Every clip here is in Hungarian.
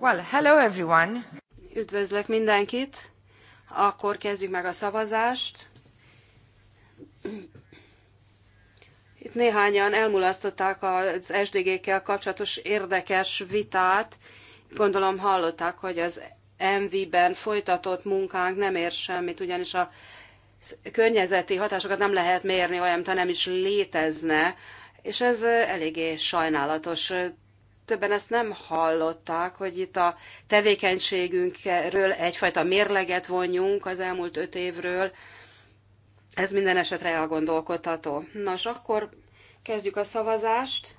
Well, hello everyone. Üdvözlök mindenkit. Akkor kezdjük meg a szavazást. Itt néhányan elmulasztották az SDG-kkel kapcsolatos érdekes vitát. Gondolom hallották, hogy az MV-ben folytatott munkánk nem ér semmit, ugyanis a környezeti hatásokat nem lehet mérni, olyan, mintha nem is létezne, és ez eléggé sajnálatos többen ezt nem hallották, hogy itt a tevékenységünkről egyfajta mérleget vonjunk az elmúlt öt évről. Ez minden esetre elgondolkodható. Nos, akkor kezdjük a szavazást.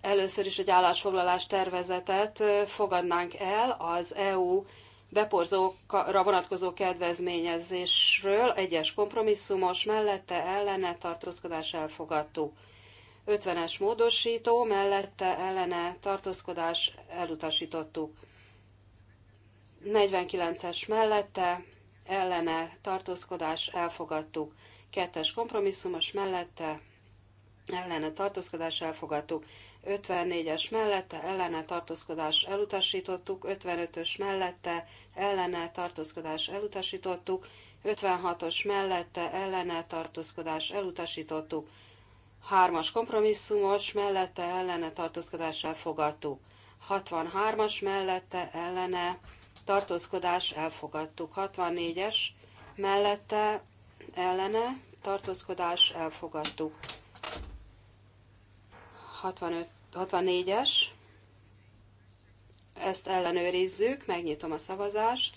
Először is egy állásfoglalás tervezetet fogadnánk el az EU beporzókra vonatkozó kedvezményezésről, egyes kompromisszumos mellette ellene tartózkodás elfogadtuk. 50-es módosító mellette ellene tartózkodás elutasítottuk. 49-es mellette ellene tartózkodás elfogadtuk. 2-es kompromisszumos mellette ellene tartózkodás elfogadtuk. 54-es mellette ellene tartózkodás elutasítottuk, 55-ös mellette ellene tartózkodás elutasítottuk, 56-os mellette ellene tartózkodás elutasítottuk, 3-as kompromisszumos mellette ellene tartózkodással fogadtuk. 63-as mellette ellene tartózkodás elfogadtuk. 64-es mellette ellene tartózkodás elfogadtuk. 65, 64-es, ezt ellenőrizzük, megnyitom a szavazást.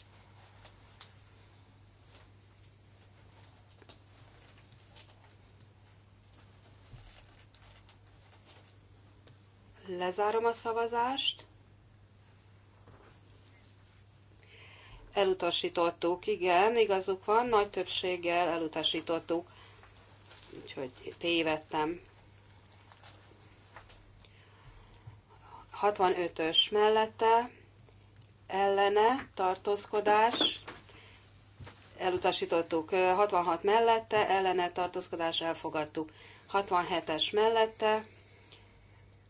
Lezárom a szavazást. Elutasítottuk, igen, igazuk van, nagy többséggel elutasítottuk. Úgyhogy tévedtem. 65-ös mellette ellene tartózkodás elutasítottuk 66 mellette, ellene tartózkodás elfogadtuk 67-es mellette,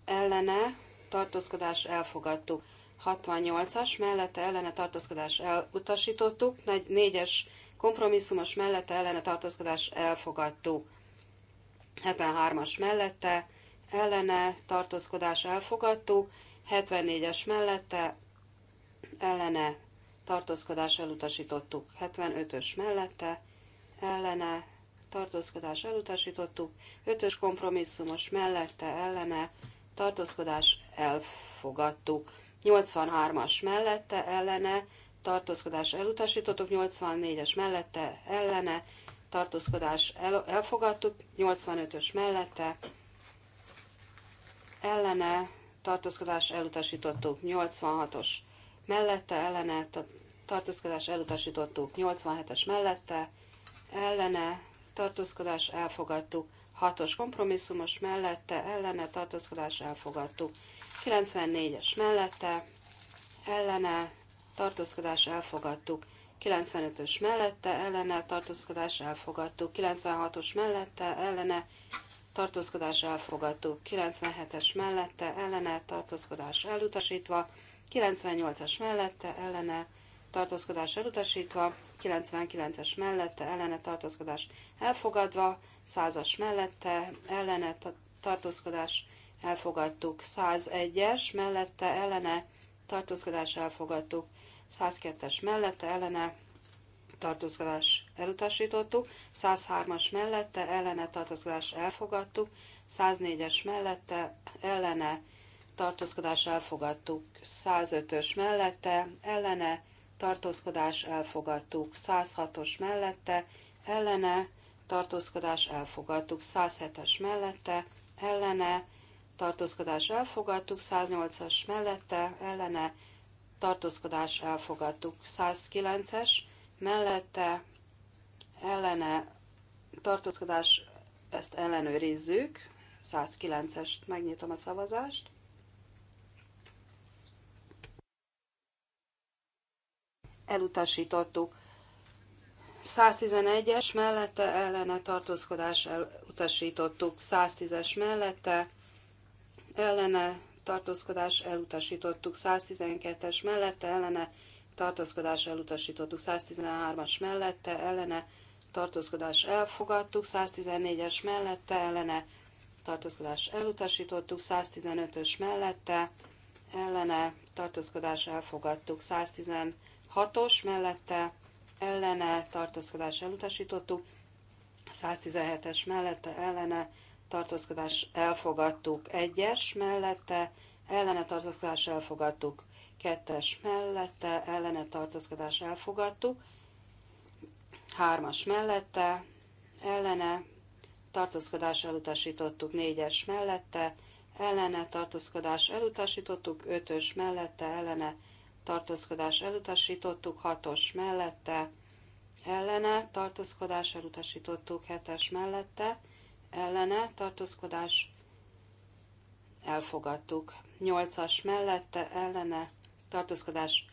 ellene tartózkodás elfogadtuk. 68-as mellette ellene tartózkodás elutasítottuk, 4-es kompromisszumos mellette ellene tartózkodás elfogadtuk. 73-as mellette ellene tartózkodás elfogadtuk, 74-es mellette ellene tartózkodás elutasítottuk, 75-ös mellette ellene tartózkodás elutasítottuk, 5-ös kompromisszumos mellette ellene tartózkodás elfogadtuk. 83-as mellette ellene tartózkodás elutasítottuk, 84-es mellette ellene tartózkodás el, elfogadtuk, 85-ös mellette ellene tartózkodás elutasítottuk, 86-os mellette ellene tartózkodás elutasítottuk, 87-es mellette ellene tartózkodás elfogadtuk, 6-os kompromisszumos mellette ellene tartózkodás elfogadtuk. 94-es mellette ellene tartózkodás elfogadtuk. 95-ös mellette ellene tartózkodás elfogadtuk. 96-os mellette ellene tartózkodás elfogadtuk. 97-es mellette ellene tartózkodás elutasítva. 98-as mellette ellene tartózkodás elutasítva. 99-es mellette ellene tartózkodás elfogadva, 100-as mellette ellene tartózkodás elfogadtuk, 101-es mellette ellene tartózkodás elfogadtuk, 102-es mellette ellene tartózkodás elutasítottuk, 103-as mellette ellene tartózkodás elfogadtuk, 104-es mellette ellene tartózkodás elfogadtuk, 105-ös mellette ellene tartózkodás elfogadtuk. 106-os mellette, ellene, tartózkodás elfogadtuk. 107-es mellette, ellene, tartózkodás elfogadtuk. 108-as mellette, ellene, tartózkodás elfogadtuk. 109-es mellette, ellene, tartózkodás, ezt ellenőrizzük. 109-est megnyitom a szavazást. elutasítottuk. 111-es mellette ellene tartózkodás elutasítottuk, 110-es mellette ellene tartózkodás elutasítottuk, 112-es mellette ellene tartózkodás elutasítottuk, 113-as mellette ellene tartózkodás elfogadtuk, 114-es mellette ellene tartózkodás elutasítottuk, 115-ös mellette ellene tartózkodás elfogadtuk, 116 hatos mellette ellene tartózkodás elutasítottuk, 117-es mellette ellene tartózkodás elfogadtuk, egyes mellette ellene tartózkodás elfogadtuk, 2-es mellette ellene tartózkodás elfogadtuk, 3-as mellette ellene tartózkodás elutasítottuk, négyes mellette ellene tartózkodás elutasítottuk, ötös mellette ellene tartózkodás elutasítottuk, 6-os mellette, ellene, tartózkodás elutasítottuk, 7-es mellette, ellene, tartózkodás elfogadtuk, 8-as mellette, ellene, tartózkodás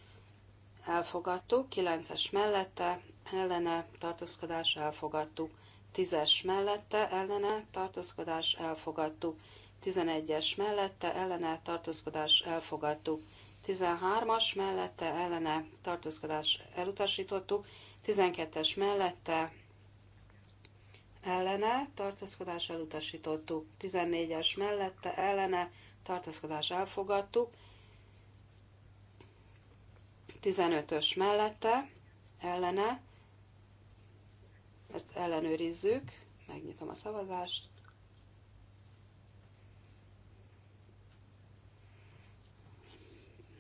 elfogadtuk, 9-es mellette, ellene, tartózkodás elfogadtuk, 10-es mellette, ellene, tartózkodás elfogadtuk, 11-es mellette, ellene, tartózkodás elfogadtuk, 13-as mellette ellene tartózkodás elutasítottuk, 12-es mellette ellene tartózkodás elutasítottuk, 14-es mellette ellene tartózkodás elfogadtuk, 15-ös mellette ellene, ezt ellenőrizzük, megnyitom a szavazást,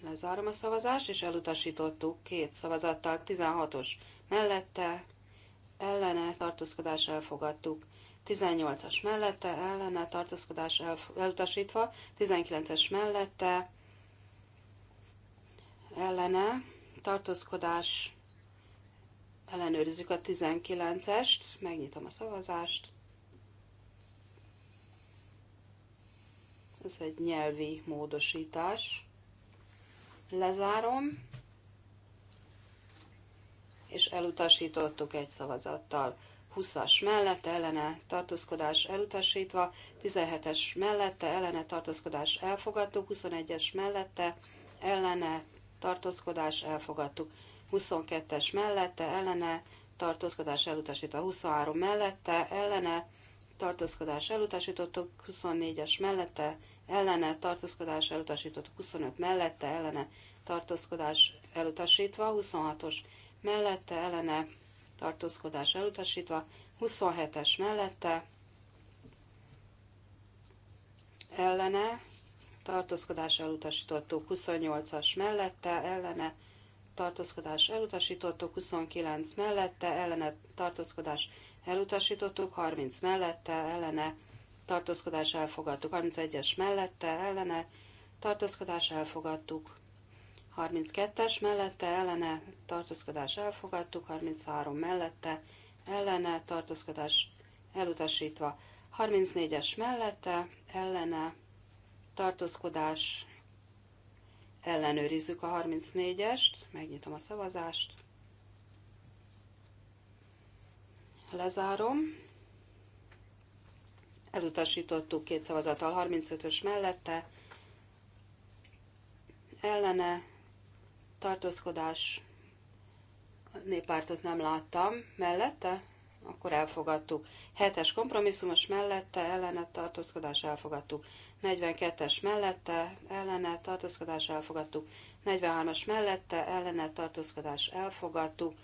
Lezárom a szavazást, és elutasítottuk két szavazattal, 16-os mellette, ellene tartózkodás elfogadtuk. 18-as mellette, ellene tartózkodás elutasítva, 19-es mellette, ellene tartózkodás ellenőrizzük a 19-est, megnyitom a szavazást. Ez egy nyelvi módosítás. Lezárom, és elutasítottuk egy szavazattal. 20-as mellette ellene tartózkodás elutasítva, 17-es mellette ellene tartózkodás elfogadtuk, 21-es mellette ellene tartózkodás elfogadtuk, 22-es mellette ellene tartózkodás elutasítva, 23 mellette ellene tartózkodás elutasítottuk, 24-es mellette ellene tartózkodás elutasítottuk, 25 mellette ellene tartózkodás elutasítva, 26-os mellette ellene tartózkodás elutasítva, 27-es mellette ellene tartózkodás elutasítottuk, 28-as mellette ellene tartózkodás elutasítottuk, 29 mellette ellene tartózkodás elutasítottuk, 30 mellette ellene tartózkodás elfogadtuk. 31-es mellette ellene tartózkodás elfogadtuk. 32-es mellette ellene tartózkodás elfogadtuk, 33 mellette ellene tartózkodás elutasítva, 34-es mellette ellene tartózkodás ellenőrizzük a 34-est, megnyitom a szavazást, lezárom, elutasítottuk két szavazattal 35-ös mellette, ellene tartózkodás néppártot nem láttam, mellette, akkor elfogadtuk. 7-es kompromisszumos mellette, ellene tartózkodás elfogadtuk. 42-es mellette, ellene tartózkodás elfogadtuk. 43-as mellette, ellene tartózkodás elfogadtuk.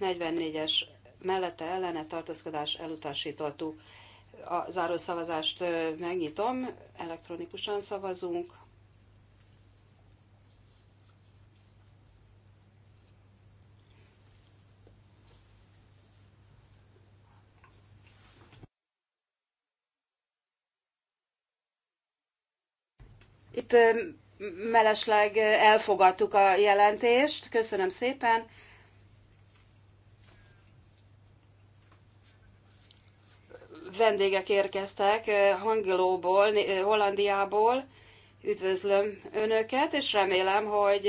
44-es mellette, ellene tartózkodás elutasítottuk a záró szavazást megnyitom, elektronikusan szavazunk. Itt mellesleg elfogadtuk a jelentést, köszönöm szépen. vendégek érkeztek Hangilóból, Hollandiából. Üdvözlöm Önöket, és remélem, hogy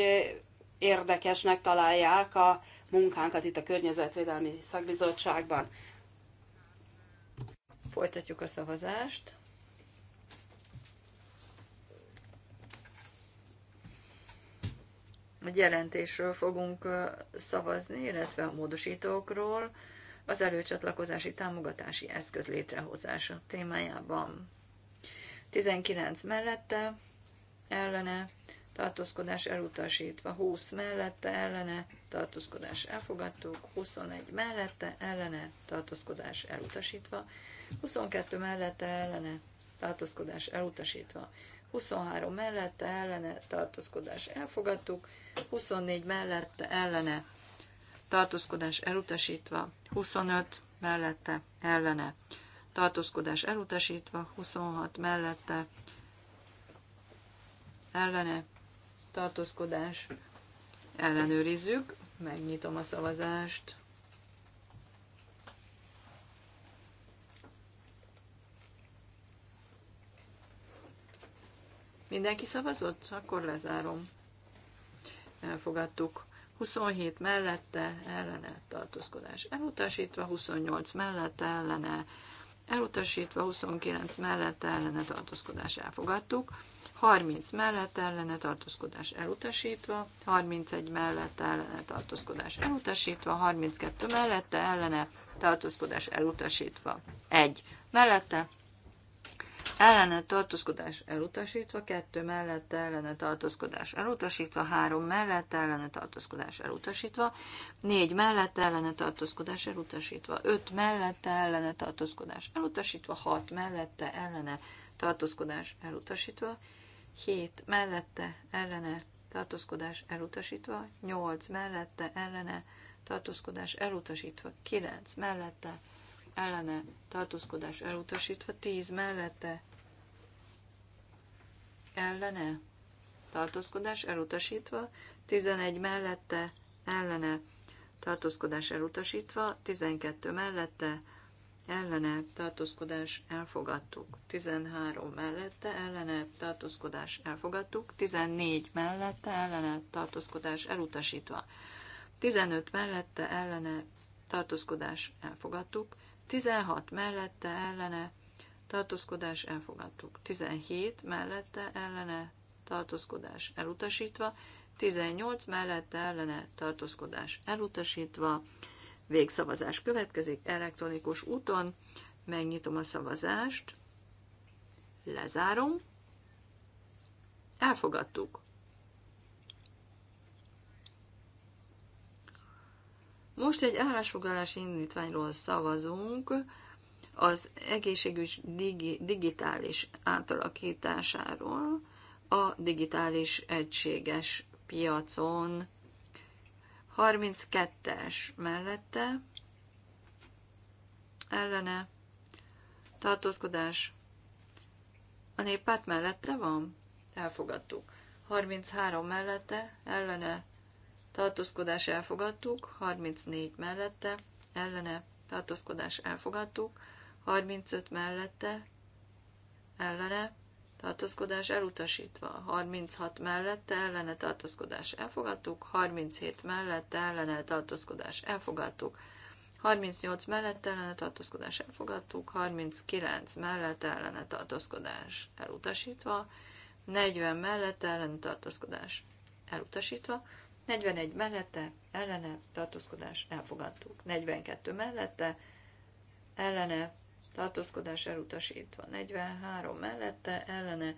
érdekesnek találják a munkánkat itt a Környezetvédelmi Szakbizottságban. Folytatjuk a szavazást. A jelentésről fogunk szavazni, illetve a módosítókról az előcsatlakozási támogatási eszköz létrehozása témájában. 19 mellette, ellene, tartózkodás elutasítva, 20 mellette, ellene, tartózkodás elfogadtuk, 21 mellette, ellene, tartózkodás elutasítva, 22 mellette, ellene, tartózkodás elutasítva, 23 mellette, ellene, tartózkodás elfogadtuk, 24 mellette, ellene, tartózkodás elutasítva, 25 mellette ellene, tartózkodás elutasítva, 26 mellette ellene, tartózkodás ellenőrizzük, megnyitom a szavazást. Mindenki szavazott? Akkor lezárom. Elfogadtuk. 27 mellette ellene tartózkodás elutasítva, 28 mellette ellene elutasítva, 29 mellette ellene tartózkodás elfogadtuk, 30 mellett ellene tartózkodás elutasítva, 31 mellett ellene tartózkodás elutasítva, 32 mellette ellene tartózkodás elutasítva, 1 mellette ellene tartózkodás elutasítva, kettő mellette ellene tartózkodás elutasítva, három mellette ellene tartózkodás elutasítva, négy mellette ellene tartózkodás elutasítva, öt mellette ellene tartózkodás elutasítva, hat mellette ellene tartózkodás elutasítva, hét mellette ellene tartózkodás elutasítva, nyolc mellette ellene tartózkodás elutasítva, kilenc mellette ellene tartózkodás elutasítva, 10 mellette ellene tartózkodás elutasítva, 11 mellette ellene tartózkodás elutasítva, 12 mellette ellene tartózkodás elfogadtuk, 13 mellette ellene tartózkodás elfogadtuk, 14 mellette ellene tartózkodás elutasítva, 15 mellette ellene tartózkodás elfogadtuk, 16 mellette ellene tartózkodás elfogadtuk. 17 mellette ellene tartózkodás elutasítva. 18 mellette ellene tartózkodás elutasítva. Végszavazás következik elektronikus úton. Megnyitom a szavazást. Lezárom. Elfogadtuk. Most egy állásfoglalási indítványról szavazunk az egészségügy digi, digitális átalakításáról a digitális egységes piacon. 32-es mellette ellene tartózkodás a néppárt mellette van? Elfogadtuk. 33 mellette ellene tartózkodás elfogadtuk, 34 mellette, ellene, tartózkodás elfogadtuk, 35 mellette, ellene, tartózkodás elutasítva, 36 mellette ellene tartózkodás elfogadtuk, 37 mellette ellene tartózkodás elfogadtuk, 38 mellette ellene tartózkodás elfogadtuk, 39 mellette ellene tartózkodás elutasítva, 40 mellette ellene tartózkodás elutasítva, 41 mellette, ellene, tartózkodás, elfogadtuk. 42 mellette, ellene, tartózkodás elutasítva. 43 mellette, ellene,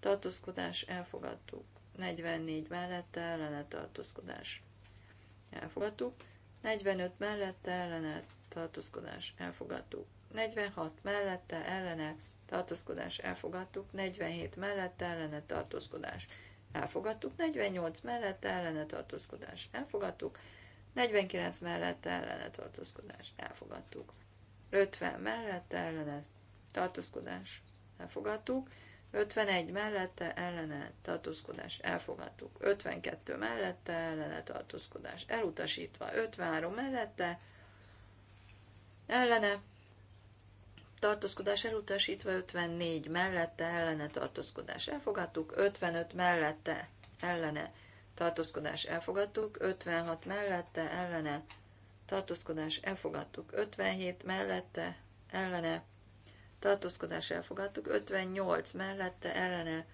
tartózkodás, elfogadtuk. 44 mellette, ellene, tartózkodás, elfogadtuk. 45 mellette, ellene, tartózkodás, elfogadtuk. 46 mellette, ellene, tartózkodás, elfogadtuk. 47 mellette, ellene, tartózkodás, elfogadtuk elfogadtuk, 48 mellette ellene tartózkodás, elfogadtuk, 49 mellette ellene tartózkodás, elfogadtuk, 50 mellette ellene tartózkodás, elfogadtuk, 51 mellette ellene tartózkodás, elfogadtuk, 52 mellette ellene tartózkodás, elutasítva, 53 mellette ellene tartózkodás elutasítva 54 mellette ellene tartózkodás elfogadtuk, 55 mellette ellene tartózkodás elfogadtuk, 56 mellette ellene tartózkodás elfogadtuk, 57 mellette ellene tartózkodás elfogadtuk, 58 mellette ellene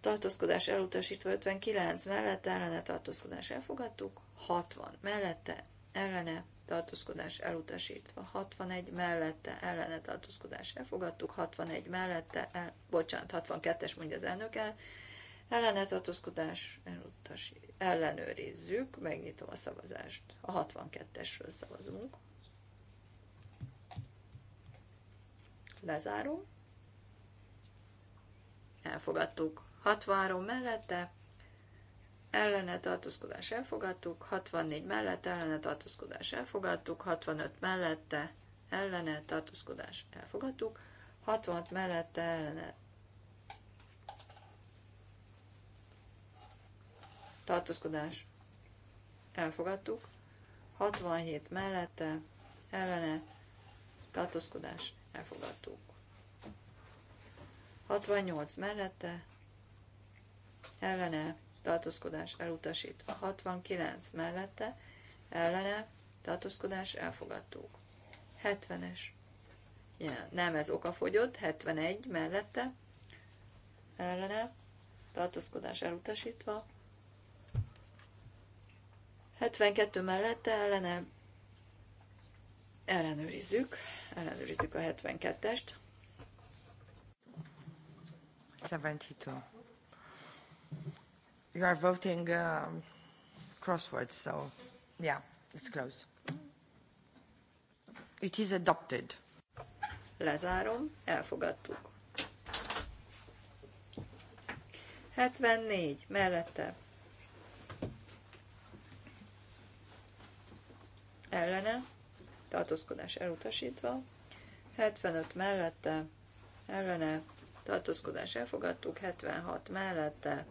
tartózkodás elutasítva, 59 mellette ellene tartózkodás elfogadtuk, 60 mellette ellene tartózkodás elutasítva, 61 mellette ellene tartózkodás elfogadtuk, 61 mellette, el, bocsánat, 62-es mondja az elnök el, ellene tartózkodás elutasít, ellenőrizzük, megnyitom a szavazást, a 62-esről szavazunk, lezárom, elfogadtuk, 63 mellette, ellene tartózkodás elfogadtuk, 64 mellett ellene tartózkodás elfogadtuk, 65 mellette ellene tartózkodás elfogadtuk, 66 mellette ellene tartózkodás elfogadtuk, 67 mellette ellene tartózkodás elfogadtuk. 68 mellette ellene tartózkodás elutasítva. 69 mellette, ellene, tartózkodás elfogadtuk. 70-es. Ja, nem, ez okafogyott, 71 mellette, ellene, tartózkodás elutasítva. 72 mellette, ellene, ellenőrizzük, ellenőrizzük a 72-est. 72 you are voting um, crosswords, so yeah, it's close. It is adopted. Lezárom, elfogadtuk. 74, mellette. Ellene, tartózkodás elutasítva. 75 mellette, ellene, tartózkodás elfogadtuk. 76 mellette,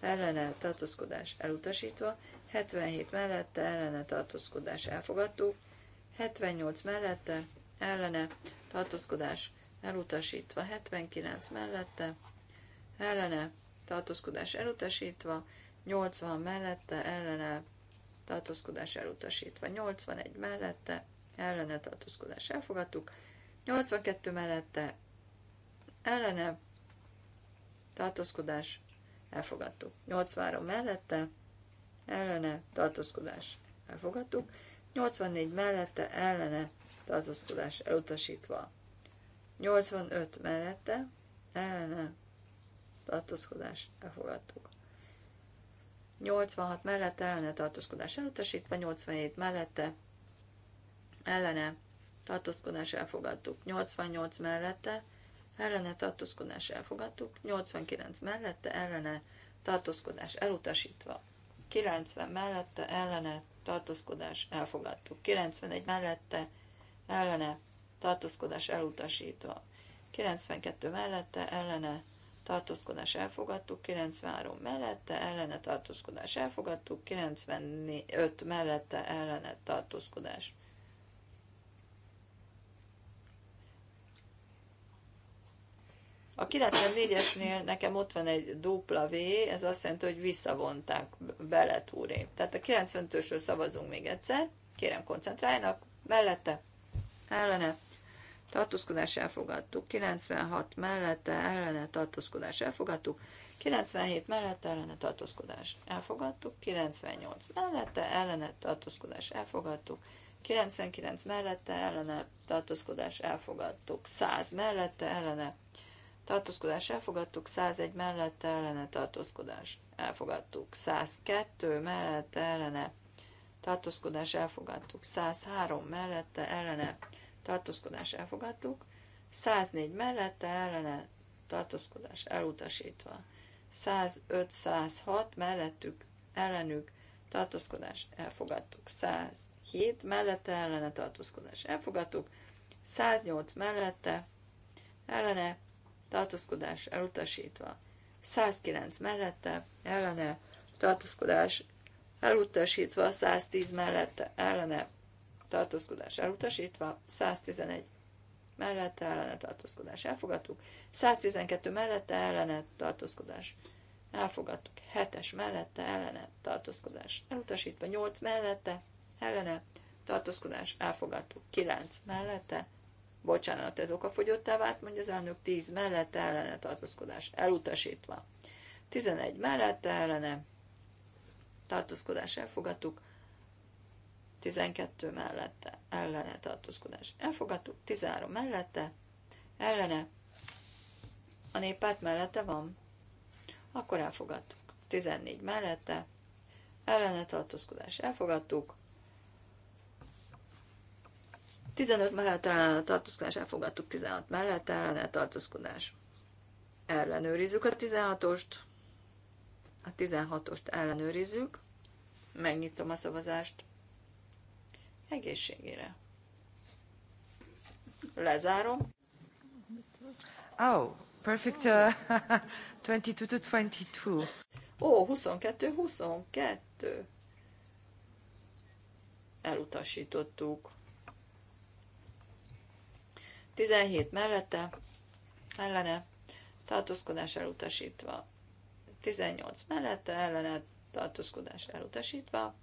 ellene tartózkodás elutasítva, 77 mellette ellene tartózkodás elfogadtuk, 78 mellette ellene tartózkodás elutasítva, 79 mellette ellene tartózkodás elutasítva, 80 mellette ellene tartózkodás elutasítva, 81 mellette ellene tartózkodás elfogadtuk, 82 mellette ellene tartózkodás elfogadtuk. 83 mellette, ellene, tartózkodás, elfogadtuk. 84 mellette, ellene, tartózkodás elutasítva. 85 mellette, ellene, tartózkodás elfogadtuk. 86 mellette, ellene, tartózkodás elutasítva. 87 mellette, ellene, tartózkodás elfogadtuk. 88 mellette, ellene tartózkodás elfogadtuk, 89 mellette ellene tartózkodás elutasítva, 90 mellette ellene tartózkodás elfogadtuk, 91 mellette ellene tartózkodás elutasítva, 92 mellette ellene tartózkodás elfogadtuk, 93 mellette ellene tartózkodás elfogadtuk, 95 mellette ellene tartózkodás elfogadtuk, A 94-esnél nekem ott van egy dupla V, ez azt jelenti, hogy visszavonták túré. Tehát a 95-ösről szavazunk még egyszer, kérem koncentráljanak, mellette, ellene, tartózkodás elfogadtuk, 96 mellette, ellene, tartózkodás elfogadtuk, 97 mellette, ellene, tartózkodás elfogadtuk, 98 mellette, ellene, tartózkodás elfogadtuk, 99 mellette, ellene, tartózkodás elfogadtuk, 100 mellette, ellene, tartózkodás elfogadtuk, 101 mellett ellene tartózkodás elfogadtuk, 102 mellett ellene tartózkodás elfogadtuk, 103 mellette ellene tartózkodás elfogadtuk, 104 mellette ellene tartózkodás elutasítva, 105-106 mellettük ellenük tartózkodás elfogadtuk, 107 mellette ellene tartózkodás elfogadtuk, 108 mellette ellene tartózkodás elutasítva. 109 mellette, ellene, tartózkodás elutasítva, 110 mellette, ellene, tartózkodás elutasítva, 111 mellette, ellene, tartózkodás elfogadtuk, 112 mellette, ellene, tartózkodás elfogadtuk, 7-es mellette, ellene, tartózkodás elutasítva, 8 mellette, ellene, tartózkodás elfogadtuk, 9 mellette, Bocsánat, ez okafogyottá vált, mondja az elnök 10 mellette ellene tartózkodás elutasítva. 11 mellette ellene tartózkodás elfogadtuk, 12 mellette ellene tartózkodás elfogadtuk, 13 mellette ellene a néppárt mellette van, akkor elfogadtuk. 14 mellette ellene tartózkodás elfogadtuk, 15 mellett a tartózkodás elfogadtuk, 16 mellett a tartózkodás. Ellenőrizzük a 16-ost. A 16-ost ellenőrizzük. Megnyitom a szavazást. Egészségére. Lezárom. Oh, perfect uh, 22 to 22. Ó, 22, 22. Elutasítottuk. 17 mellette, ellene, tartózkodás elutasítva. 18 mellette, ellene, tartózkodás elutasítva.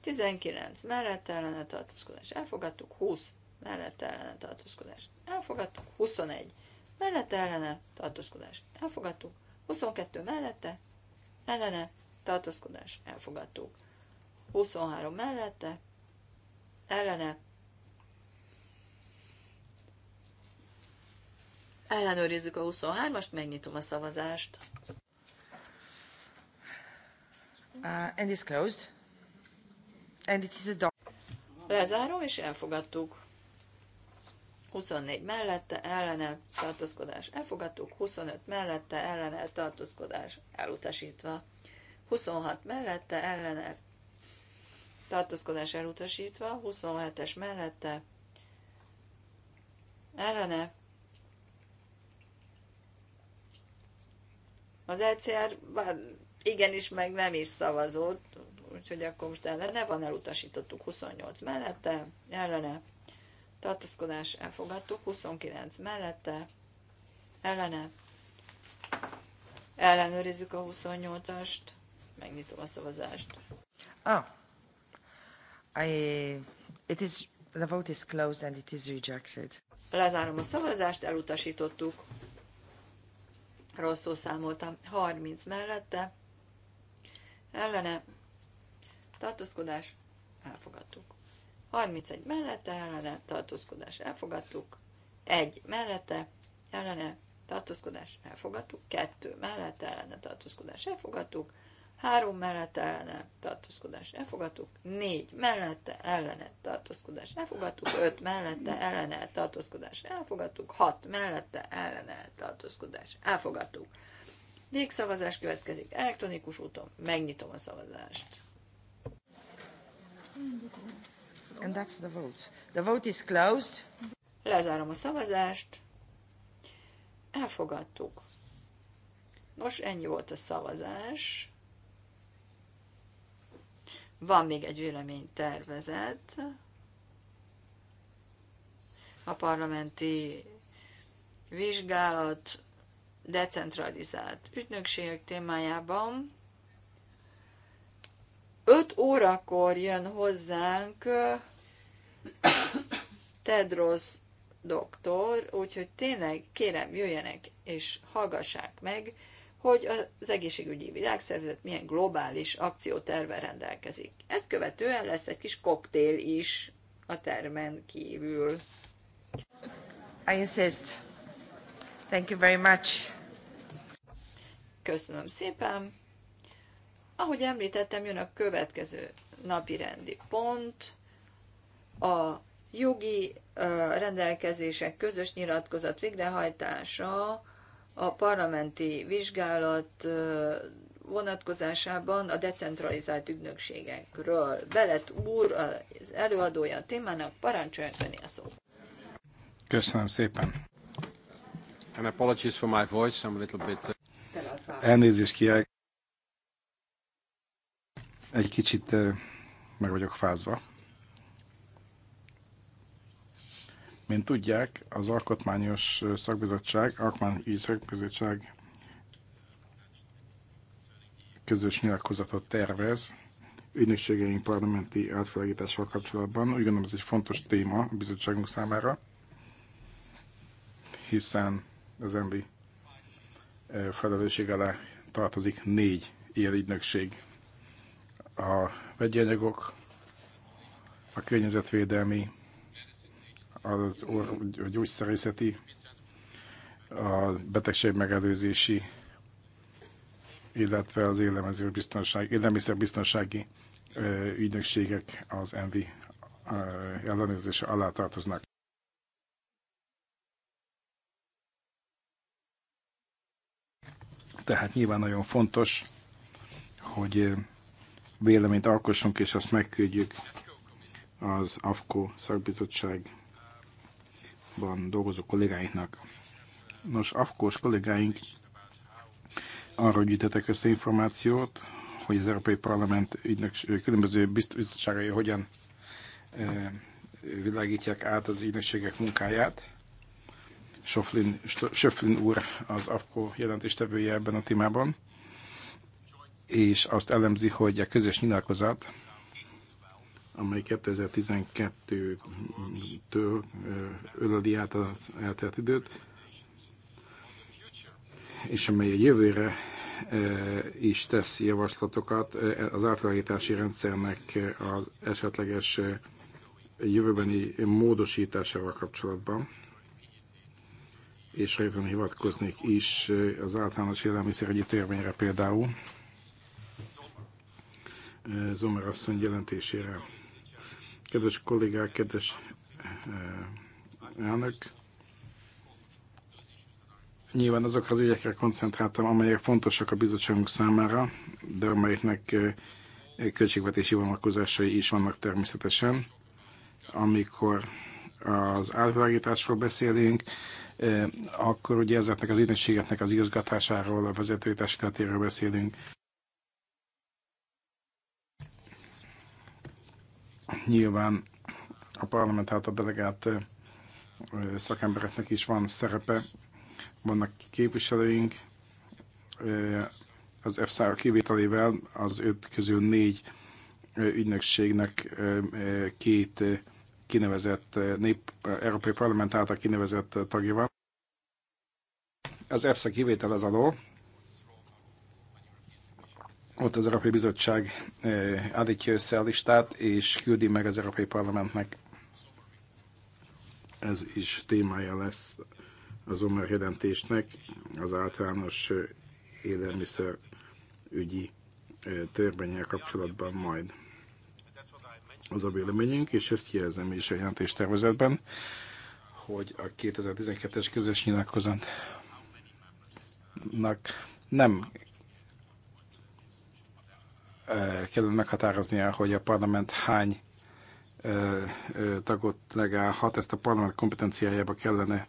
19 mellette, ellene, tartózkodás elfogadtuk. 20 mellette, ellene, tartózkodás elfogadtuk. 21 mellette, ellene, tartózkodás elfogadtuk. 22 mellette, ellene, tartózkodás elfogadtuk. 23 mellette, ellene, Ellenőrizzük a 23-ast, megnyitom a szavazást. Uh, and it's closed. And it is a dog. Lezárom, és elfogadtuk. 24 mellette, ellene, tartózkodás elfogadtuk, 25 mellette, ellene, tartózkodás elutasítva, 26 mellette, ellene, tartózkodás elutasítva, 27-es mellette, ellene, Az ECR bár igenis, meg nem is szavazott, úgyhogy akkor most ellene van, elutasítottuk 28 mellette, ellene, tartózkodás elfogadtuk, 29 mellette, ellene, ellenőrizzük a 28-ast, megnyitom a szavazást. Ah, I, it is, the vote is closed and it is rejected. Lezárom a szavazást, elutasítottuk rosszul számoltam, 30 mellette, ellene, tartózkodás, elfogadtuk. 31 mellette, ellene, tartózkodás, elfogadtuk. 1 mellette, ellene, tartózkodás, elfogadtuk. 2 mellette, ellene, tartózkodás, elfogadtuk. Három mellette ellene tartózkodás elfogadtuk. Négy mellette ellene tartózkodás elfogadtuk. Öt mellette ellene tartózkodás elfogadtuk. Hat mellette ellene tartózkodás elfogadtuk. Végszavazás következik elektronikus úton. Megnyitom a szavazást. And that's the vote. The vote is closed. Lezárom a szavazást. Elfogadtuk. Nos, ennyi volt a szavazás. Van még egy tervezet a parlamenti vizsgálat decentralizált ügynökségek témájában. 5 órakor jön hozzánk Tedros doktor, úgyhogy tényleg kérem jöjjenek és hallgassák meg, hogy az egészségügyi világszervezet milyen globális akcióterve rendelkezik. Ezt követően lesz egy kis koktél is a termen kívül. I insist. Thank you very much. Köszönöm szépen. Ahogy említettem, jön a következő napi rendi pont. A jogi rendelkezések közös nyilatkozat végrehajtása a parlamenti vizsgálat vonatkozásában a decentralizált ügynökségekről. Belet úr, az előadója a témának, parancsoljon tenni a szót. Köszönöm szépen. And apologies for my voice, I'm a little bit... Uh, Elnézést kiáll. Egy kicsit meg vagyok fázva. Mint tudják, az Alkotmányos Szakbizottság, Alkotmányügyi Szakbizottság közös nyilatkozatot tervez ügynökségeink parlamenti átfelegítással kapcsolatban. Úgy gondolom ez egy fontos téma a bizottságunk számára, hiszen az emberi e, felelősség alá tartozik négy ilyen ügynökség. A vegyi anyagok, a környezetvédelmi, az or, gyógyszerészeti, a betegség megelőzési, illetve az élelmezőbiztonság, élelmiszerbiztonsági ügynökségek az ENVI ellenőrzése alá tartoznak. Tehát nyilván nagyon fontos, hogy véleményt alkossunk, és azt megküldjük az AFKO szakbizottság Ban dolgozó kollégáinknak. Nos, Afkos kollégáink arra gyűjtettek össze információt, hogy az Európai Parlament ügynök, különböző biztonságai hogyan eh, világítják át az ügynökségek munkáját. Soflin, Soflin úr az AFKO jelentéstevője ebben a témában, és azt elemzi, hogy a közös nyilatkozat amely 2012-től öleli át az eltelt időt, és amely a jövőre is tesz javaslatokat az átalakítási rendszernek az esetleges jövőbeni módosításával kapcsolatban, és rögtön hivatkoznék is az általános élelmiszeregyi törvényre például, Zomer asszony jelentésére. Kedves kollégák, kedves eh, elnök! Nyilván azokra az ügyekre koncentráltam, amelyek fontosak a bizottságunk számára, de amelyeknek eh, költségvetési vonalkozásai is vannak természetesen. Amikor az átvilágításról beszélünk, eh, akkor ugye ezeknek az ügynökségeknek az igazgatásáról, a vezetői beszélünk. Nyilván a parlament a delegált szakembereknek is van szerepe, vannak képviselőink, az EFSA kivételével az öt közül négy ügynökségnek két kinevezett nép, Európai Parlament által kinevezett tagja van. Az EFSA kivétel az alól, ott az Európai Bizottság eh, állítja össze a listát, és küldi meg az Európai Parlamentnek. Ez is témája lesz az OMER jelentésnek, az általános eh, élelmiszer ügyi eh, törvényel kapcsolatban majd. Az a véleményünk, és ezt jelzem is a jelentéstervezetben, hogy a 2012-es közös nyilatkozatnak nem kellene meghatároznia, hogy a parlament hány tagot legálhat, ezt a parlament kompetenciájába kellene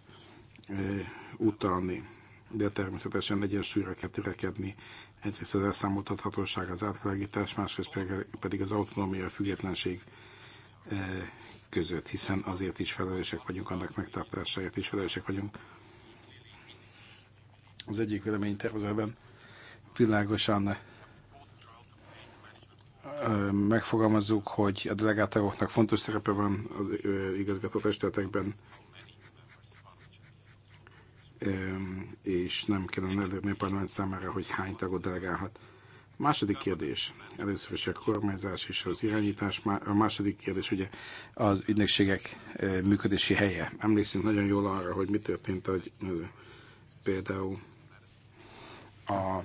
utalni. De természetesen egyensúlyra kell törekedni. Egyrészt az elszámoltathatóság, az átvilágítás, másrészt pedig az autonómia, a függetlenség között, hiszen azért is felelősek vagyunk, annak megtartásáért is felelősek vagyunk. Az egyik véleménytervezetben világosan megfogalmazzuk, hogy a delegátagoknak fontos szerepe van az igazgató testületekben, és nem kellene elérni a parlament számára, hogy hány tagot delegálhat. Második kérdés, először is a kormányzás és az irányítás. A második kérdés ugye az ügynökségek működési helye. Emlékszünk nagyon jól arra, hogy mi történt, hogy például a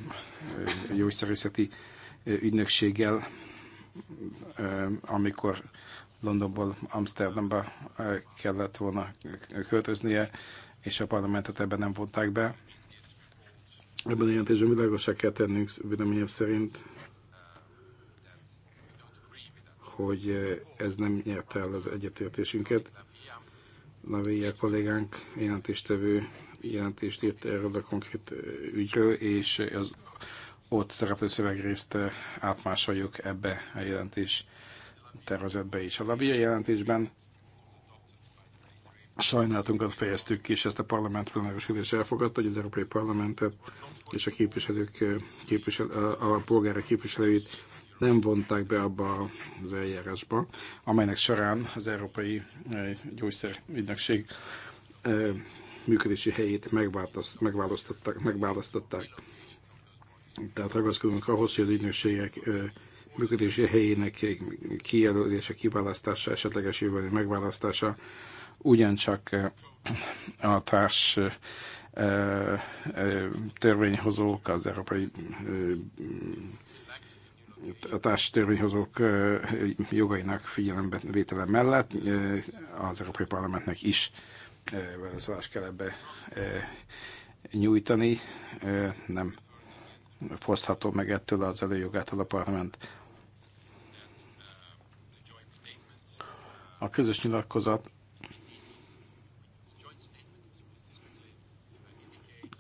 gyógyszerészeti ügynökséggel amikor Londonból Amsterdamba kellett volna költöznie, és a parlamentet ebben nem vonták be. Ebben a jelentésben világosá kell tennünk véleményem szerint, hogy ez nem nyerte el az egyetértésünket. Lavia kollégánk jelentéstevő jelentést írt erről a konkrét ügyről, és az ott szereplő szövegrészt eh, átmásoljuk ebbe a jelentés tervezetbe is. A Lavia jelentésben sajnálatunkat fejeztük ki, és ezt a parlament plenáris ülés elfogadta, hogy az Európai Parlamentet és a képviselők, eh, képvisel, a polgárok képviselőit nem vonták be abba az eljárásba, amelynek során az Európai eh, Gyógyszerügynökség működési helyét megválasztották. megválasztották. Tehát ragaszkodunk ahhoz, hogy az ügynökségek működési helyének kijelölése, kiválasztása, esetleges jövőbeli megválasztása ugyancsak a társ törvényhozók, az európai a társ törvényhozók jogainak figyelembe vétele mellett az Európai Parlamentnek is beleszólást kell ebbe nyújtani, nem fosztható meg ettől az előjogától a parlament. A közös nyilatkozat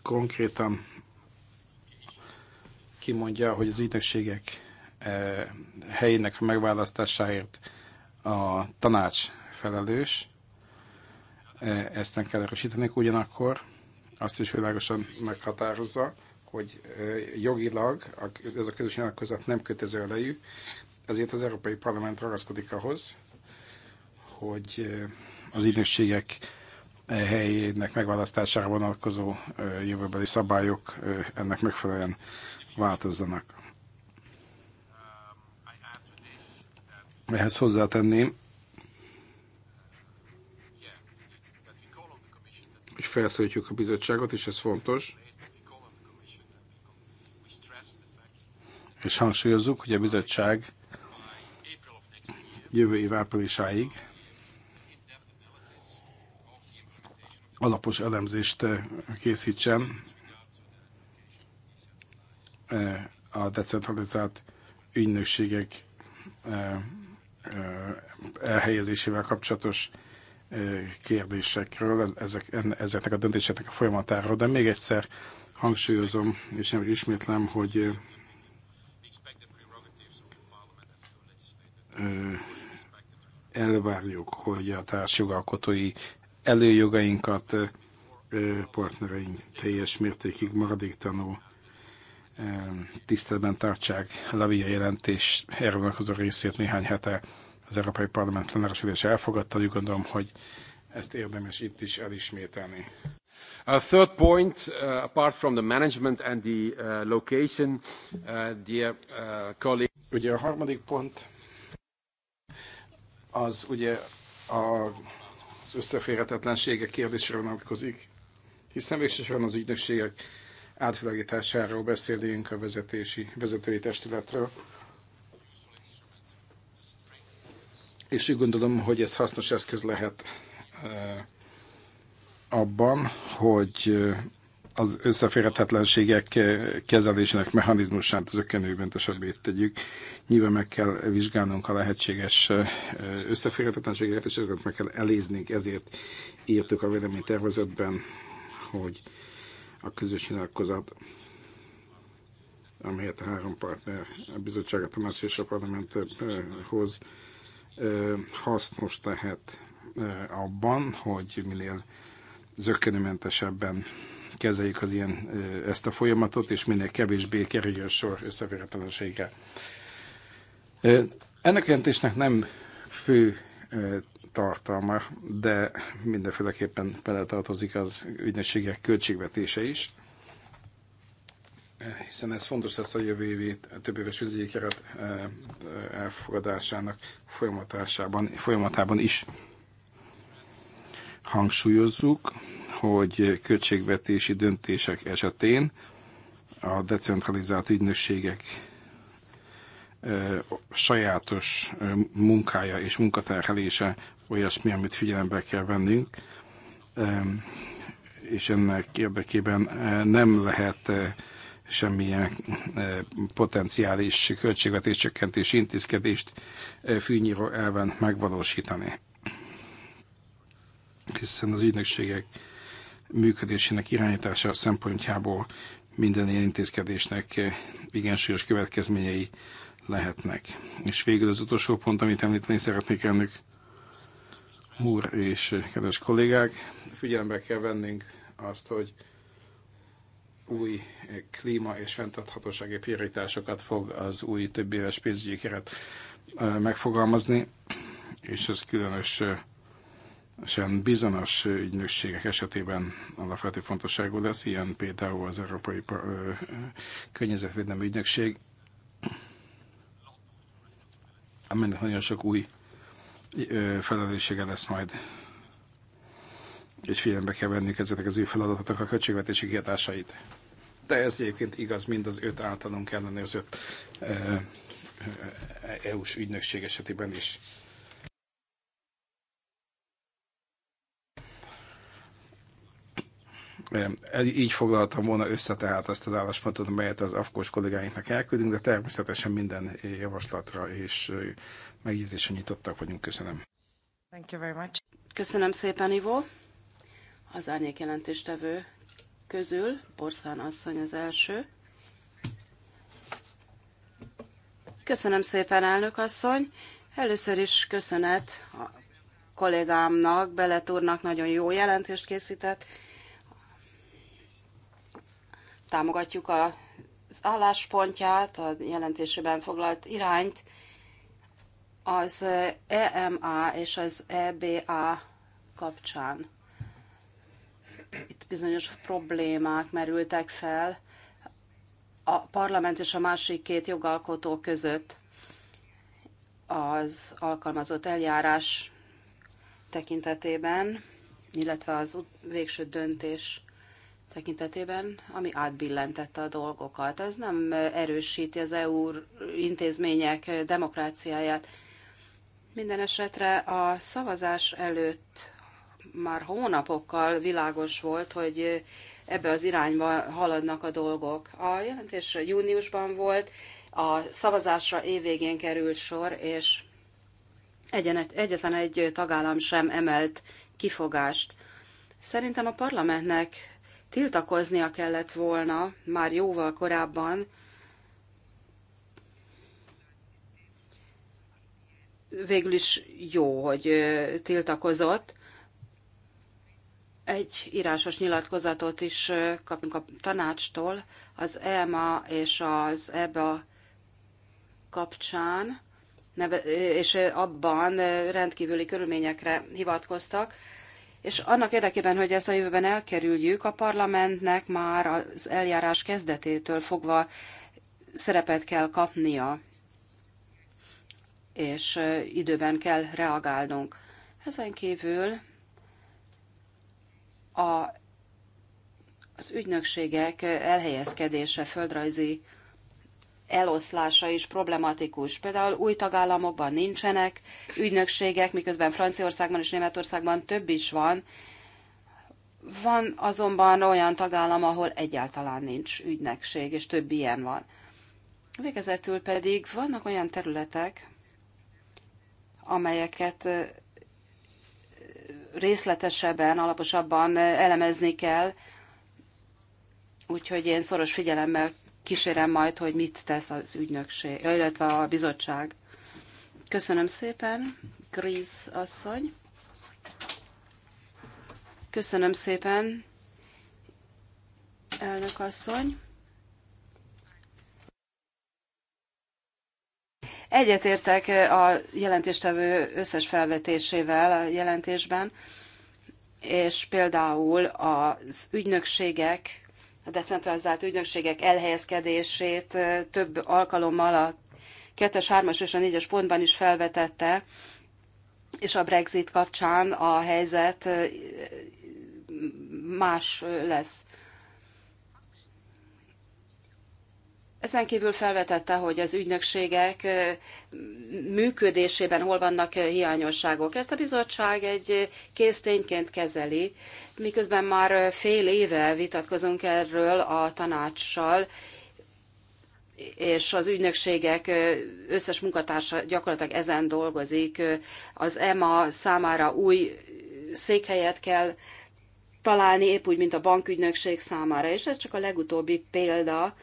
konkrétan kimondja, hogy az ügynökségek e, helyének a megválasztásáért a tanács felelős, e, ezt meg kell erősíteni, ugyanakkor azt is világosan meghatározza, hogy jogilag ez a közös nyilatkozat nem kötező elejű, ezért az Európai Parlament ragaszkodik ahhoz, hogy az ügynökségek helyének megválasztására vonatkozó jövőbeli szabályok ennek megfelelően változzanak. Ehhez hozzátenném, és felszólítjuk a bizottságot, és ez fontos, és hangsúlyozzuk, hogy a bizottság jövő év áprilisáig alapos elemzést eh, készítsen eh, a decentralizált ügynökségek eh, elhelyezésével kapcsolatos kérdésekről, ezek, ezeknek a döntéseknek a folyamatáról, de még egyszer hangsúlyozom, és nem ismétlem, hogy elvárjuk, hogy a társjogalkotói előjogainkat partnereink teljes mértékig maradéktanul tiszteletben tartsák Lavia jelentés, erről az a részét néhány hete az Európai Parlament plenáris elfogadta, úgy gondolom, hogy ezt érdemes itt is elismételni. A third point, uh, apart from the management and the uh, location, uh, dear uh, colleague. Ugye a harmadik pont, az ugye a, az összeférhetetlenségek kérdésre vonatkozik, hiszen végsősorban az ügynökségek átvilágításáról beszélünk a vezetési, vezetői testületről. És úgy gondolom, hogy ez hasznos eszköz lehet eh, abban, hogy eh, az összeférhetetlenségek kezelésének mechanizmusát zöggenőmentesebbé tegyük. Nyilván meg kell vizsgálnunk a lehetséges összeférhetetlenségeket, és ezeket meg kell eléznünk, ezért írtuk a véleménytervezetben, hogy a közös nyilatkozat, amelyet a három partner, a bizottság, a tanács és a parlament hoz, hasznos lehet abban, hogy minél zöggenőmentesebben kezeljük az ilyen, ezt a folyamatot, és minél kevésbé kerüljön sor összeférhetetlenségre. Ennek a jelentésnek nem fő tartalma, de mindenféleképpen beletartozik az ügynökségek költségvetése is, hiszen ez fontos lesz a jövő évi a több éves vizsgyi keret elfogadásának folyamatában is. Hangsúlyozzuk, hogy költségvetési döntések esetén a decentralizált ügynökségek sajátos munkája és munkaterhelése olyasmi, amit figyelembe kell vennünk, és ennek érdekében nem lehet semmilyen potenciális költségvetés csökkentési intézkedést fűnyíró elven megvalósítani hiszen az ügynökségek működésének irányítása szempontjából minden ilyen intézkedésnek igen súlyos következményei lehetnek. És végül az utolsó pont, amit említeni szeretnék önök, úr és kedves kollégák, figyelembe kell vennünk azt, hogy új klíma és fenntarthatósági prioritásokat fog az új több éves pénzügyi keret megfogalmazni, és ez különös sem bizonyos ügynökségek esetében alapvető fontosságú lesz, ilyen például az Európai Környezetvédelmi Ügynökség, amelynek nagyon sok új felelőssége lesz majd, és figyelembe kell vennünk ezeknek az új feladatoknak a költségvetési kiadásait. De ez egyébként igaz mind az öt általunk ellenőrzött EU-s ügynökség esetében is. Így foglaltam volna össze tehát azt az álláspontot, amelyet az afkós kollégáinknak elküldünk, de természetesen minden javaslatra és megjegyzésre nyitottak vagyunk. Köszönöm. Thank you very much. Köszönöm szépen, Ivo. Az árnyék jelentéstevő közül Borszán asszony az első. Köszönöm szépen, elnök asszony. Először is köszönet a kollégámnak, Beletúrnak nagyon jó jelentést készített, támogatjuk az álláspontját, a jelentésében foglalt irányt. Az EMA és az EBA kapcsán itt bizonyos problémák merültek fel a parlament és a másik két jogalkotó között az alkalmazott eljárás tekintetében, illetve az végső döntés tekintetében, ami átbillentette a dolgokat. Ez nem erősíti az EU intézmények demokráciáját. Minden esetre a szavazás előtt már hónapokkal világos volt, hogy ebbe az irányba haladnak a dolgok. A jelentés júniusban volt, a szavazásra évvégén került sor, és egyetlen egy tagállam sem emelt kifogást. Szerintem a parlamentnek tiltakoznia kellett volna már jóval korábban, végül is jó, hogy tiltakozott. Egy írásos nyilatkozatot is kapunk a tanácstól az EMA és az EBA kapcsán, és abban rendkívüli körülményekre hivatkoztak, és annak érdekében, hogy ezt a jövőben elkerüljük, a parlamentnek már az eljárás kezdetétől fogva szerepet kell kapnia, és időben kell reagálnunk. Ezen kívül a, az ügynökségek elhelyezkedése földrajzi eloszlása is problematikus. Például új tagállamokban nincsenek ügynökségek, miközben Franciaországban és Németországban több is van. Van azonban olyan tagállam, ahol egyáltalán nincs ügynökség, és több ilyen van. Végezetül pedig vannak olyan területek, amelyeket részletesebben, alaposabban elemezni kell, úgyhogy én szoros figyelemmel kísérem majd, hogy mit tesz az ügynökség, illetve a bizottság. Köszönöm szépen, Gríz asszony. Köszönöm szépen, elnök asszony. Egyetértek a jelentéstevő összes felvetésével a jelentésben, és például az ügynökségek a decentralizált ügynökségek elhelyezkedését több alkalommal a 2-es, 3-as és a 4-es pontban is felvetette, és a Brexit kapcsán a helyzet más lesz. Ezen kívül felvetette, hogy az ügynökségek működésében hol vannak hiányosságok. Ezt a bizottság egy késztényként kezeli, miközben már fél éve vitatkozunk erről a tanácssal, és az ügynökségek összes munkatársa gyakorlatilag ezen dolgozik. Az EMA számára új székhelyet kell találni, épp úgy, mint a bankügynökség számára. És ez csak a legutóbbi példa,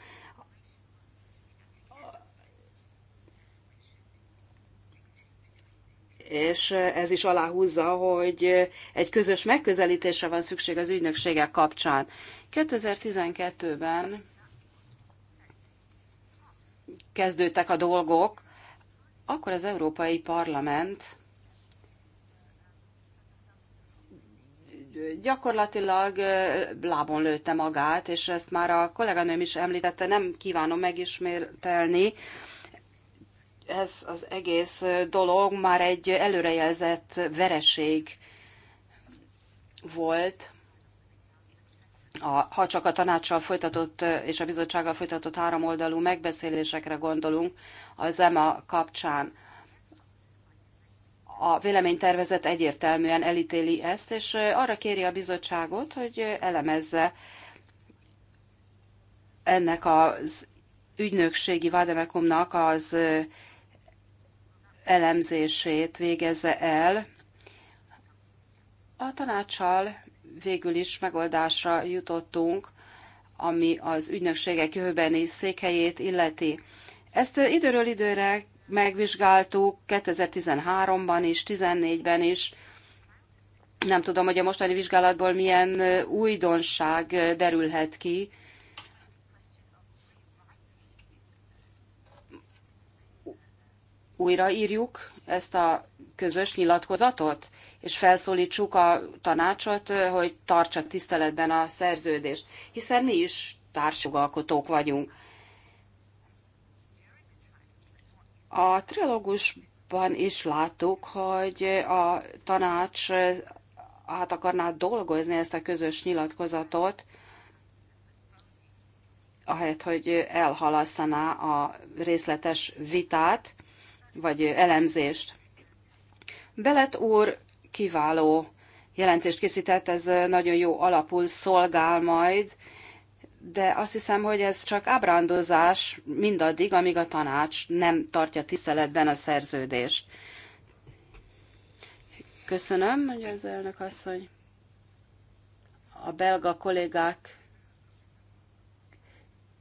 és ez is aláhúzza, hogy egy közös megközelítésre van szükség az ügynökségek kapcsán. 2012-ben kezdődtek a dolgok, akkor az Európai Parlament gyakorlatilag lábon lőtte magát, és ezt már a kolléganőm is említette, nem kívánom megismételni, ez az egész dolog már egy előrejelzett vereség volt, a, ha csak a tanácssal folytatott és a bizottsággal folytatott háromoldalú megbeszélésekre gondolunk az EMA kapcsán. A véleménytervezet egyértelműen elítéli ezt, és arra kéri a bizottságot, hogy elemezze ennek az ügynökségi vádemekumnak az elemzését végezze el. A tanácssal végül is megoldásra jutottunk, ami az ügynökségek jövőbeni székhelyét illeti. Ezt időről időre megvizsgáltuk 2013-ban is, 2014-ben is. Nem tudom, hogy a mostani vizsgálatból milyen újdonság derülhet ki, újraírjuk ezt a közös nyilatkozatot, és felszólítsuk a tanácsot, eh, hogy tartsa tiszteletben a szerződést, hiszen mi is társjogalkotók vagyunk. A trilógusban is láttuk, hogy a tanács eh, át akarná dolgozni ezt a közös nyilatkozatot, ahelyett, hogy elhalasztaná a részletes vitát, vagy elemzést. Belet úr kiváló jelentést készített, ez nagyon jó alapul szolgál majd, de azt hiszem, hogy ez csak ábrándozás mindaddig, amíg a tanács nem tartja tiszteletben a szerződést. Köszönöm, hogy az elnök asszony. A belga kollégák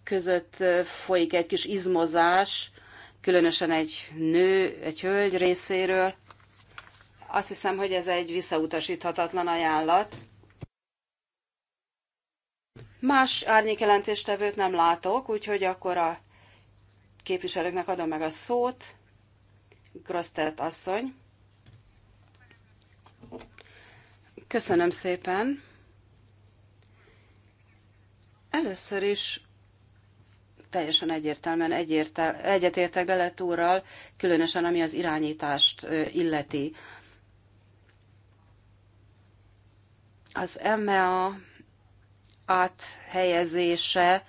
között folyik egy kis izmozás, különösen egy nő, egy hölgy részéről. Azt hiszem, hogy ez egy visszautasíthatatlan ajánlat. Más árnyékelentéstevőt nem látok, úgyhogy akkor a képviselőknek adom meg a szót. Grosztelt asszony. Köszönöm szépen. Először is teljesen egyértelműen egyértel, egyetértek Belet úrral, különösen ami az irányítást illeti. Az MEA áthelyezése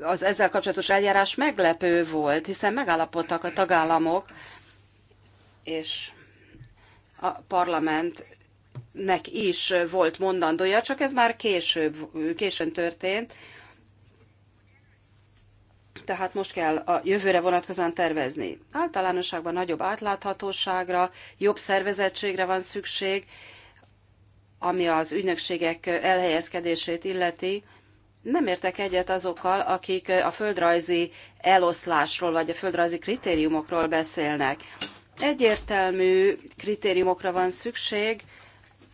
az ezzel kapcsolatos eljárás meglepő volt, hiszen megállapodtak a tagállamok, és a parlament nek is volt mondandója, csak ez már később, későn történt. Tehát most kell a jövőre vonatkozóan tervezni. Általánosságban nagyobb átláthatóságra, jobb szervezettségre van szükség, ami az ügynökségek elhelyezkedését illeti. Nem értek egyet azokkal, akik a földrajzi eloszlásról vagy a földrajzi kritériumokról beszélnek. Egyértelmű kritériumokra van szükség,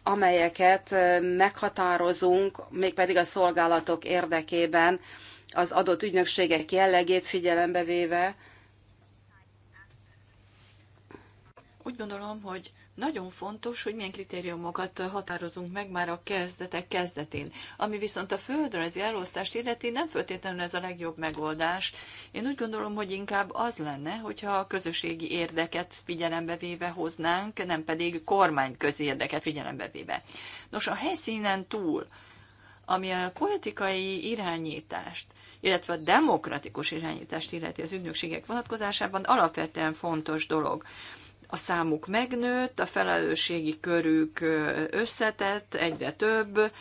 amelyeket meghatározunk, mégpedig a szolgálatok érdekében az adott ügynökségek jellegét figyelembe véve. Úgy gondolom, hogy nagyon fontos, hogy milyen kritériumokat határozunk meg már a kezdetek kezdetén. Ami viszont a földrajzi elosztást illeti, nem föltétlenül ez a legjobb megoldás. Én úgy gondolom, hogy inkább az lenne, hogyha a közösségi érdeket figyelembe véve hoznánk, nem pedig kormány érdeket figyelembe véve. Nos, a helyszínen túl, ami a politikai irányítást, illetve a demokratikus irányítást illeti az ügynökségek vonatkozásában alapvetően fontos dolog a számuk megnőtt, a felelősségi körük összetett, egyre több,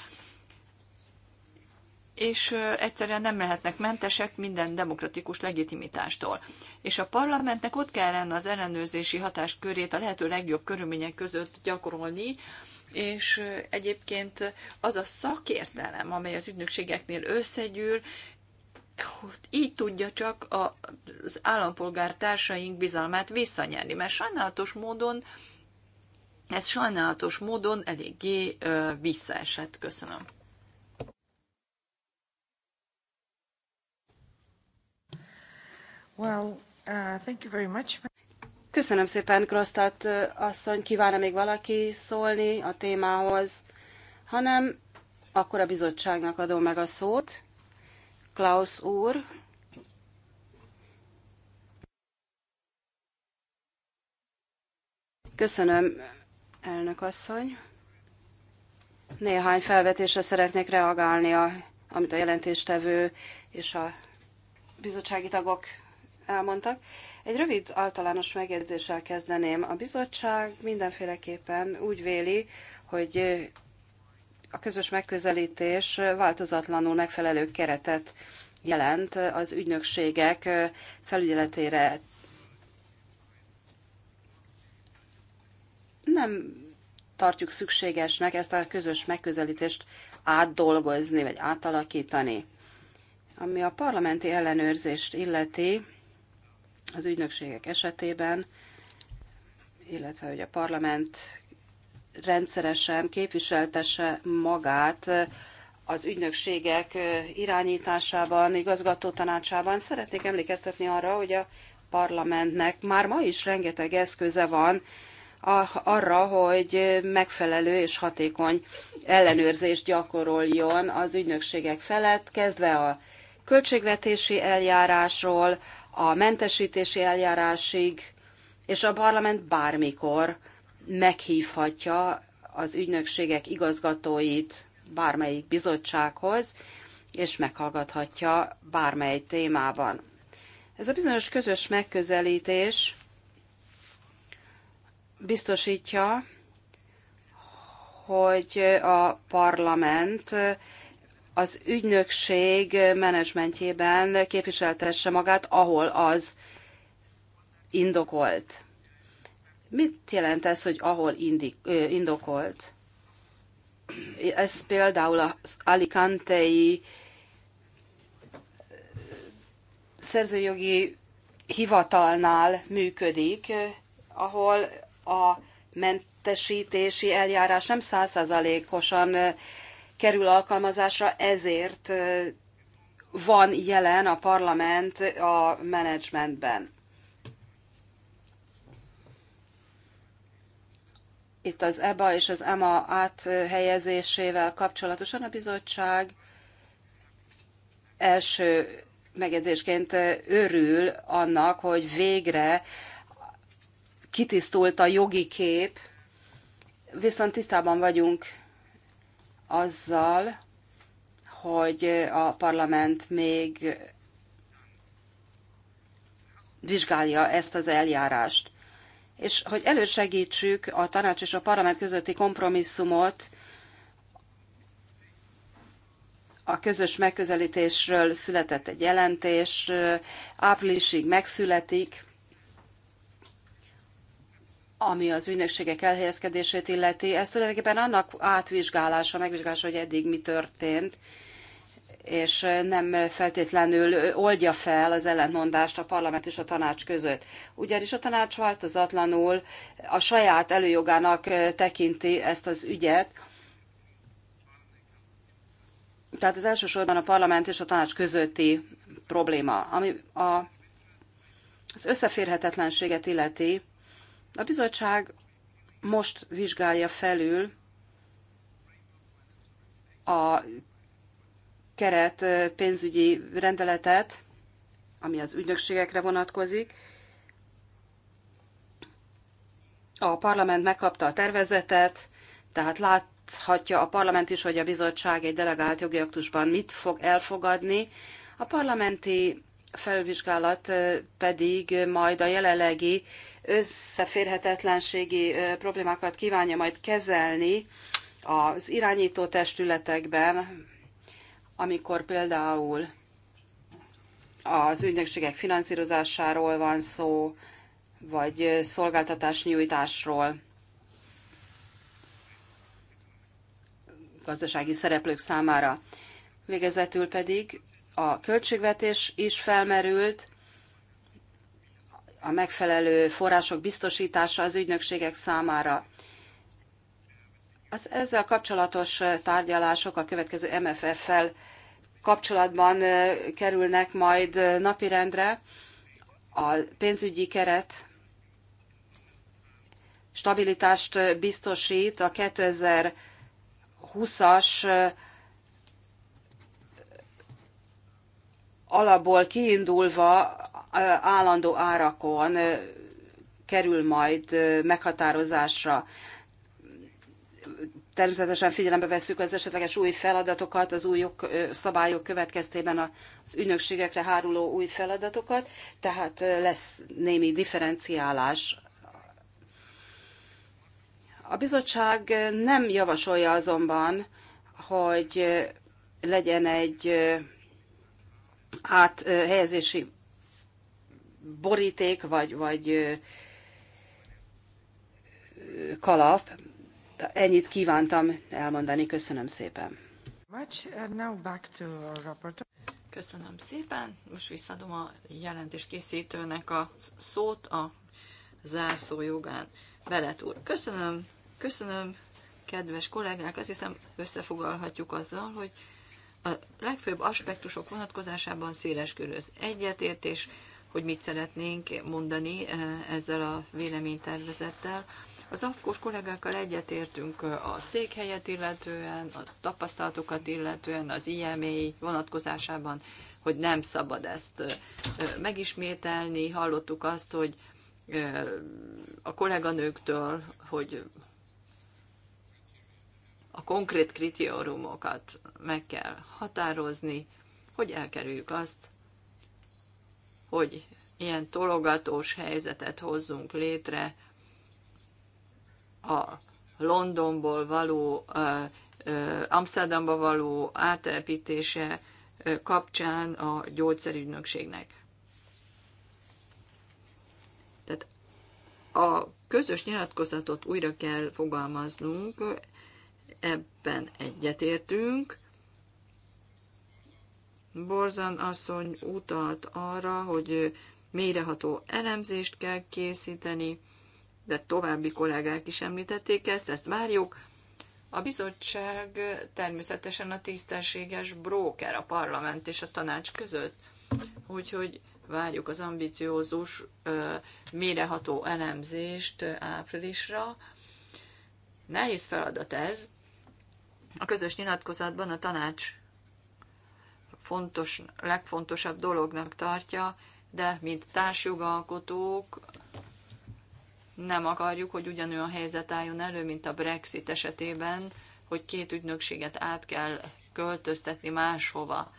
és egyszerűen nem lehetnek mentesek minden demokratikus legitimitástól. És a parlamentnek ott kellene az ellenőrzési körét a lehető legjobb körülmények között gyakorolni, és egyébként az a szakértelem, amely az ügynökségeknél összegyűl, így tudja csak az állampolgár társaink bizalmát visszanyerni, mert sajnálatos módon ez sajnálatos módon eléggé visszaesett. Köszönöm. Well, uh, thank you very much. Köszönöm szépen, Krosztat asszony. Kívánna még valaki szólni a témához? Hanem akkor a bizottságnak adom meg a szót. Klaus úr. Köszönöm, elnök asszony. Néhány felvetésre szeretnék reagálni, a, amit a jelentéstevő és a bizottsági tagok elmondtak. Egy rövid általános megjegyzéssel kezdeném. A bizottság mindenféleképpen úgy véli, hogy a közös megközelítés változatlanul megfelelő keretet jelent az ügynökségek felügyeletére. Nem tartjuk szükségesnek ezt a közös megközelítést átdolgozni vagy átalakítani. Ami a parlamenti ellenőrzést illeti az ügynökségek esetében, illetve hogy a parlament rendszeresen képviseltesse magát az ügynökségek irányításában, igazgató tanácsában. Szeretnék emlékeztetni arra, hogy a parlamentnek már ma is rengeteg eszköze van arra, hogy megfelelő és hatékony ellenőrzést gyakoroljon az ügynökségek felett, kezdve a költségvetési eljárásról, a mentesítési eljárásig, és a parlament bármikor meghívhatja az ügynökségek igazgatóit bármelyik bizottsághoz, és meghallgathatja bármely témában. Ez a bizonyos közös megközelítés biztosítja, hogy a parlament az ügynökség menedzsmentjében képviseltesse magát, ahol az indokolt. Mit jelent ez, hogy ahol indik, indokolt? Ez például az Alicantei szerzőjogi hivatalnál működik, ahol a mentesítési eljárás nem százszázalékosan kerül alkalmazásra, ezért van jelen a parlament a menedzsmentben. Itt az EBA és az EMA áthelyezésével kapcsolatosan a bizottság első megjegyzésként örül annak, hogy végre kitisztult a jogi kép, viszont tisztában vagyunk azzal, hogy a parlament még vizsgálja ezt az eljárást és hogy elősegítsük a tanács és a parlament közötti kompromisszumot, a közös megközelítésről született egy jelentés, áprilisig megszületik, ami az ügynökségek elhelyezkedését illeti. Ez tulajdonképpen annak átvizsgálása, megvizsgálása, hogy eddig mi történt, és nem feltétlenül oldja fel az ellentmondást a parlament és a tanács között. Ugyanis a tanács változatlanul a saját előjogának tekinti ezt az ügyet, tehát ez elsősorban a parlament és a tanács közötti probléma, ami a, az összeférhetetlenséget illeti. A bizottság most vizsgálja felül a keret pénzügyi rendeletet, ami az ügynökségekre vonatkozik. A parlament megkapta a tervezetet, tehát láthatja a parlament is, hogy a bizottság egy delegált jogi aktusban mit fog elfogadni. A parlamenti felvizsgálat pedig majd a jelenlegi összeférhetetlenségi problémákat kívánja majd kezelni az irányító testületekben, amikor például az ügynökségek finanszírozásáról van szó, vagy szolgáltatás nyújtásról gazdasági szereplők számára. Végezetül pedig a költségvetés is felmerült, a megfelelő források biztosítása az ügynökségek számára. Az ezzel kapcsolatos tárgyalások a következő MFF-fel kapcsolatban kerülnek majd napirendre. A pénzügyi keret stabilitást biztosít a 2020-as alapból kiindulva állandó árakon kerül majd meghatározásra. Természetesen figyelembe veszük az esetleges új feladatokat, az új szabályok következtében az ügynökségekre háruló új feladatokat, tehát lesz némi differenciálás. A bizottság nem javasolja azonban, hogy legyen egy áthelyezési boríték, vagy, vagy kalap, Ennyit kívántam elmondani. Köszönöm szépen. Köszönöm szépen. Most visszadom a jelentés készítőnek a szót a zárszó jogán. Belet úr, köszönöm, köszönöm, kedves kollégák. Azt hiszem összefoglalhatjuk azzal, hogy a legfőbb aspektusok vonatkozásában széles körül az egyetértés, hogy mit szeretnénk mondani eh, ezzel a véleménytervezettel az afkós kollégákkal egyetértünk a székhelyet illetően, a tapasztalatokat illetően, az IMA e vonatkozásában, hogy nem szabad ezt megismételni. Hallottuk azt, hogy a kolléganőktől, hogy a konkrét kritériumokat meg kell határozni, hogy elkerüljük azt, hogy ilyen tologatós helyzetet hozzunk létre, a Londonból való, Amsterdamba való átelepítése kapcsán a gyógyszerügynökségnek. Tehát a közös nyilatkozatot újra kell fogalmaznunk, ebben egyetértünk. Borzan asszony utalt arra, hogy mélyreható elemzést kell készíteni, de további kollégák is említették ezt, ezt várjuk. A bizottság természetesen a tisztességes bróker a parlament és a tanács között, úgyhogy várjuk az ambiciózus, méreható elemzést áprilisra. Nehéz feladat ez. A közös nyilatkozatban a tanács fontos, legfontosabb dolognak tartja, de mint társjogalkotók nem akarjuk, hogy ugyanolyan helyzet álljon elő, mint a Brexit esetében, hogy két ügynökséget át kell költöztetni máshova.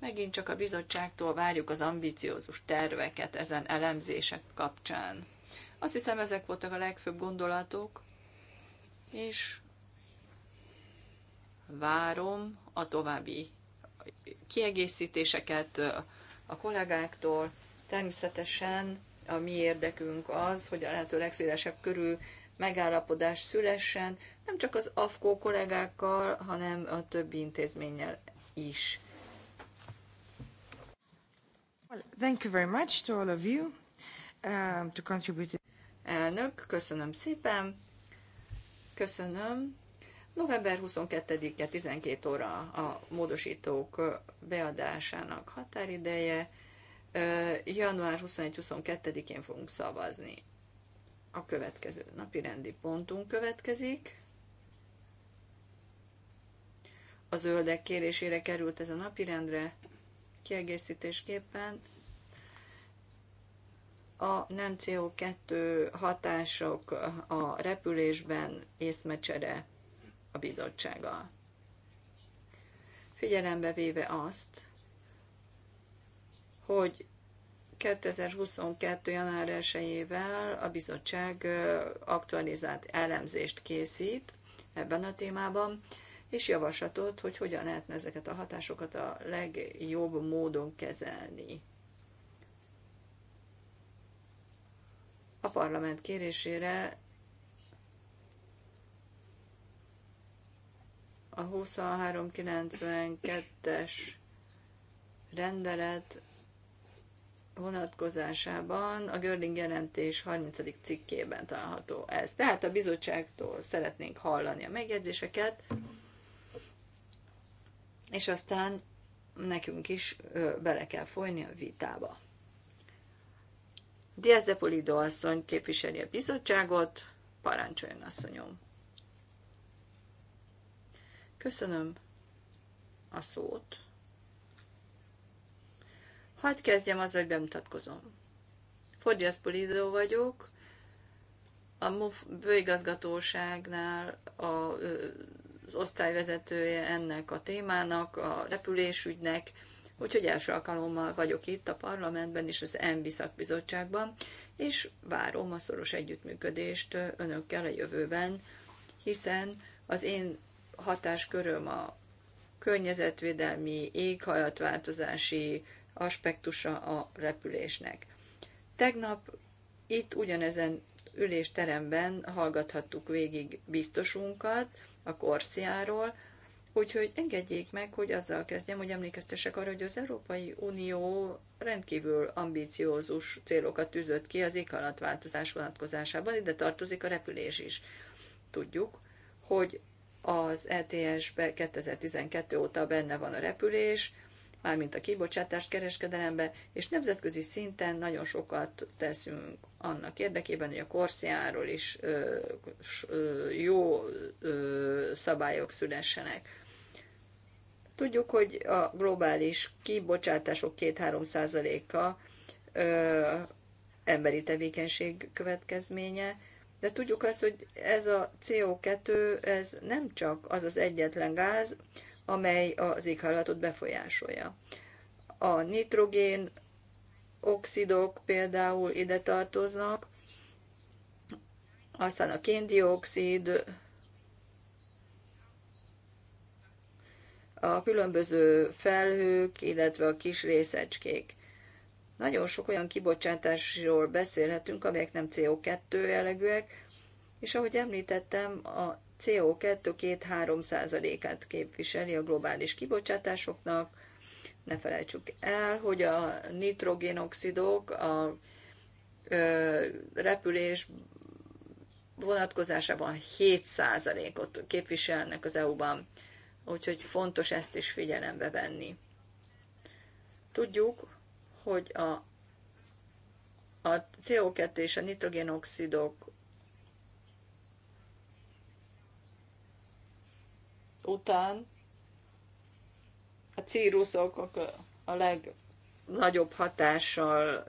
Megint csak a bizottságtól várjuk az ambiciózus terveket ezen elemzések kapcsán. Azt hiszem, ezek voltak a legfőbb gondolatok, és várom a további kiegészítéseket a kollégáktól. Természetesen a mi érdekünk az, hogy a lehető legszélesebb körül megállapodás szülessen, nem csak az AFKO kollégákkal, hanem a többi intézménnyel is. Well, thank you very much to all of you um, to contribute. Elnök, köszönöm szépen. Köszönöm. November 22-e 12 óra a módosítók beadásának határideje január 21-22-én fogunk szavazni. A következő napi rendi pontunk következik. A zöldek kérésére került ez a napirendre kiegészítésképpen. A nem CO2 hatások a repülésben észmecsere a bizottsággal. Figyelembe véve azt, hogy 2022. január 1 a bizottság aktualizált elemzést készít ebben a témában, és javaslatot, hogy hogyan lehetne ezeket a hatásokat a legjobb módon kezelni. A parlament kérésére a 2392-es rendelet vonatkozásában a Görling jelentés 30. cikkében található ez. Tehát a bizottságtól szeretnénk hallani a megjegyzéseket, és aztán nekünk is bele kell folyni a vitába. Diaz de Polido asszony képviseli a bizottságot, parancsoljon asszonyom. Köszönöm a szót. Hadd kezdjem azzal, hogy bemutatkozom. Fodriasz Polidó vagyok, a MOF bőigazgatóságnál a, az osztályvezetője ennek a témának, a repülésügynek, úgyhogy első alkalommal vagyok itt a parlamentben és az ENBI szakbizottságban, és várom a szoros együttműködést önökkel a jövőben, hiszen az én hatásköröm a környezetvédelmi, éghajlatváltozási aspektusa a repülésnek. Tegnap itt ugyanezen ülésteremben hallgathattuk végig biztosunkat a korsziáról, úgyhogy engedjék meg, hogy azzal kezdjem, hogy emlékeztesek arra, hogy az Európai Unió rendkívül ambíciózus célokat tűzött ki az éghajlatváltozás vonatkozásában, ide tartozik a repülés is. Tudjuk, hogy az ETS-be 2012 óta benne van a repülés, mármint a kibocsátást kereskedelembe, és nemzetközi szinten nagyon sokat teszünk annak érdekében, hogy a korszjáról is ö, ö, jó ö, szabályok szülessenek. Tudjuk, hogy a globális kibocsátások 2-3 százaléka emberi tevékenység következménye, de tudjuk azt, hogy ez a CO2, ez nem csak az az egyetlen gáz, amely az éghajlatot befolyásolja. A nitrogén oxidok például ide tartoznak, aztán a kéndioxid, a különböző felhők, illetve a kis részecskék. Nagyon sok olyan kibocsátásról beszélhetünk, amelyek nem CO2 jellegűek, és ahogy említettem, a CO2 2-3 százalékát képviseli a globális kibocsátásoknak. Ne felejtsük el, hogy a nitrogénoxidok a ö, repülés vonatkozásában 7 százalékot képviselnek az EU-ban, úgyhogy fontos ezt is figyelembe venni. Tudjuk, hogy a, a CO2 és a nitrogénoxidok után a círuszok a legnagyobb hatással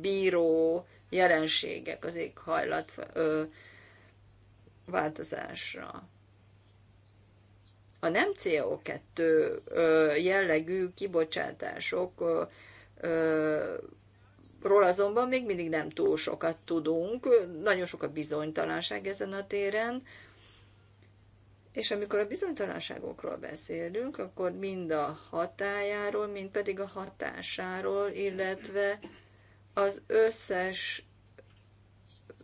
bíró jelenségek az éghajlat ö, változásra. A nem CO2 ö, jellegű kibocsátások ö, ö, Ról azonban még mindig nem túl sokat tudunk, nagyon sok a bizonytalanság ezen a téren, és amikor a bizonytalanságokról beszélünk, akkor mind a hatájáról, mind pedig a hatásáról, illetve az összes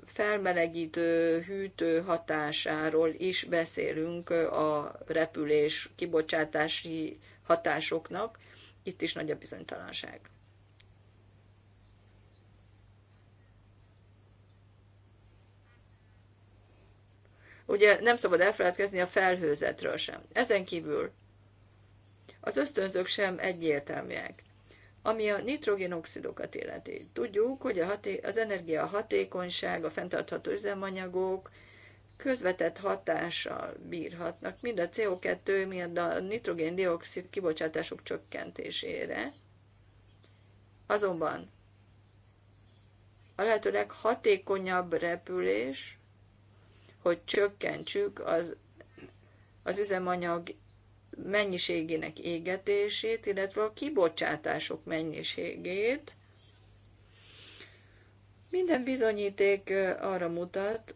felmelegítő, hűtő hatásáról is beszélünk a repülés kibocsátási hatásoknak. Itt is nagy a bizonytalanság. Ugye nem szabad elfeledkezni a felhőzetről sem. Ezen kívül az ösztönzők sem egyértelműek. Ami a nitrogénoxidokat illeti. Tudjuk, hogy a haté- az energia hatékonyság, a fenntartható üzemanyagok közvetett hatással bírhatnak, mind a CO2, mind a nitrogén-dioxid kibocsátások csökkentésére. Azonban a lehető leghatékonyabb repülés hogy csökkentsük az, az üzemanyag mennyiségének égetését, illetve a kibocsátások mennyiségét. Minden bizonyíték arra mutat,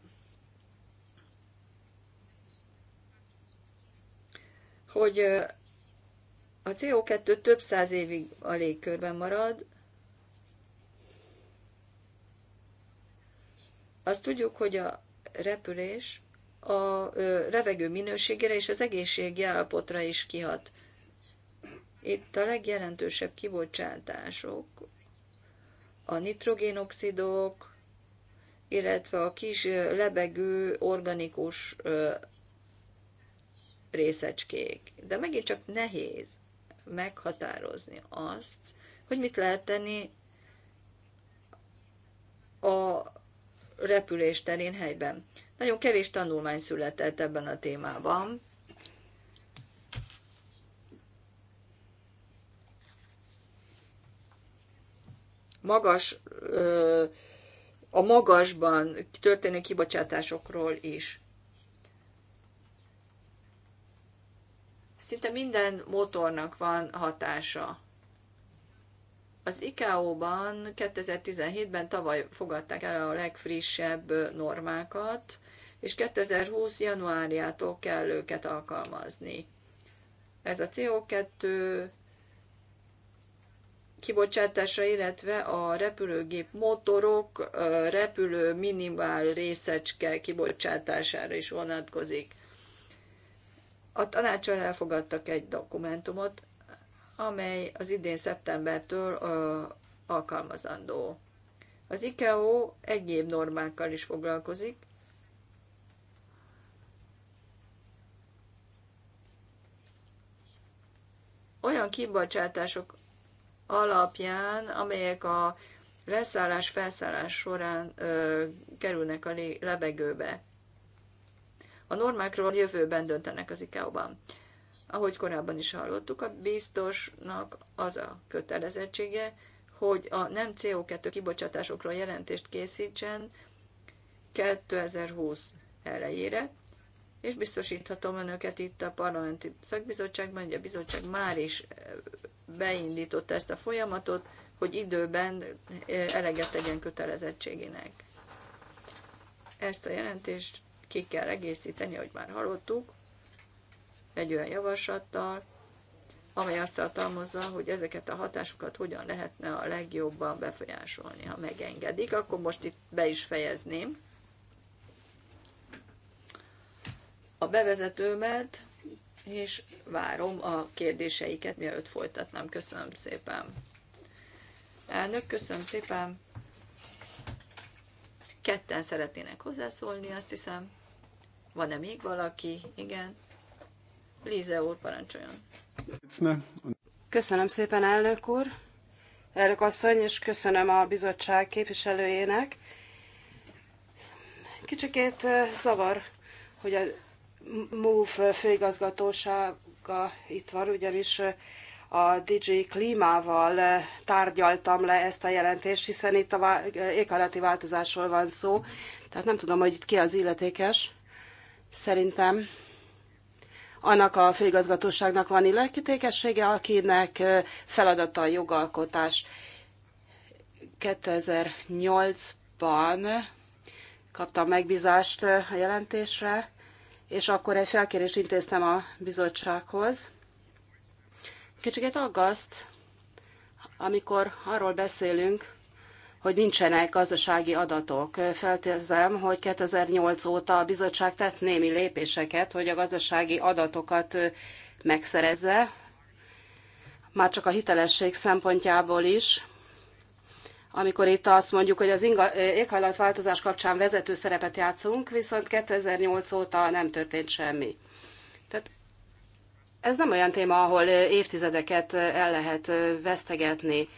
hogy a CO2 több száz évig a légkörben marad, azt tudjuk, hogy a repülés a levegő minőségére és az egészségi állapotra is kihat. Itt a legjelentősebb kibocsátások a nitrogénoxidok, illetve a kis lebegő organikus részecskék. De megint csak nehéz meghatározni azt, hogy mit lehet tenni a repülés terén helyben. Nagyon kevés tanulmány született ebben a témában. Magas, a magasban történő kibocsátásokról is. Szinte minden motornak van hatása az ICAO-ban 2017-ben tavaly fogadták el a legfrissebb normákat, és 2020. januárjától kell őket alkalmazni. Ez a CO2 kibocsátása illetve a repülőgép motorok, repülő minimál részecske kibocsátására is vonatkozik. A tanácsal elfogadtak egy dokumentumot, amely az idén szeptembertől alkalmazandó. Az ICAO egyéb normákkal is foglalkozik, olyan kibocsátások alapján, amelyek a leszállás-felszállás során ö, kerülnek a levegőbe. A normákról jövőben döntenek az ICAO-ban. Ahogy korábban is hallottuk, a biztosnak az a kötelezettsége, hogy a nem CO2 kibocsátásokról jelentést készítsen 2020 elejére, és biztosíthatom önöket itt a parlamenti szakbizottságban, hogy a bizottság már is beindította ezt a folyamatot, hogy időben eleget tegyen kötelezettségének. Ezt a jelentést ki kell egészíteni, ahogy már hallottuk, egy olyan javaslattal, amely azt tartalmazza, hogy ezeket a hatásokat hogyan lehetne a legjobban befolyásolni, ha megengedik. Akkor most itt be is fejezném a bevezetőmet, és várom a kérdéseiket, mielőtt folytatnám. Köszönöm szépen. Elnök, köszönöm szépen. Ketten szeretnének hozzászólni, azt hiszem. Van-e még valaki? Igen. Líze úr, parancsoljon. Köszönöm szépen, elnök úr, elnök asszony, és köszönöm a bizottság képviselőjének. Kicsikét zavar, hogy a MOV főigazgatósága itt van, ugyanis a DJ Klímával tárgyaltam le ezt a jelentést, hiszen itt a éghajlati változásról van szó, tehát nem tudom, hogy itt ki az illetékes. Szerintem annak a főigazgatóságnak van illetékessége, akinek feladata a jogalkotás. 2008-ban kaptam megbízást a jelentésre, és akkor egy felkérést intéztem a bizottsághoz. Kicsit aggaszt, amikor arról beszélünk, hogy nincsenek gazdasági adatok. Feltézem, hogy 2008 óta a bizottság tett némi lépéseket, hogy a gazdasági adatokat megszerezze, már csak a hitelesség szempontjából is, amikor itt azt mondjuk, hogy az inga, éghajlatváltozás kapcsán vezető szerepet játszunk, viszont 2008 óta nem történt semmi. Tehát ez nem olyan téma, ahol évtizedeket el lehet vesztegetni.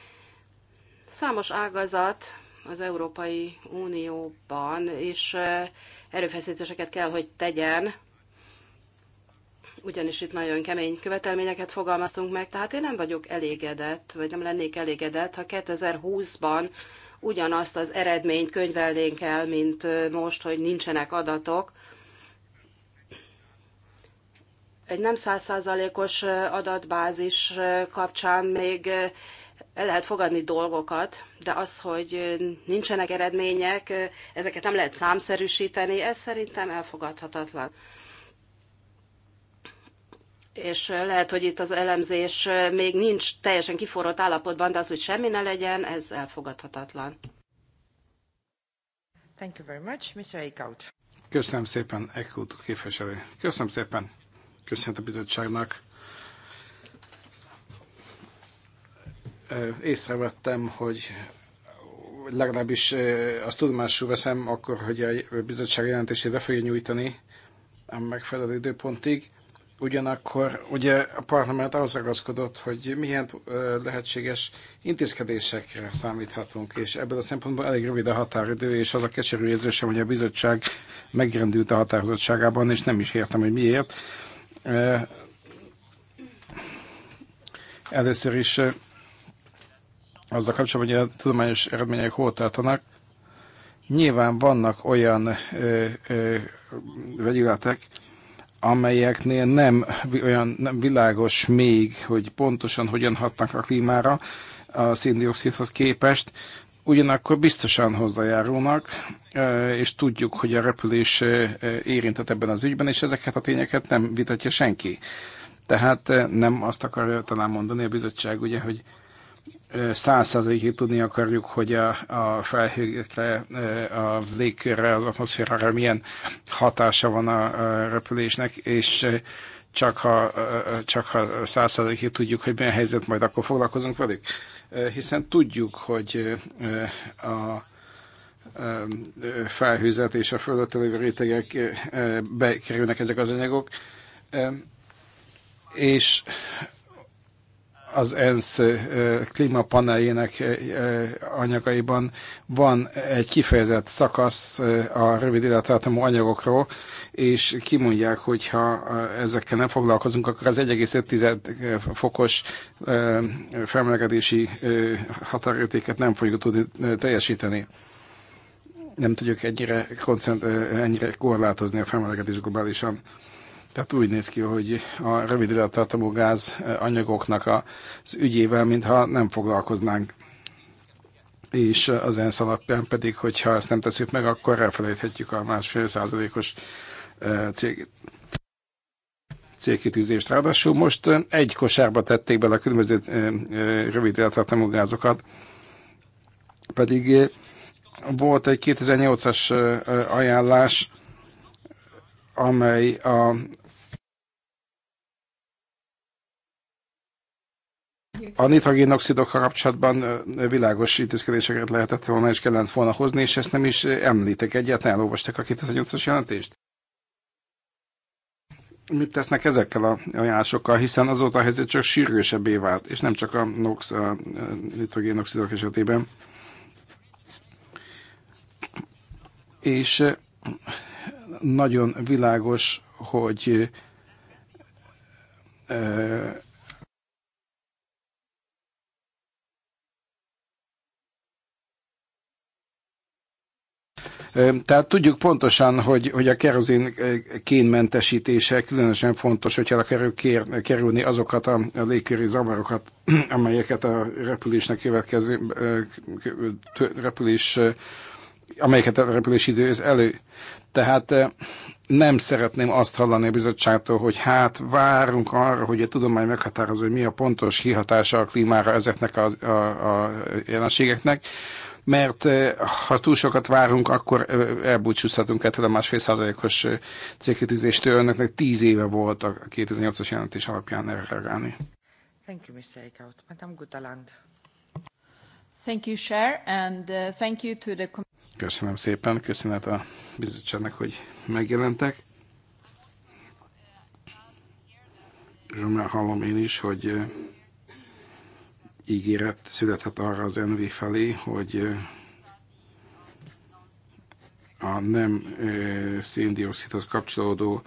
Számos ágazat az Európai Unióban is erőfeszítéseket kell, hogy tegyen, ugyanis itt nagyon kemény követelményeket fogalmaztunk meg, tehát én nem vagyok elégedett, vagy nem lennék elégedett, ha 2020-ban ugyanazt az eredményt könyvelnénk el, mint most, hogy nincsenek adatok. Egy nem százszázalékos adatbázis kapcsán még el lehet fogadni dolgokat, de az, hogy nincsenek eredmények, ezeket nem lehet számszerűsíteni, ez szerintem elfogadhatatlan. És lehet, hogy itt az elemzés még nincs teljesen kiforrott állapotban, de az, hogy semmi ne legyen, ez elfogadhatatlan. Thank you very much, Mr. Köszönöm szépen, Eichhout képviselő. Köszönöm szépen. Köszönöm a bizottságnak észrevettem, hogy legalábbis azt tudomásul veszem akkor, hogy a bizottság jelentését be fogja nyújtani a megfelelő időpontig. Ugyanakkor ugye a parlament ahhoz ragaszkodott, hogy milyen lehetséges intézkedésekre számíthatunk, és ebből a szempontból elég rövid a határidő, és az a keserű érzésem, hogy a bizottság megrendült a határozottságában, és nem is értem, hogy miért. Először is azzal kapcsolatban, hogy a tudományos eredmények hol tartanak. Nyilván vannak olyan ö, ö, vegyületek, amelyeknél nem olyan nem világos még, hogy pontosan hogyan hatnak a klímára a széndiokszidhoz képest, ugyanakkor biztosan hozzájárulnak, és tudjuk, hogy a repülés érintett ebben az ügyben, és ezeket a tényeket nem vitatja senki. Tehát nem azt akarja talán mondani a bizottság, ugye, hogy százszerzalékig tudni akarjuk, hogy a, a felhőkre, a légkörre, az atmoszférára milyen hatása van a, a repülésnek, és csak ha, csak ha százszerzalékig tudjuk, hogy milyen helyzet, majd akkor foglalkozunk velük. Hiszen tudjuk, hogy a felhőzet és a fölött lévő bekerülnek ezek az anyagok, és az ENSZ klímapaneljének anyagaiban van egy kifejezett szakasz a rövid élettartamú anyagokról, és kimondják, hogy ha ezekkel nem foglalkozunk, akkor az 1,5 fokos felmelegedési határértéket nem fogjuk tudni teljesíteni nem tudjuk ennyire, koncent, ennyire korlátozni a felmelegedés globálisan. Tehát úgy néz ki, hogy a rövid élettartamú gáz eh, anyagoknak az ügyével, mintha nem foglalkoznánk. És eh, az ENSZ alapján pedig, hogyha ezt nem teszük meg, akkor elfelejthetjük a másfél százalékos eh, cég célkitűzést. Ráadásul most egy kosárba tették bele a különböző rövid élettartamú gázokat, pedig volt egy 2008-as ajánlás, amely a a nitrogénoxidokkal kapcsolatban világos intézkedéseket lehetett volna és kellett volna hozni, és ezt nem is említek egyáltalán, elolvasták a 2008-as jelentést. Mit tesznek ezekkel a ajánlásokkal, hiszen azóta a helyzet csak sűrűsebbé vált, és nem csak a NOx, a nitrogénoxidok esetében. És nagyon világos, hogy Tehát tudjuk pontosan, hogy, hogy a kerozin kénmentesítése különösen fontos, hogyha kerül kér, kerülni azokat a légköri zavarokat, amelyeket a repülésnek következő repülés amelyeket a repülési időz elő. Tehát nem szeretném azt hallani a bizottságtól, hogy hát várunk arra, hogy a tudomány meghatározza, hogy mi a pontos kihatása a klímára ezeknek a, a, a jelenségeknek mert ha túl sokat várunk, akkor elbúcsúzhatunk ettől a másfél százalékos célkitűzéstől. Önnek meg tíz éve volt a 2008-as jelentés alapján erre reagálni. Thank you, Mr. Eickhout. Madame Gutaland. Thank you, Chair, and uh, thank you to the... Köszönöm szépen, köszönet a bizottságnak, hogy megjelentek. Már hallom én is, hogy ígéret születhet arra az NV felé, hogy a nem széndiokszidhoz kapcsolódó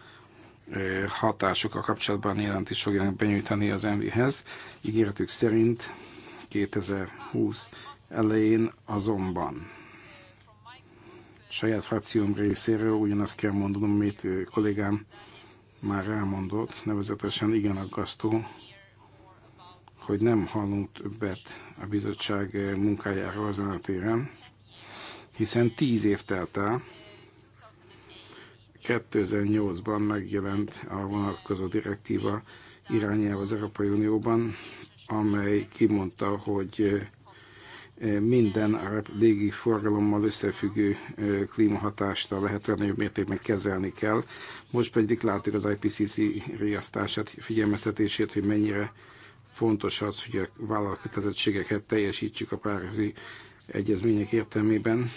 a kapcsolatban jelentést fogják benyújtani az nv hez Ígéretük szerint 2020 elején azonban saját frakcióm részéről ugyanazt kell mondanom, amit kollégám már elmondott, nevezetesen igen aggasztó, hogy nem hallunk többet a bizottság munkájáról azon a téren, hiszen tíz év telt el, 2008-ban megjelent a vonatkozó direktíva irányelv az Európai Unióban, amely kimondta, hogy minden a légi forgalommal összefüggő klímahatást a lehető legnagyobb mértékben kezelni kell. Most pedig látjuk az IPCC riasztását, figyelmeztetését, hogy mennyire Fontos az, hogy a vállalkötelezettségeket teljesítsük a párizsi egyezmények értelmében,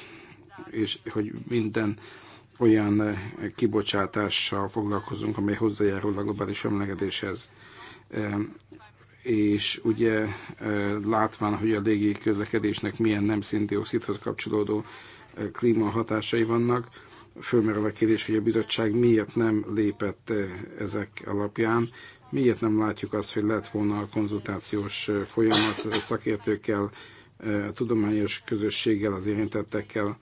és hogy minden olyan eh, kibocsátással foglalkozunk, amely hozzájárul a globális emlegedéshez. Eh, és ugye eh, látván, hogy a légi közlekedésnek milyen nem szindioxidhoz kapcsolódó klímahatásai vannak, fölmerül a kérdés, hogy a bizottság miért nem lépett ezek alapján, Miért nem látjuk azt, hogy lett volna a konzultációs folyamat szakértőkkel, a tudományos közösséggel, az érintettekkel?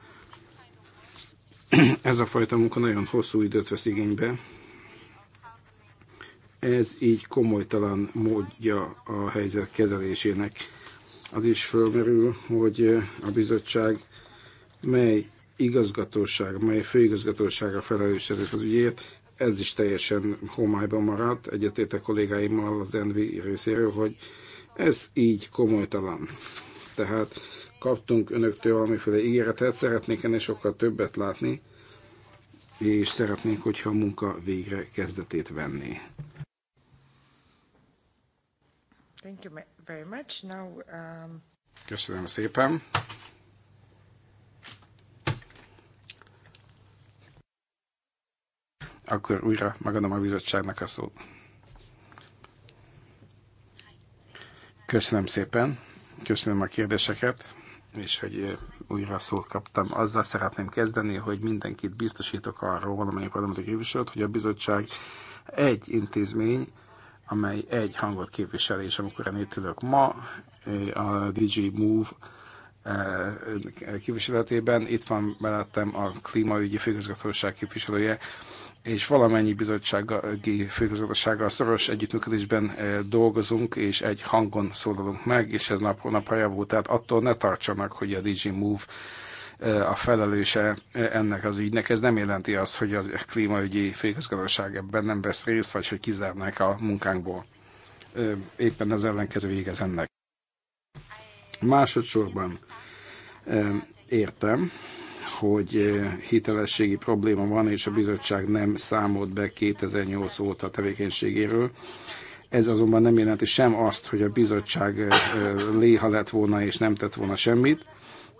Ez a fajta munka nagyon hosszú időt vesz igénybe. Ez így komolytalan módja a helyzet kezelésének. Az is fölmerül, hogy a bizottság mely igazgatóság, mely a felelős ezért az ügyért, ez is teljesen homályban maradt, egyetétek kollégáimmal az Envi részéről, hogy ez így komolytalan. Tehát kaptunk önöktől valamiféle ígéretet, szeretnék ennél sokkal többet látni, és szeretnénk, hogyha a munka végre kezdetét venné. Thank you very much. Now, um... Köszönöm szépen. akkor újra megadom a bizottságnak a szót. Köszönöm szépen, köszönöm a kérdéseket, és hogy eh, újra szót kaptam. Azzal szeretném kezdeni, hogy mindenkit biztosítok arról, valamennyi parlamenti képviselőt, hogy a bizottság egy intézmény, amely egy hangot képvisel, és amikor én itt ülök ma, eh, a DG Move eh, képviseletében. Itt van mellettem a klímaügyi főigazgatóság képviselője, és valamennyi bizottsági főigazgatósággal szoros együttműködésben eh, dolgozunk, és egy hangon szólalunk meg, és ez nap, nap javul. Tehát attól ne tartsanak, hogy a DG Move eh, a felelőse eh, ennek az ügynek. Ez nem jelenti azt, hogy a klímaügyi főigazgatóság ebben nem vesz részt, vagy hogy kizárnák a munkánkból. Éppen az ellenkező végez ennek. Másodszorban értem, hogy eh, hitelességi probléma van, és a bizottság nem számolt be 2008 óta a tevékenységéről. Ez azonban nem jelenti sem azt, hogy a bizottság eh, eh, léha lett volna és nem tett volna semmit,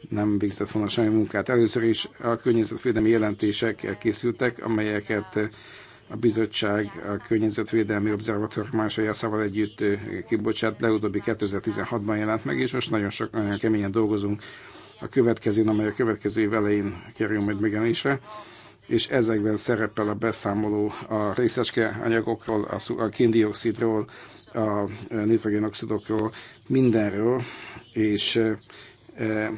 nem végzett volna semmi munkát. Először is a környezetvédelmi jelentések készültek, amelyeket a bizottság a Környezetvédelmi Obszervatórium szával együtt kibocsát, legutóbbi 2016-ban jelent meg, és most nagyon sok, nagyon keményen dolgozunk a következőn, amely a következő év elején kerül majd megjelenésre, és ezekben szerepel a beszámoló a részecske anyagokról, a kéndioxidról, a nitrogénoxidokról, mindenről, és e,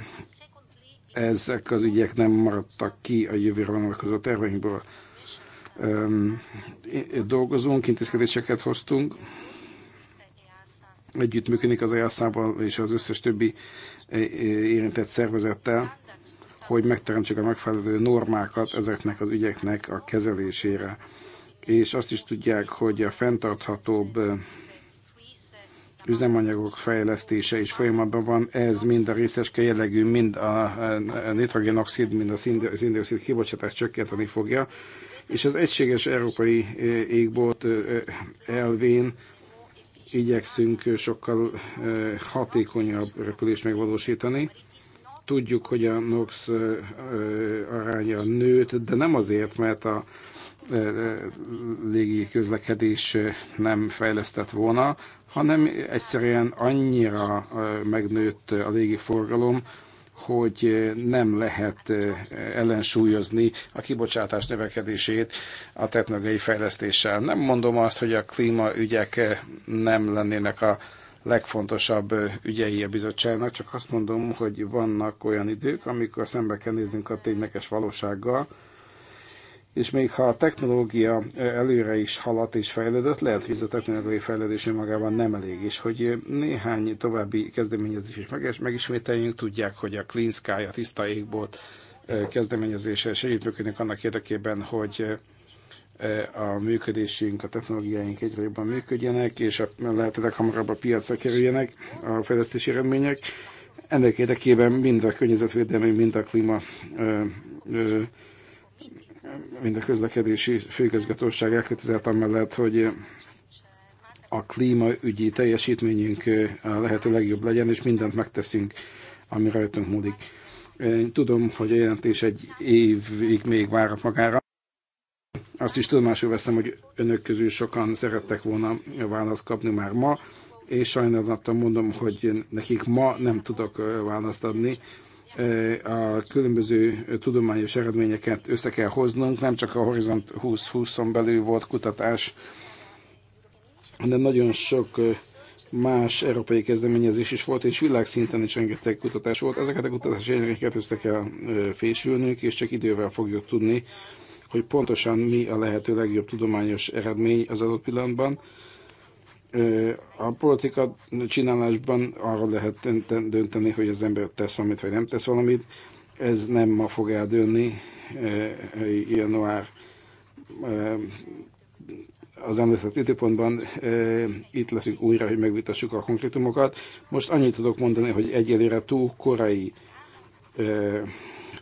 ezek az ügyek nem maradtak ki a jövőre vonatkozó terveinkből. Dolgozunk, intézkedéseket hoztunk, együttműködik az easz és az összes többi érintett szervezettel, hogy megteremtsük a megfelelő normákat ezeknek az ügyeknek a kezelésére. És azt is tudják, hogy a fenntarthatóbb üzemanyagok fejlesztése is folyamatban van. Ez mind a részeske jellegű, mind a nitrogénoxid, mind a szindioxid kibocsátást csökkenteni fogja. És az egységes európai égbolt elvén igyekszünk sokkal hatékonyabb repülést megvalósítani. Tudjuk, hogy a NOx aránya nőtt, de nem azért, mert a légi közlekedés nem fejlesztett volna, hanem egyszerűen annyira megnőtt a légi forgalom, hogy nem lehet ellensúlyozni a kibocsátás növekedését a technológiai fejlesztéssel. Nem mondom azt, hogy a klímaügyek nem lennének a legfontosabb ügyei a bizottságnak, csak azt mondom, hogy vannak olyan idők, amikor szembe kell néznünk a tényleges valósággal, és még ha a technológia előre is haladt és fejlődött, lehet, hogy ez a technológiai fejlődés magában nem elég, és hogy néhány további kezdeményezés is megismételjünk, tudják, hogy a Clean Sky, a tiszta égbolt kezdeményezése segítműködünk annak érdekében, hogy a működésünk, a technológiáink egyre jobban működjenek, és a lehetőleg hamarabb a piacra kerüljenek a fejlesztési eredmények. Ennek érdekében mind a környezetvédelmi, mind a klíma ö, ö, mind a közlekedési főigazgatóság elkötelezett amellett, hogy a klímaügyi teljesítményünk a lehető legjobb legyen, és mindent megteszünk, ami rajtunk múlik. Én tudom, hogy a jelentés egy évig még várat magára. Azt is tudomásul veszem, hogy önök közül sokan szerettek volna választ kapni már ma, és sajnálattal mondom, hogy nekik ma nem tudok választ adni, a különböző tudományos eredményeket össze kell hoznunk, nem csak a Horizont 2020-on belül volt kutatás, de nagyon sok más európai kezdeményezés is volt, és világszinten is rengeteg kutatás volt. Ezeket a kutatási eredményeket össze kell fésülnünk, és csak idővel fogjuk tudni, hogy pontosan mi a lehető legjobb tudományos eredmény az adott pillanatban, a politika csinálásban arra lehet dönteni, hogy az ember tesz valamit, vagy nem tesz valamit. Ez nem ma fog eldőlni. Január az említett időpontban itt leszünk újra, hogy megvitassuk a konkrétumokat. Most annyit tudok mondani, hogy egyelőre túl korai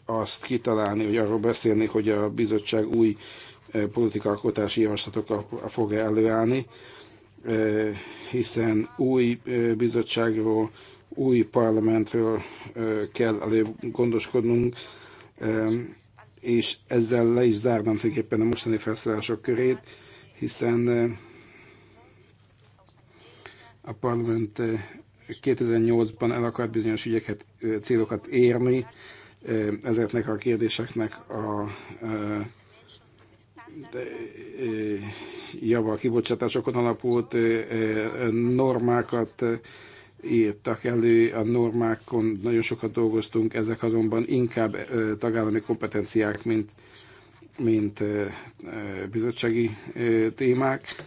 azt kitalálni, hogy arról beszélni, hogy a bizottság új politikalkotási javaslatokkal fog előállni hiszen új bizottságról, új parlamentről kell előbb gondoskodnunk, és ezzel le is zárnám tulajdonképpen a mostani felszólások körét, hiszen a parlament 2008-ban el akart bizonyos ügyeket, célokat érni, ezeknek a kérdéseknek a, a Eh, eh, java kibocsátásokon alapult eh, normákat írtak elő, a normákon nagyon sokat dolgoztunk, ezek azonban inkább tagállami kompetenciák, mint, mint bizottsági témák,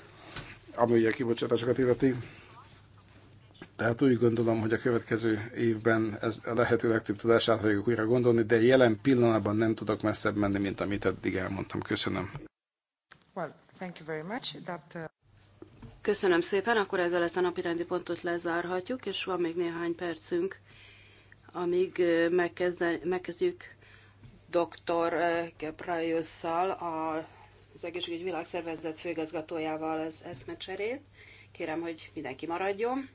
ami a kibocsátásokat illeti. Tehát úgy gondolom, hogy a következő évben ez a lehető legtöbb tudását fogjuk újra gondolni, de jelen pillanatban nem tudok messzebb menni, mint amit eddig elmondtam. Köszönöm. Uh, Köszönöm szépen, akkor ezzel ezt a napirendi pontot lezárhatjuk, és van még néhány percünk, amíg megkezdjük dr. Gebrajusszal, az Egészségügyi Világszervezet főigazgatójával az eszmecserét. Kérem, hogy mindenki maradjon.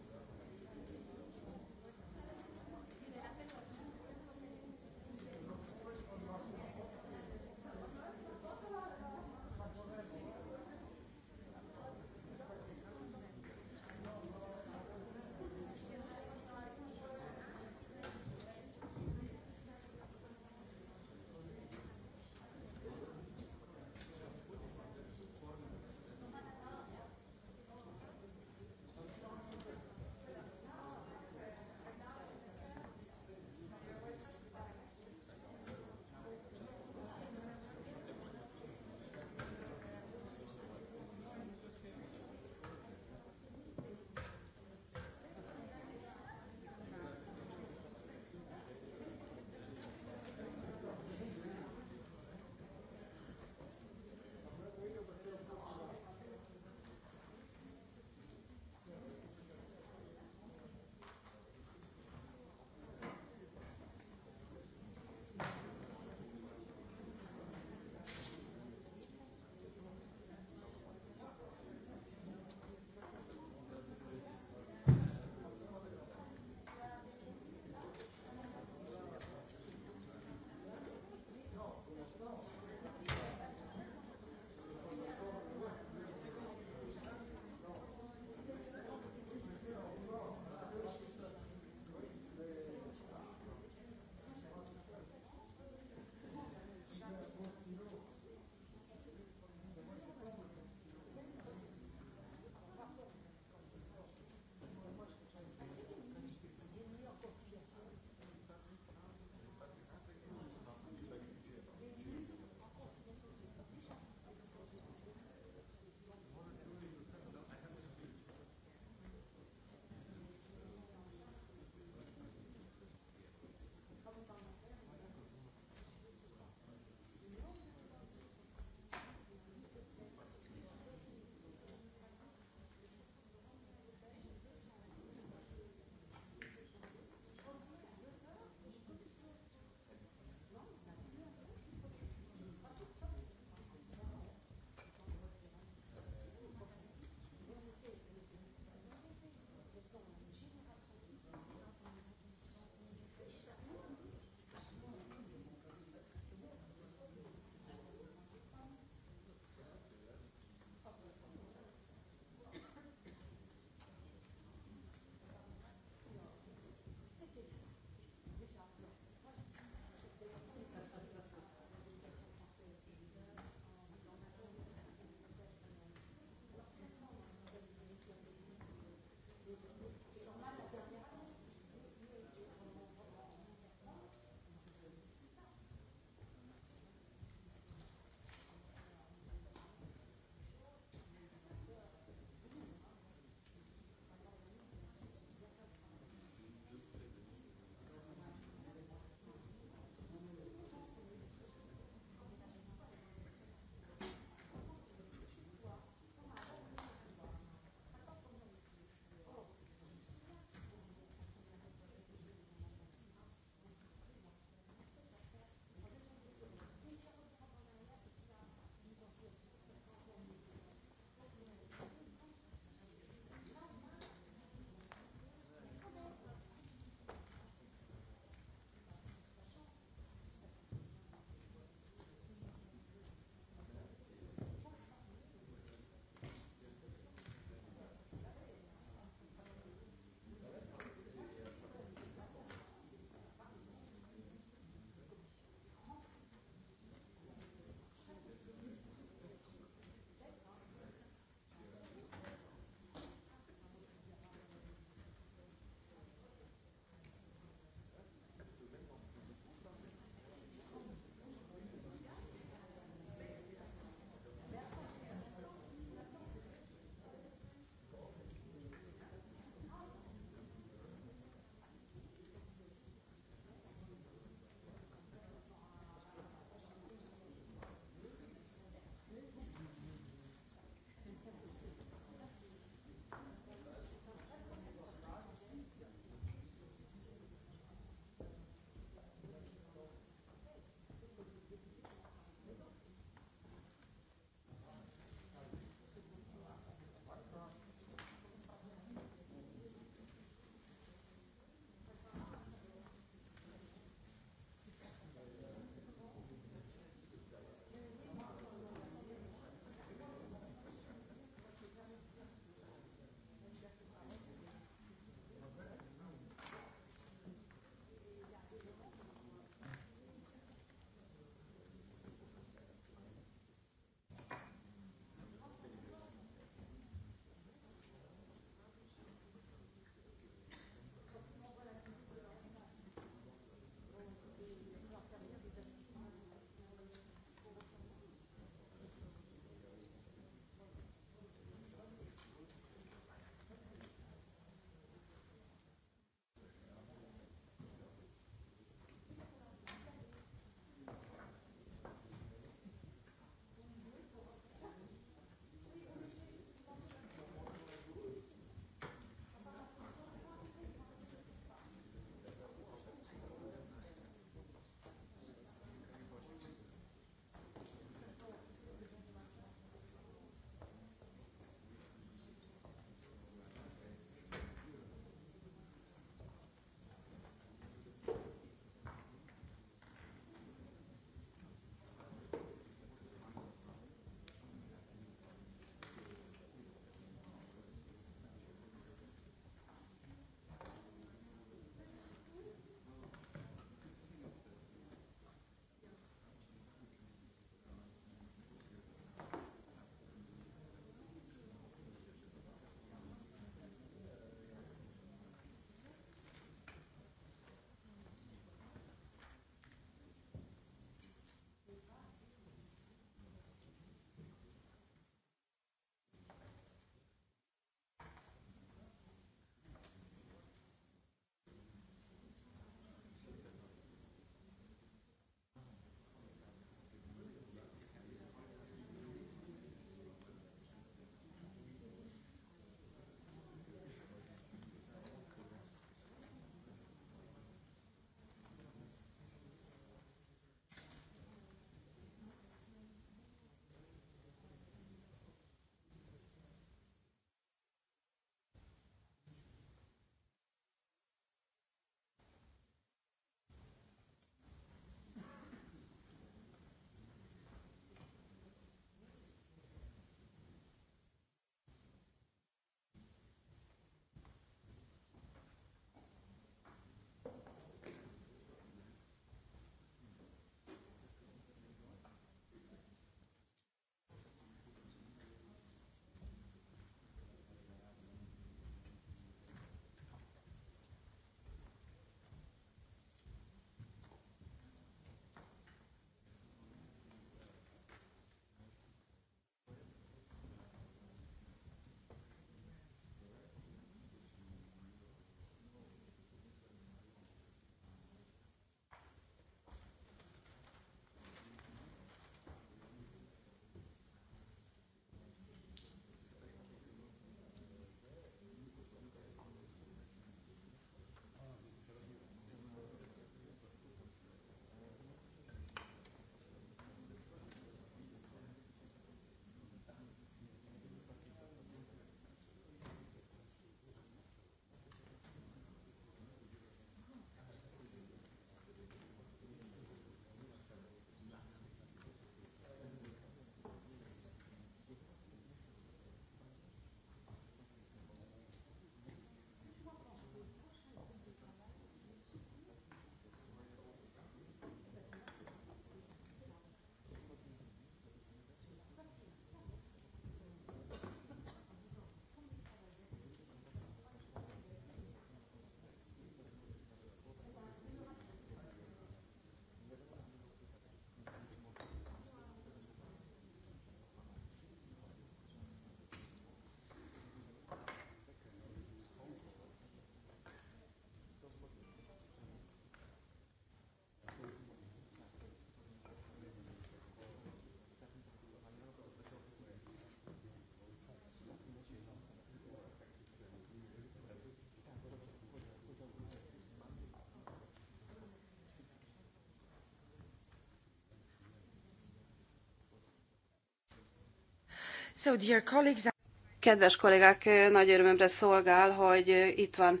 Kedves kollégák, nagy örömömre szolgál, hogy itt van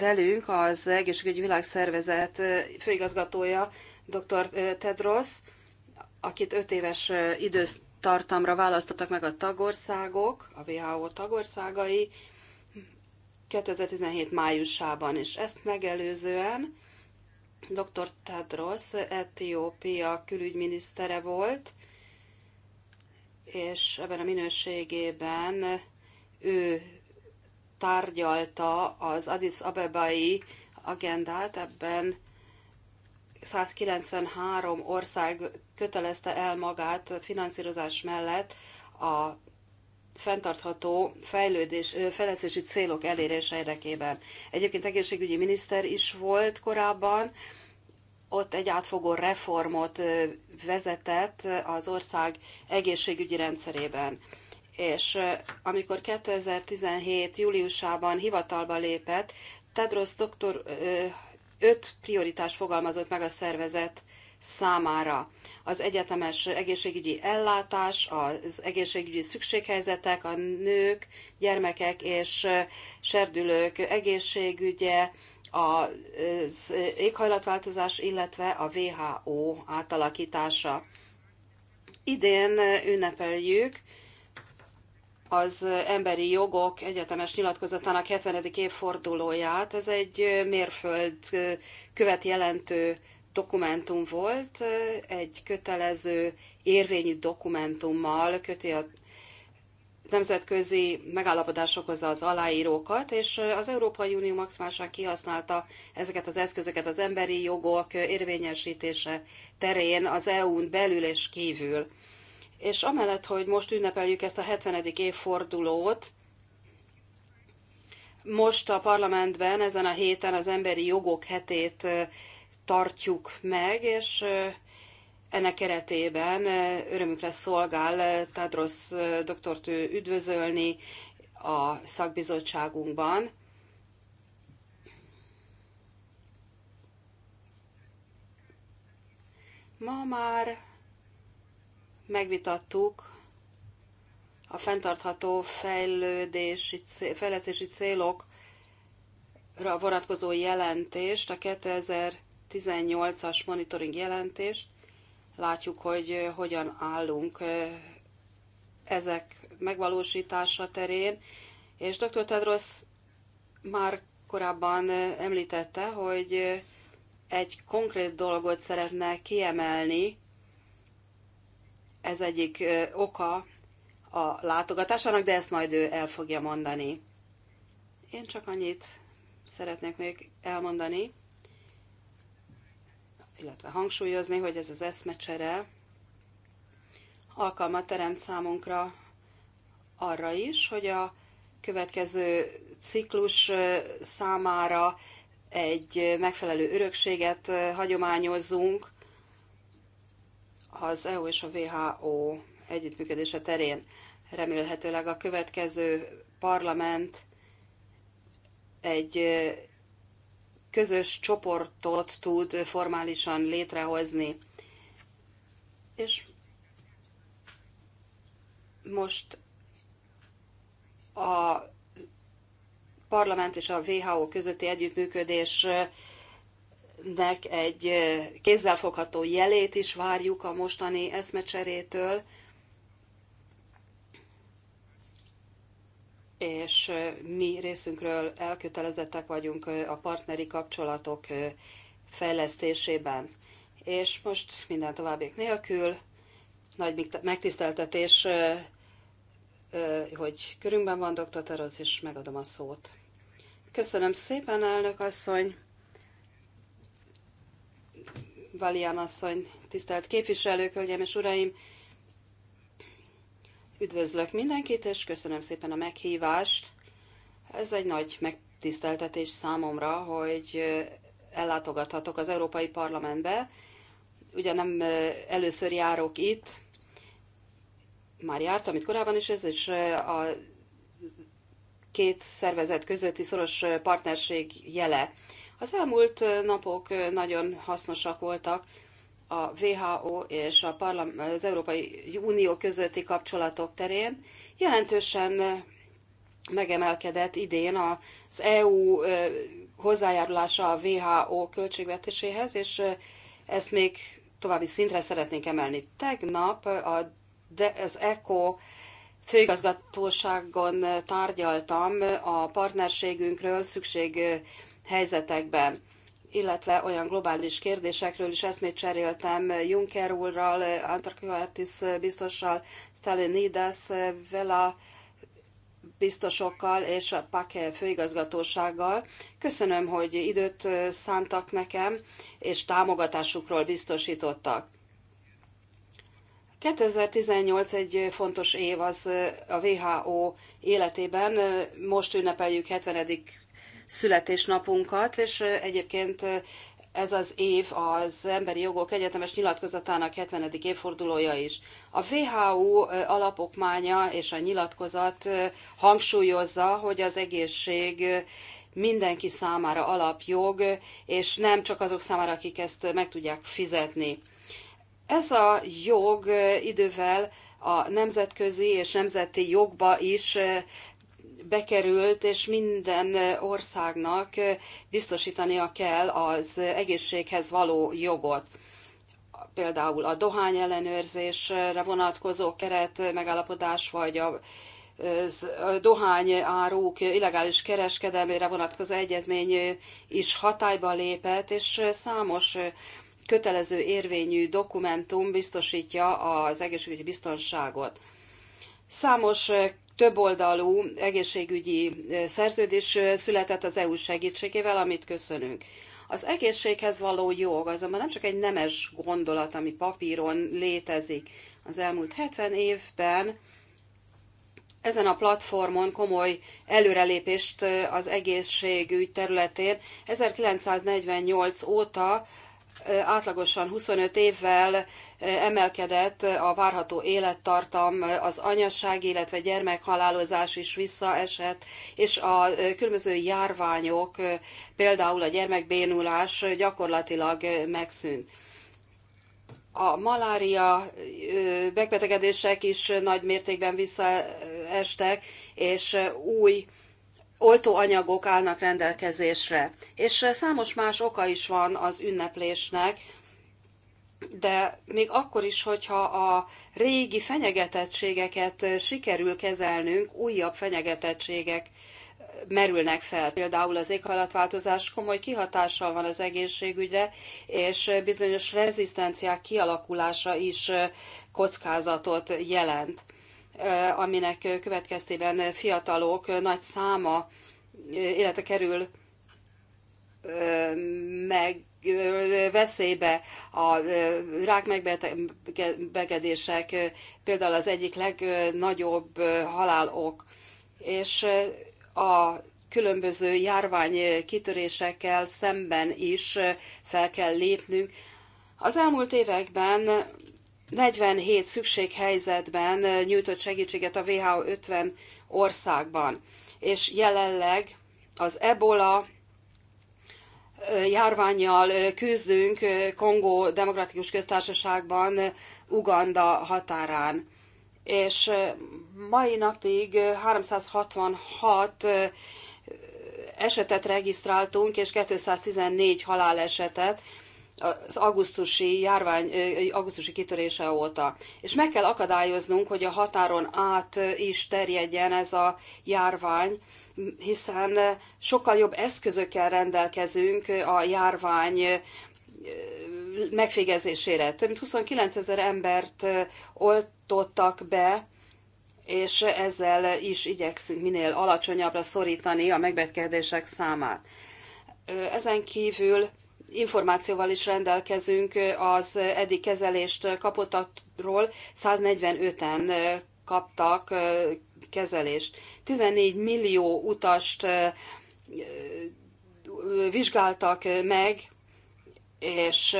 velünk az Egészségügyi Világszervezet főigazgatója, dr. Tedros, akit öt éves időtartamra választottak meg a tagországok, a WHO tagországai 2017 májusában, és ezt megelőzően dr. Tedros Etiópia külügyminisztere volt, és ebben a minőségében ő tárgyalta az Addis Abebai agendát, ebben 193 ország kötelezte el magát finanszírozás mellett a fenntartható fejlődés, fejlesztési célok elérése érdekében. Egyébként egészségügyi miniszter is volt korábban, ott egy átfogó reformot vezetett az ország egészségügyi rendszerében. És amikor 2017. júliusában hivatalba lépett, Tedros doktor öt prioritást fogalmazott meg a szervezet számára. Az egyetemes egészségügyi ellátás, az egészségügyi szükséghelyzetek, a nők, gyermekek és serdülők egészségügye, az éghajlatváltozás, illetve a WHO átalakítása. Idén ünnepeljük az emberi jogok egyetemes nyilatkozatának 70. évfordulóját. Ez egy mérföld követ jelentő dokumentum volt, egy kötelező érvényű dokumentummal köti a nemzetközi megállapodásokhoz az aláírókat, és az Európai Unió maximálisan kihasználta ezeket az eszközöket az emberi jogok érvényesítése terén az EU-n belül és kívül. És amellett, hogy most ünnepeljük ezt a 70. évfordulót, most a parlamentben ezen a héten az emberi jogok hetét tartjuk meg, és ennek keretében örömükre szolgál Tadros doktort üdvözölni a szakbizottságunkban. Ma már megvitattuk a fenntartható fejlődési, fejlesztési célokra vonatkozó jelentést, a 2018-as monitoring jelentést, látjuk, hogy eh, hogyan állunk eh, ezek megvalósítása terén, és dr. Tedros már korábban eh, említette, hogy egy konkrét dolgot szeretne kiemelni, ez egyik oka a látogatásának, de ezt majd ő el fogja mondani. Én csak annyit szeretnék még elmondani, illetve hangsúlyozni, hogy ez az eszmecsere alkalmat teremt számunkra arra is, hogy a következő ciklus számára egy megfelelő örökséget hagyományozzunk az EU és a WHO együttműködése terén. Remélhetőleg a következő parlament egy közös csoportot tud formálisan létrehozni. És most a parlament és a WHO közötti együttműködésnek egy kézzelfogható jelét is várjuk a mostani eszmecserétől, és mi részünkről elkötelezettek vagyunk a partneri kapcsolatok fejlesztésében. És most minden továbbiak nélkül nagy megtiszteltetés, hogy körünkben van dr. Teroz, és megadom a szót. Köszönöm szépen, elnök asszony! Valian asszony, tisztelt képviselők, hölgyeim és uraim! Üdvözlök mindenkit, és köszönöm szépen a meghívást. Ez egy nagy megtiszteltetés számomra, hogy ellátogathatok az Európai Parlamentbe. Ugyan nem először járok itt, már jártam itt korábban is, ez is a két szervezet közötti szoros partnerség jele. Az elmúlt napok nagyon hasznosak voltak, a WHO és a parlam- az Európai Unió közötti kapcsolatok terén jelentősen megemelkedett idén az EU hozzájárulása a WHO költségvetéséhez, és ezt még további szintre szeretnénk emelni. Tegnap a de az ECO főigazgatóságon tárgyaltam a partnerségünkről szükség helyzetekben illetve olyan globális kérdésekről is eszmét cseréltem Juncker úrral, Antarktis biztossal, Stalinidas, Vela biztosokkal és a PAKE főigazgatósággal. Köszönöm, hogy időt szántak nekem, és támogatásukról biztosítottak. 2018 egy fontos év az a WHO életében. Most ünnepeljük 70 születésnapunkat, és egyébként ez az év az Emberi Jogok Egyetemes Nyilatkozatának 70. évfordulója is. A WHO alapokmánya és a nyilatkozat hangsúlyozza, hogy az egészség mindenki számára alapjog, és nem csak azok számára, akik ezt meg tudják fizetni. Ez a jog idővel a nemzetközi és nemzeti jogba is bekerült, és minden országnak biztosítania kell az egészséghez való jogot. Például a dohány ellenőrzésre vonatkozó keret megállapodás, vagy a dohányáruk illegális kereskedelmére vonatkozó egyezmény is hatályba lépett, és számos kötelező érvényű dokumentum biztosítja az egészségügyi biztonságot. Számos többoldalú egészségügyi eh, szerződés eh, született az EU segítségével, amit köszönünk. Az egészséghez való jog azonban nem csak egy nemes gondolat, ami papíron létezik. Az elmúlt 70 évben ezen a platformon komoly előrelépést eh, az egészségügy területén 1948 óta átlagosan 25 évvel emelkedett a várható élettartam, az anyasság, illetve gyermekhalálozás is visszaesett, és a különböző járványok, például a gyermekbénulás gyakorlatilag megszűnt. A malária megbetegedések is nagy mértékben visszaestek, és új oltóanyagok állnak rendelkezésre. És eh, számos más oka is van az ünneplésnek, de még akkor is, hogyha a régi fenyegetettségeket eh, sikerül kezelnünk, újabb fenyegetettségek eh, merülnek fel. Például az éghajlatváltozás komoly kihatással van az egészségügyre, és bizonyos rezisztenciák kialakulása is kockázatot jelent. Eh, aminek következtében fiatalok nagy száma eh, életre kerül eh, meg veszélybe a rák megbetegedések, például az egyik legnagyobb halálok, és a különböző járvány kitörésekkel szemben is fel kell lépnünk. Az elmúlt években 47 szükséghelyzetben nyújtott segítséget a WHO 50 országban, és jelenleg az ebola járványjal küzdünk Kongó Demokratikus Köztársaságban, Uganda határán. És mai napig 366 esetet regisztráltunk, és 214 halálesetet, az augusztusi járvány, augusztusi kitörése óta. És meg kell akadályoznunk, hogy a határon át is terjedjen ez a járvány, hiszen sokkal jobb eszközökkel rendelkezünk a járvány megfégezésére. Több mint 29 ezer embert oltottak be, és ezzel is igyekszünk minél alacsonyabbra szorítani a megbetegedések számát. Ezen kívül információval is rendelkezünk az eddig kezelést kapottakról, 145-en kaptak kezelést. 14 millió utast vizsgáltak meg, és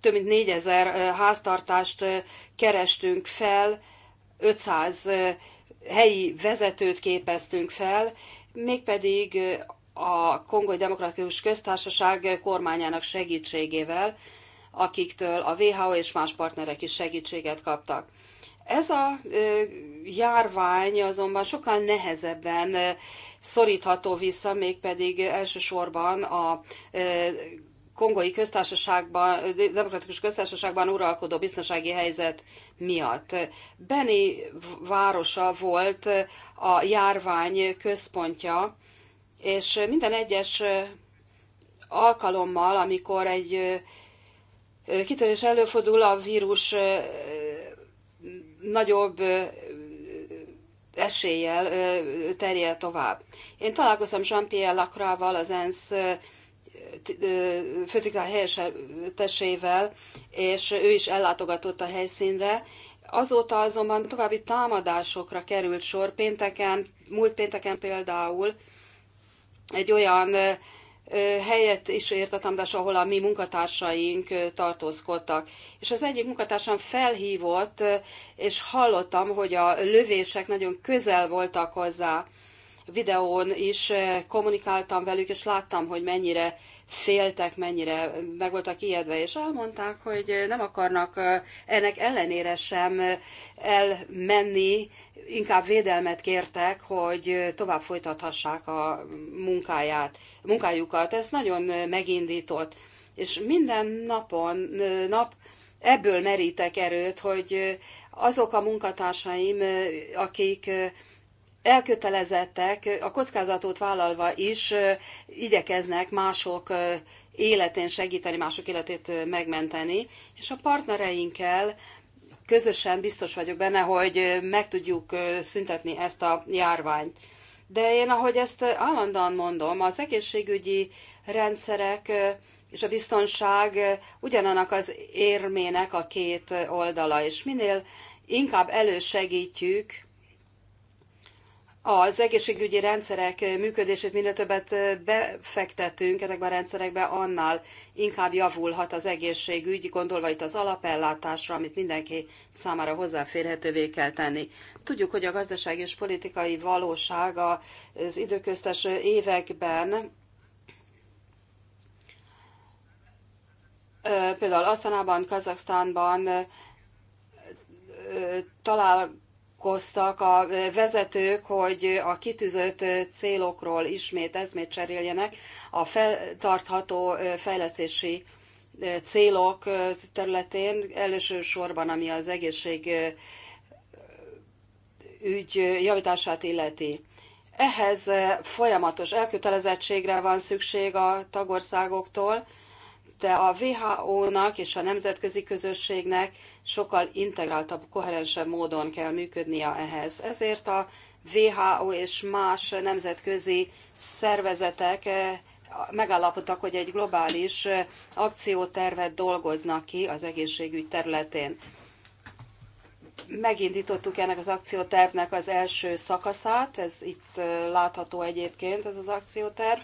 több mint 4000 háztartást kerestünk fel, 500 helyi vezetőt képeztünk fel, mégpedig a Kongói Demokratikus Köztársaság kormányának segítségével, akiktől a WHO és más partnerek is segítséget kaptak. Ez a járvány azonban sokkal nehezebben szorítható vissza, mégpedig elsősorban a kongói köztársaságban, demokratikus köztársaságban uralkodó biztonsági helyzet miatt. Beni városa volt a járvány központja, és minden egyes alkalommal, amikor egy kitörés előfordul, a vírus nagyobb eséllyel terjed tovább. Én találkoztam Jean-Pierre Lacroix-val, az ENSZ főtiklán helyesetesével, és ő is ellátogatott a helyszínre. Azóta azonban további támadásokra került sor. Pénteken, múlt pénteken például egy olyan helyet is értetemdes, ahol a mi munkatársaink tartózkodtak. És az egyik munkatársam felhívott, és hallottam, hogy a lövések nagyon közel voltak hozzá. Videón is kommunikáltam velük, és láttam, hogy mennyire féltek, mennyire meg voltak ijedve, és elmondták, hogy nem akarnak ennek ellenére sem elmenni, inkább védelmet kértek, hogy tovább folytathassák a munkáját, munkájukat. Ez nagyon megindított. És minden napon, nap ebből merítek erőt, hogy azok a munkatársaim, akik elkötelezettek, a kockázatot vállalva is igyekeznek mások életén segíteni, mások életét megmenteni, és a partnereinkkel közösen biztos vagyok benne, hogy meg tudjuk szüntetni ezt a járványt. De én, ahogy ezt állandóan mondom, az egészségügyi rendszerek és a biztonság ugyanannak az érmének a két oldala, és minél inkább elősegítjük az egészségügyi rendszerek működését minél többet befektetünk ezekbe a rendszerekbe, annál inkább javulhat az egészségügy, gondolva itt az alapellátásra, amit mindenki számára hozzáférhetővé kell tenni. Tudjuk, hogy a gazdaság és politikai valóság az időköztes években például Asztanában, Kazaksztánban talál nyilatkoztak a vezetők, hogy a kitűzött célokról ismét eszmét cseréljenek. A fenntartható fejlesztési célok területén, elsősorban ami az egészség ügy javítását illeti. Ehhez folyamatos elkötelezettségre van szükség a tagországoktól, de a WHO-nak és a nemzetközi közösségnek sokkal integráltabb, koherensebb módon kell működnie ehhez. Ezért a WHO és más nemzetközi szervezetek eh, megállapodtak, hogy egy globális eh, akciótervet dolgoznak ki az egészségügy területén. Megindítottuk ennek az akciótervnek az első szakaszát, ez itt eh, látható egyébként, ez az akcióterv,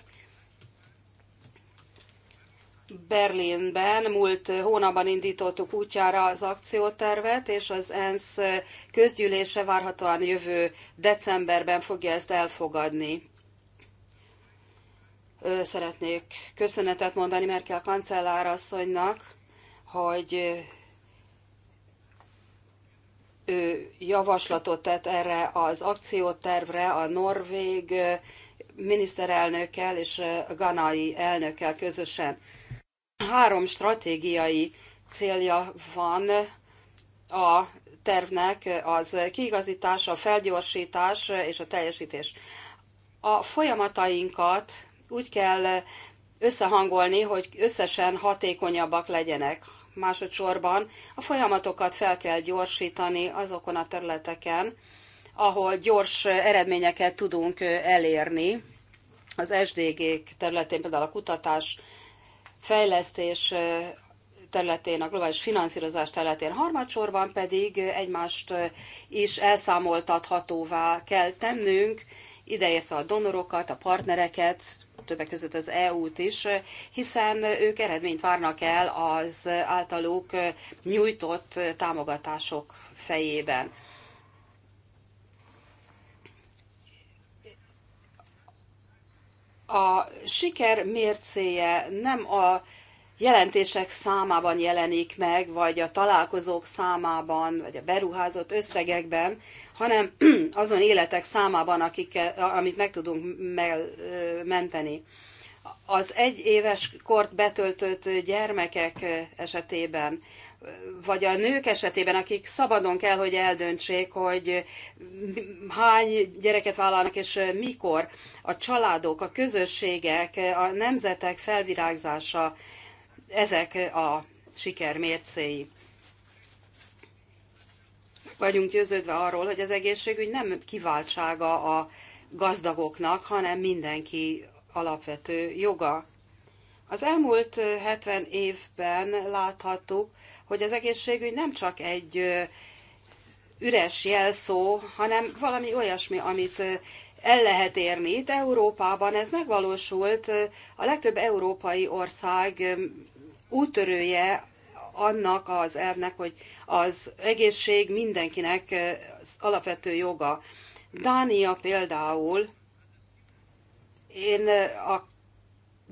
Berlinben múlt hónapban indítottuk útjára az akciótervet, és az ENSZ közgyűlése várhatóan jövő decemberben fogja ezt elfogadni. Szeretnék köszönetet mondani Merkel kancellár asszonynak, hogy ő javaslatot tett erre az akciótervre a norvég miniszterelnökkel és a ganai elnökkel közösen. Három stratégiai célja van a tervnek, az kiigazítás, a felgyorsítás és a teljesítés. A folyamatainkat úgy kell összehangolni, hogy összesen hatékonyabbak legyenek. Másodszorban a folyamatokat fel kell gyorsítani azokon a területeken, ahol gyors eredményeket tudunk elérni. Az SDG területén például a kutatás, fejlesztés területén, a globális finanszírozás területén, harmadsorban pedig egymást is elszámoltathatóvá kell tennünk, ideértve a donorokat, a partnereket, többek között az EU-t is, hiszen ők eredményt várnak el az általuk nyújtott támogatások fejében. a siker mércéje nem a jelentések számában jelenik meg, vagy a találkozók számában, vagy a beruházott összegekben, hanem azon életek számában, akik, amit meg tudunk menteni. Az egy éves kort betöltött gyermekek esetében vagy a nők esetében, akik szabadon kell, hogy eldöntsék, hogy hány gyereket vállalnak, és mikor a családok, a közösségek, a nemzetek felvirágzása, ezek a siker mércéi. Vagyunk győződve arról, hogy az egészségügy nem kiváltsága a gazdagoknak, hanem mindenki alapvető joga. Az elmúlt 70 évben láthattuk, hogy az egészségügy nem csak egy üres jelszó, hanem valami olyasmi, amit el lehet érni. Itt Európában ez megvalósult, a legtöbb európai ország útörője annak az elvnek, hogy az egészség mindenkinek az alapvető joga. Dánia például, én a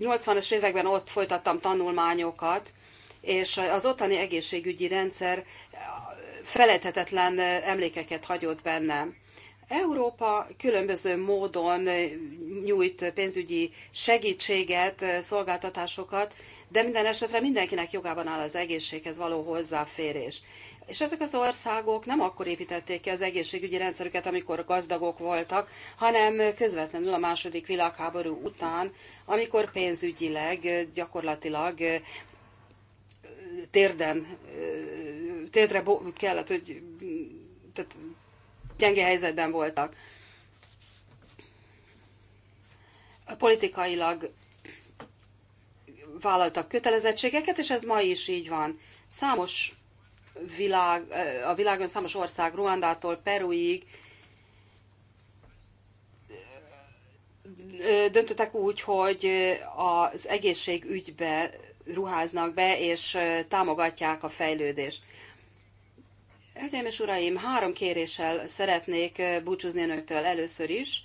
80-as években ott folytattam tanulmányokat, és az ottani egészségügyi rendszer feledhetetlen emlékeket hagyott bennem. Európa különböző módon nyújt pénzügyi segítséget, szolgáltatásokat, de minden esetre mindenkinek jogában áll az egészséghez való hozzáférés. És ezek az országok nem akkor építették ki az egészségügyi rendszerüket, amikor gazdagok voltak, hanem közvetlenül a második világháború után, amikor pénzügyileg gyakorlatilag térden, térdre kellett, hogy tehát gyenge helyzetben voltak. Politikailag vállaltak kötelezettségeket, és ez ma is így van. Számos világ, a világon számos ország, Ruandától Peruig döntöttek úgy, hogy az egészségügybe ruháznak be, és támogatják a fejlődést. Hölgyeim és uraim, három kéréssel szeretnék búcsúzni önöktől először is.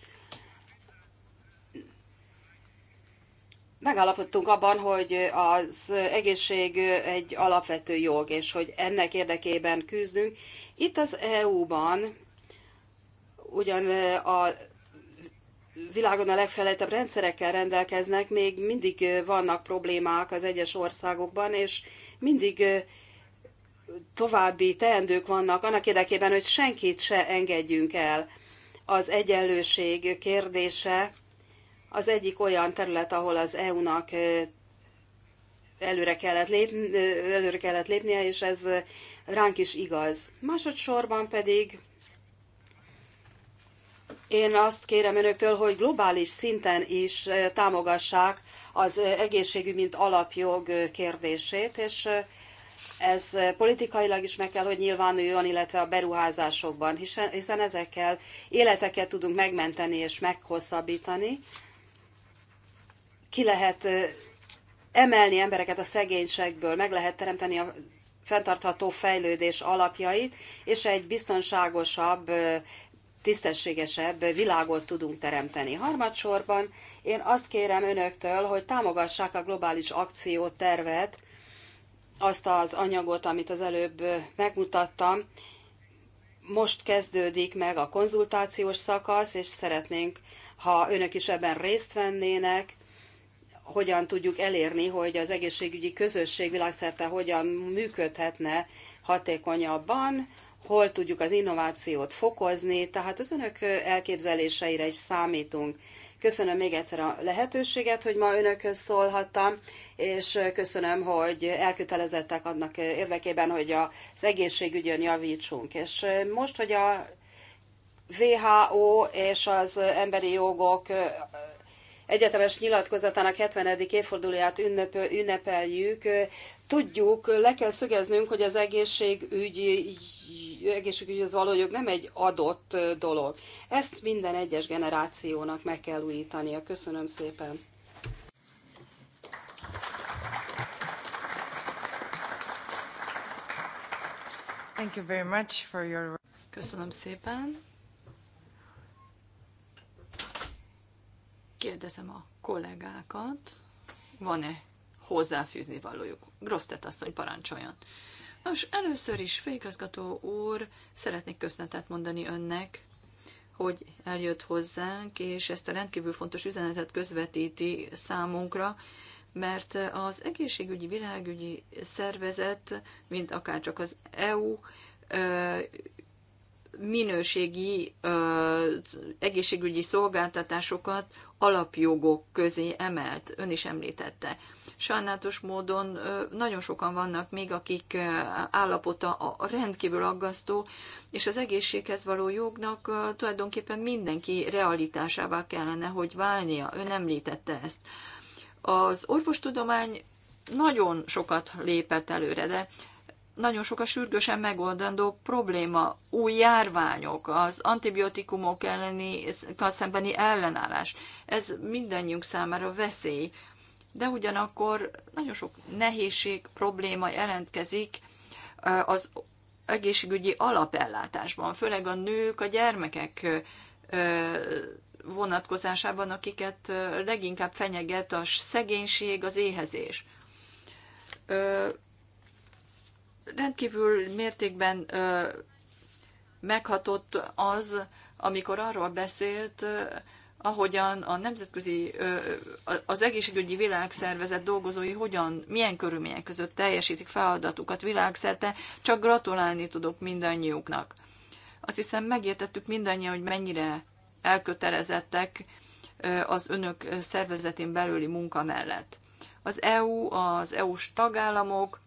megállapodtunk abban, hogy az egészség egy alapvető jog, és hogy ennek érdekében küzdünk. Itt az EU-ban ugyan a világon a legfejlettebb rendszerekkel rendelkeznek, még mindig vannak problémák az egyes országokban, és mindig további teendők vannak annak érdekében, hogy senkit se engedjünk el. Az egyenlőség kérdése az egyik olyan terület, ahol az EU-nak előre kellett, lépni, előre kellett lépnie, és ez ránk is igaz. Másodszorban pedig én azt kérem önöktől, hogy globális szinten is támogassák az egészségügy, mint alapjog kérdését, és ez politikailag is meg kell, hogy nyilvánuljon, illetve a beruházásokban, hiszen ezekkel életeket tudunk megmenteni és meghosszabbítani ki lehet emelni embereket a szegénységből, meg lehet teremteni a fenntartható fejlődés alapjait, és egy biztonságosabb, tisztességesebb világot tudunk teremteni. Harmadsorban én azt kérem önöktől, hogy támogassák a globális akciótervet, azt az anyagot, amit az előbb megmutattam. Most kezdődik meg a konzultációs szakasz, és szeretnénk, ha önök is ebben részt vennének, hogyan tudjuk elérni, hogy az egészségügyi közösség világszerte hogyan működhetne hatékonyabban, hol tudjuk az innovációt fokozni, tehát az önök elképzeléseire is számítunk. Köszönöm még egyszer a lehetőséget, hogy ma önökhöz szólhattam, és köszönöm, hogy elkötelezettek annak érdekében, hogy az egészségügyön javítsunk. És most, hogy a WHO és az emberi jogok egyetemes nyilatkozatának 70. évfordulóját ünnepeljük, tudjuk, le kell szögeznünk, hogy az egészségügy az való jog nem egy adott dolog. Ezt minden egyes generációnak meg kell újítania. Köszönöm szépen. Thank you very much for your... Köszönöm szépen Kérdezem a kollégákat, van-e hozzáfűzni valójuk. Grosztet asszony parancsoljon. Nos, először is, főigazgató úr, szeretnék köszönetet mondani önnek, hogy eljött hozzánk, és ezt a rendkívül fontos üzenetet közvetíti számunkra, mert az egészségügyi világügyi szervezet, mint akár csak az EU, minőségi egészségügyi szolgáltatásokat alapjogok közé emelt, ön is említette. Sajnálatos módon nagyon sokan vannak még, akik állapota a rendkívül aggasztó, és az egészséghez való jognak tulajdonképpen mindenki realitásává kellene, hogy válnia. Ön említette ezt. Az orvostudomány nagyon sokat lépett előre, de nagyon sok a sürgősen megoldandó probléma, új járványok, az antibiotikumok elleni, szembeni ellenállás. Ez mindannyiunk számára veszély, de ugyanakkor nagyon sok nehézség, probléma jelentkezik az egészségügyi alapellátásban, főleg a nők, a gyermekek vonatkozásában, akiket leginkább fenyeget a szegénység, az éhezés rendkívül mértékben meghatott az, amikor arról beszélt, ahogyan a nemzetközi, az egészségügyi világszervezet dolgozói hogyan, milyen körülmények között teljesítik feladatukat világszerte, csak gratulálni tudok mindannyiuknak. Azt hiszem megértettük mindannyian, hogy mennyire elkötelezettek az önök szervezetén belüli munka mellett. Az EU, az EU-s tagállamok,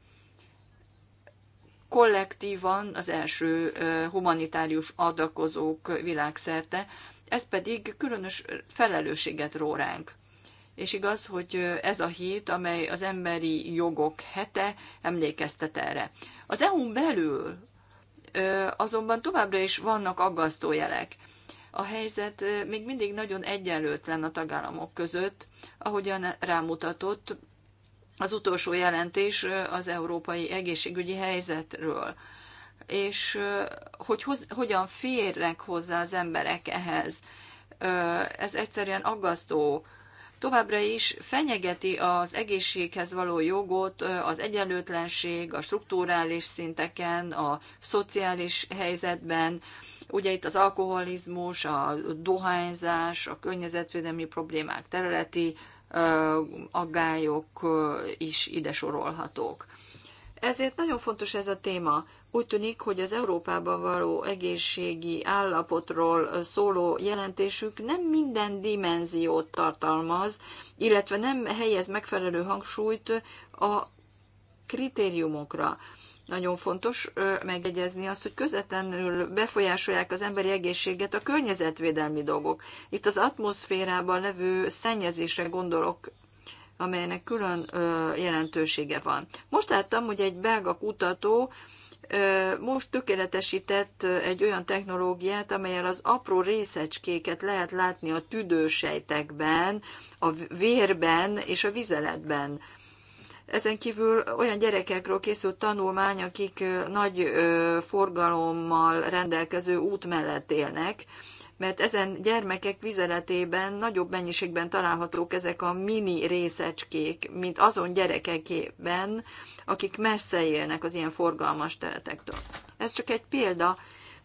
kollektívan az első humanitárius adakozók világszerte, ez pedig különös felelősséget ró ránk. És igaz, hogy ez a hét, amely az emberi jogok hete, emlékeztet erre. Az EU-n belül azonban továbbra is vannak aggasztó jelek. A helyzet még mindig nagyon egyenlőtlen a tagállamok között, ahogyan rámutatott az utolsó jelentés az európai egészségügyi helyzetről, és hogy hoz, hogyan férnek hozzá az emberek ehhez. Ez egyszerűen aggasztó. Továbbra is fenyegeti az egészséghez való jogot az egyenlőtlenség a struktúrális szinteken, a szociális helyzetben, Ugye itt az alkoholizmus, a dohányzás, a környezetvédelmi problémák, területi aggályok is ide sorolhatók. Ezért nagyon fontos ez a téma. Úgy tűnik, hogy az Európában való egészségi állapotról szóló jelentésük nem minden dimenziót tartalmaz, illetve nem helyez megfelelő hangsúlyt a kritériumokra. Nagyon fontos megjegyezni azt, hogy közvetlenül befolyásolják az emberi egészséget a környezetvédelmi dolgok. Itt az atmoszférában levő szennyezésre gondolok amelynek külön jelentősége van. Most láttam, hogy egy belga kutató most tökéletesített egy olyan technológiát, amelyel az apró részecskéket lehet látni a tüdősejtekben, a vérben és a vizeletben. Ezen kívül olyan gyerekekről készült tanulmány, akik nagy forgalommal rendelkező út mellett élnek, mert ezen gyermekek vizeletében nagyobb mennyiségben találhatók ezek a mini részecskék, mint azon gyerekekében, akik messze élnek az ilyen forgalmas teretektől. Ez csak egy példa,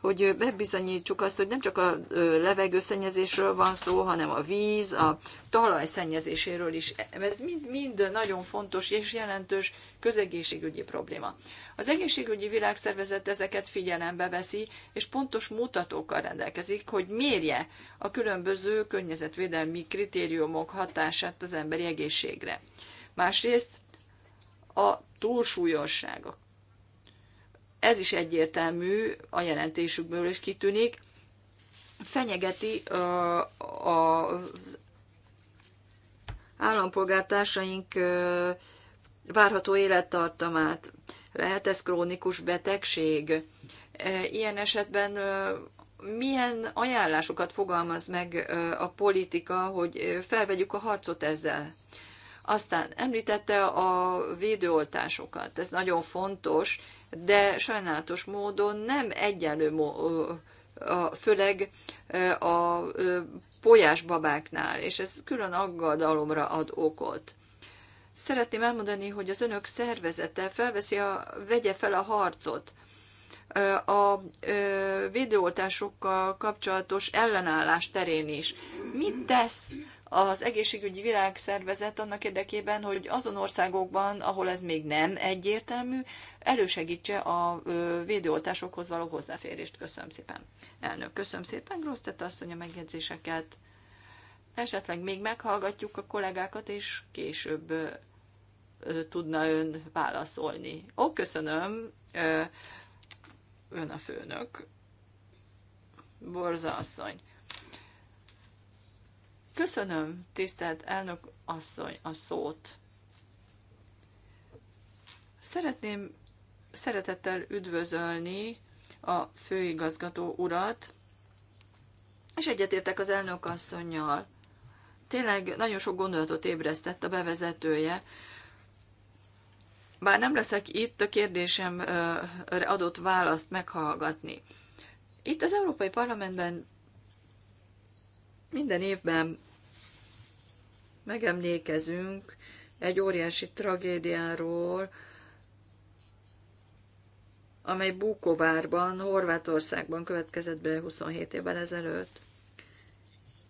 hogy bebizonyítsuk azt, hogy nem csak a levegőszennyezésről van szó, hanem a víz, a talaj szennyezéséről is. Ez mind, mind nagyon fontos és jelentős közegészségügyi probléma. Az egészségügyi világszervezet ezeket figyelembe veszi, és pontos mutatókkal rendelkezik, hogy mérje a különböző környezetvédelmi kritériumok hatását az emberi egészségre. Másrészt a túlsúlyosság, a ez is egyértelmű, a jelentésükből is kitűnik, fenyegeti az állampolgártársaink várható élettartamát. Lehet ez krónikus betegség? Ilyen esetben milyen ajánlásokat fogalmaz meg a politika, hogy felvegyük a harcot ezzel? Aztán említette a védőoltásokat. Ez nagyon fontos, de sajnálatos módon nem egyenlő, a főleg a polyás babáknál, és ez külön aggadalomra ad okot. Szeretném elmondani, hogy az önök szervezete felveszi a, vegye fel a harcot a védőoltásokkal kapcsolatos ellenállás terén is. Mit tesz az egészségügyi világszervezet annak érdekében, hogy azon országokban, ahol ez még nem egyértelmű, elősegítse a védőoltásokhoz való hozzáférést. Köszönöm szépen. Elnök, köszönöm szépen, Grossz tett asszony a megjegyzéseket. Esetleg még meghallgatjuk a kollégákat, és később tudna ön válaszolni. Ó, köszönöm, ön a főnök. Borza asszony. Köszönöm, tisztelt elnök asszony, a szót. Szeretném szeretettel üdvözölni a főigazgató urat, és egyetértek az elnök asszonynal. Tényleg nagyon sok gondolatot ébresztett a bevezetője. Bár nem leszek itt, a kérdésemre adott választ meghallgatni. Itt az Európai Parlamentben minden évben megemlékezünk egy óriási tragédiáról, amely Búkovárban, Horvátországban következett be 27 évvel ezelőtt.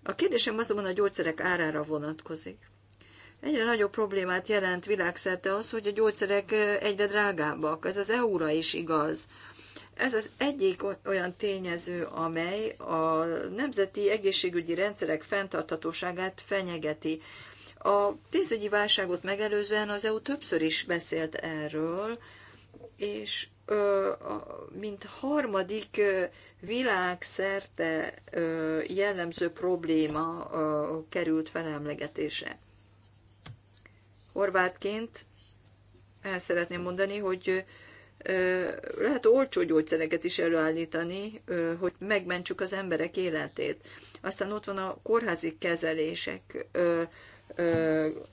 A kérdésem azonban a gyógyszerek árára vonatkozik. Egyre nagyobb problémát jelent világszerte az, hogy a gyógyszerek egyre drágábbak. Ez az EU-ra is igaz. Ez az egyik olyan tényező, amely a nemzeti egészségügyi rendszerek fenntarthatóságát fenyegeti. A pénzügyi válságot megelőzően az EU többször is beszélt erről, és mint harmadik világszerte jellemző probléma került felemlegetése. Horvátként el szeretném mondani, hogy lehet olcsó gyógyszereket is előállítani, hogy megmentsük az emberek életét. Aztán ott van a kórházi kezelések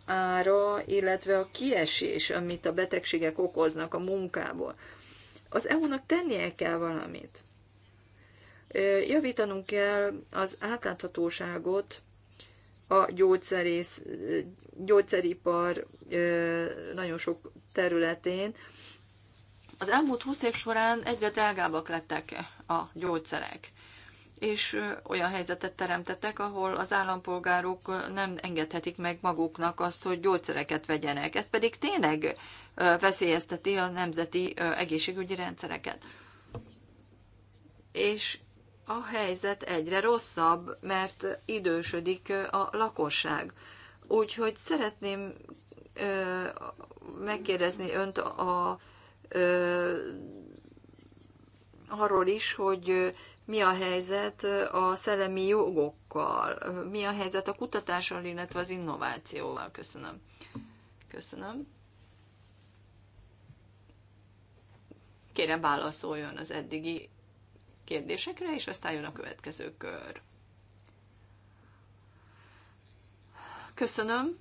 ára, illetve a kiesés, amit a betegségek okoznak a munkából. Az EU-nak tennie kell valamit. Javítanunk kell az átláthatóságot a gyógyszerész, gyógyszeripar nagyon sok területén, az elmúlt 20 év során egyre drágábbak lettek a gyógyszerek, és olyan helyzetet teremtettek, ahol az állampolgárok nem engedhetik meg maguknak azt, hogy gyógyszereket vegyenek. Ez pedig tényleg veszélyezteti a nemzeti egészségügyi rendszereket. És a helyzet egyre rosszabb, mert idősödik a lakosság. Úgyhogy szeretném megkérdezni önt a arról is, hogy mi a helyzet a szellemi jogokkal, mi a helyzet a kutatással, illetve az innovációval. Köszönöm. Köszönöm. Kérem válaszoljon az eddigi kérdésekre, és aztán jön a következő kör. Köszönöm.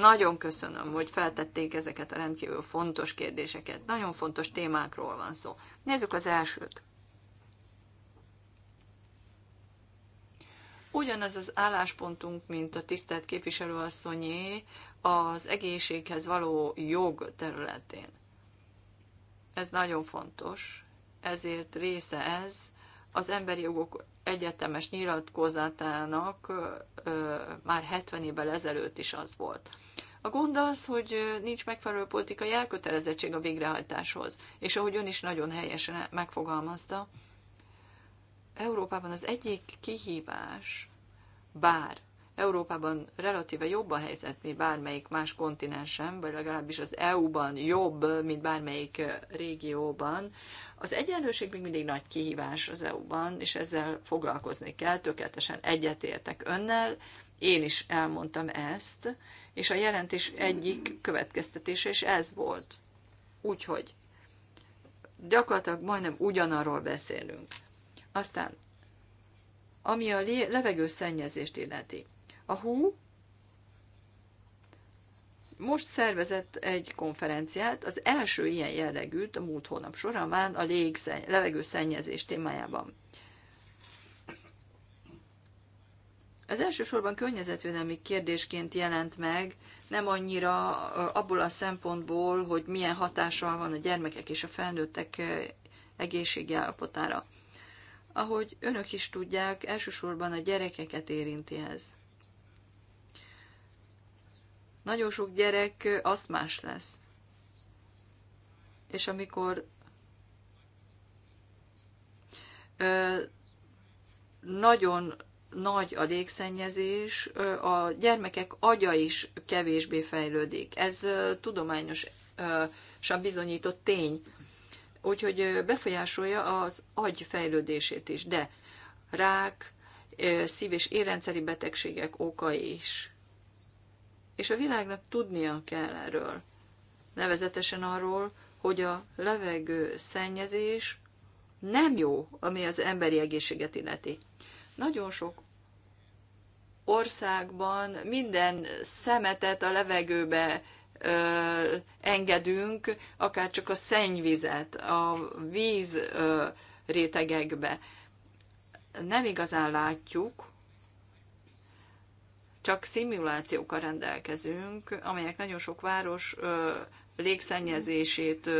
Nagyon köszönöm, hogy feltették ezeket a rendkívül fontos kérdéseket. Nagyon fontos témákról van szó. Nézzük az elsőt. Ugyanaz az álláspontunk, mint a tisztelt képviselőasszonyé az egészséghez való jog területén. Ez nagyon fontos, ezért része ez az emberi jogok egyetemes nyilatkozatának már 70 évvel ezelőtt is az volt. A gond az, hogy nincs megfelelő politikai elkötelezettség a végrehajtáshoz, és ahogy ön is nagyon helyesen megfogalmazta, Európában az egyik kihívás, bár Európában relatíve jobb a helyzet, mint bármelyik más kontinensen, vagy legalábbis az EU-ban jobb, mint bármelyik régióban, az egyenlőség még mindig nagy kihívás az EU-ban, és ezzel foglalkozni kell, tökéletesen egyetértek önnel, én is elmondtam ezt, és a jelentés egyik következtetése is ez volt. Úgyhogy gyakorlatilag majdnem ugyanarról beszélünk. Aztán, ami a levegőszennyezést illeti. A hú most szervezett egy konferenciát, az első ilyen jellegűt a múlt hónap során már a légszenny- levegőszennyezés témájában. Ez elsősorban környezetvédelmi kérdésként jelent meg, nem annyira abból a szempontból, hogy milyen hatással van a gyermekek és a felnőttek egészségi állapotára. Ahogy önök is tudják, elsősorban a gyerekeket érinti ez. Nagyon sok gyerek azt más lesz. És amikor nagyon nagy a légszennyezés, a gyermekek agya is kevésbé fejlődik. Ez tudományosan bizonyított tény. Úgyhogy befolyásolja az agy fejlődését is, de rák, szív- és érrendszeri betegségek oka is és a világnak tudnia kell erről. Nevezetesen arról, hogy a levegő szennyezés nem jó, ami az emberi egészséget illeti. Nagyon sok országban minden szemetet a levegőbe ö, engedünk, akár csak a szennyvizet, a víz ö, rétegekbe. Nem igazán látjuk, csak szimulációkkal rendelkezünk, amelyek nagyon sok város légszennyezését,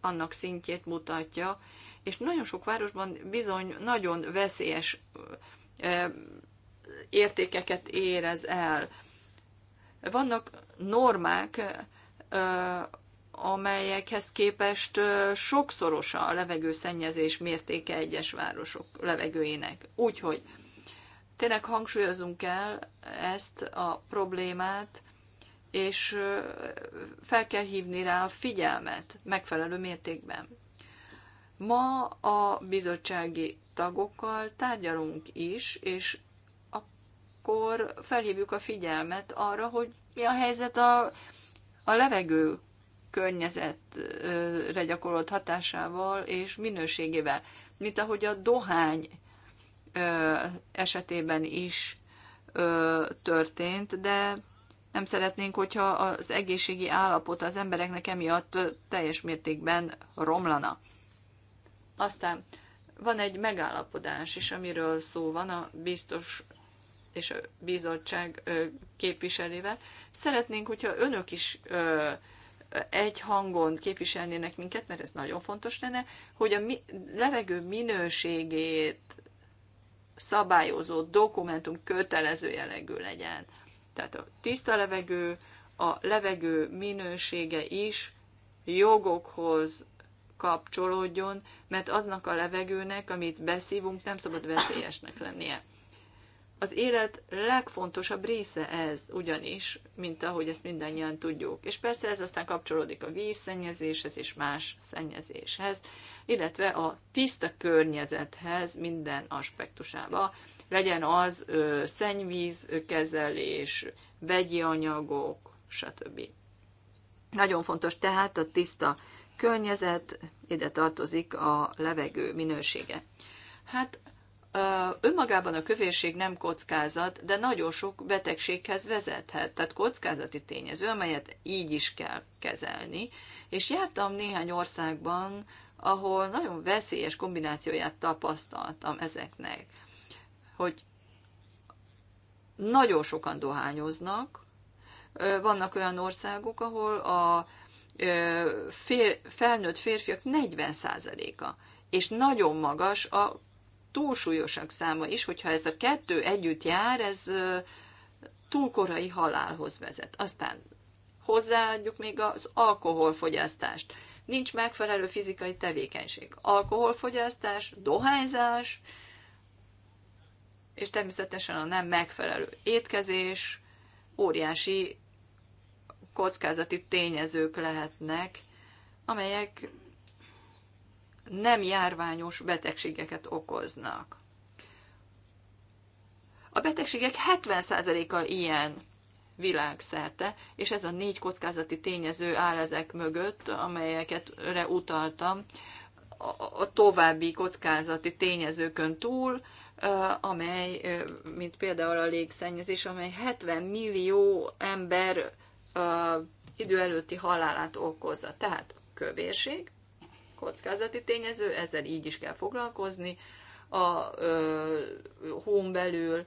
annak szintjét mutatja, és nagyon sok városban bizony nagyon veszélyes értékeket érez el. Vannak normák, amelyekhez képest sokszorosa a levegőszennyezés mértéke egyes városok levegőjének. Úgyhogy Tényleg hangsúlyozunk kell ezt a problémát, és fel kell hívni rá a figyelmet megfelelő mértékben. Ma a bizottsági tagokkal tárgyalunk is, és akkor felhívjuk a figyelmet arra, hogy mi a helyzet a, a levegő környezetre gyakorolt hatásával és minőségével, mint ahogy a dohány esetében is történt, de nem szeretnénk, hogyha az egészségi állapot az embereknek emiatt teljes mértékben romlana. Aztán van egy megállapodás is, amiről szó van a biztos és a bizottság képviselével. Szeretnénk, hogyha önök is egy hangon képviselnének minket, mert ez nagyon fontos lenne, hogy a mi, levegő minőségét szabályozó dokumentum kötelező jellegű legyen. Tehát a tiszta levegő, a levegő minősége is jogokhoz kapcsolódjon, mert aznak a levegőnek, amit beszívunk, nem szabad veszélyesnek lennie. Az élet legfontosabb része ez, ugyanis, mint ahogy ezt mindannyian tudjuk. És persze ez aztán kapcsolódik a vízszennyezéshez és más szennyezéshez, illetve a tiszta környezethez minden aspektusába, legyen az ö, szennyvíz kezelés, vegyi anyagok, stb. Nagyon fontos tehát a tiszta környezet, ide tartozik a levegő minősége. Hát önmagában a kövérség nem kockázat, de nagyon sok betegséghez vezethet. Tehát kockázati tényező, amelyet így is kell kezelni. És jártam néhány országban, ahol nagyon veszélyes kombinációját tapasztaltam ezeknek, hogy nagyon sokan dohányoznak, vannak olyan országok, ahol a fér, felnőtt férfiak 40%-a, és nagyon magas a túlsúlyosak száma is, hogyha ez a kettő együtt jár, ez túl korai halálhoz vezet. Aztán hozzáadjuk még az alkoholfogyasztást. Nincs megfelelő fizikai tevékenység. Alkoholfogyasztás, dohányzás, és természetesen a nem megfelelő étkezés óriási kockázati tényezők lehetnek, amelyek nem járványos betegségeket okoznak. A betegségek 70%-a ilyen világszerte, és ez a négy kockázati tényező áll ezek mögött, amelyeket utaltam a további kockázati tényezőkön túl, amely, mint például a légszennyezés, amely 70 millió ember idő előtti halálát okozza. Tehát kövérség, kockázati tényező, ezzel így is kell foglalkozni, a hón belül,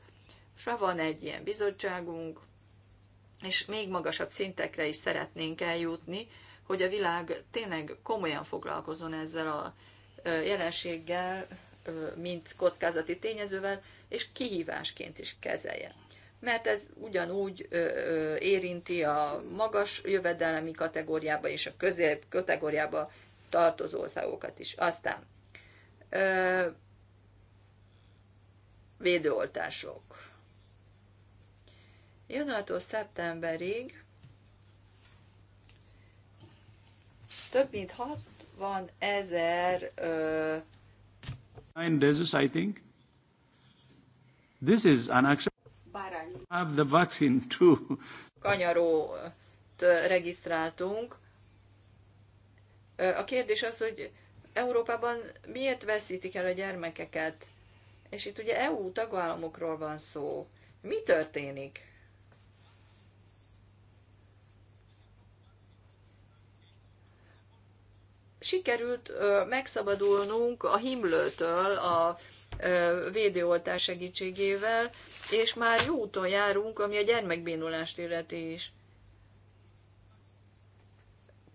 és van egy ilyen bizottságunk, és még magasabb szintekre is szeretnénk eljutni, hogy a világ tényleg komolyan foglalkozon ezzel a jelenséggel, mint kockázati tényezővel, és kihívásként is kezelje. Mert ez ugyanúgy érinti a magas jövedelmi kategóriába és a közép kategóriába tartozó országokat is. Aztán védőoltások. Januártól szeptemberig több mint 60 ezer Nine doses, I think. This is unacceptable. Bárány. Have the vaccine too. Kanyarót regisztráltunk. A kérdés az, hogy Európában miért veszítik el a gyermekeket? És itt ugye EU tagállamokról van szó. Mi történik? sikerült megszabadulnunk a himlőtől a védőoltás segítségével, és már jó úton járunk, ami a gyermekbénulást illeti is.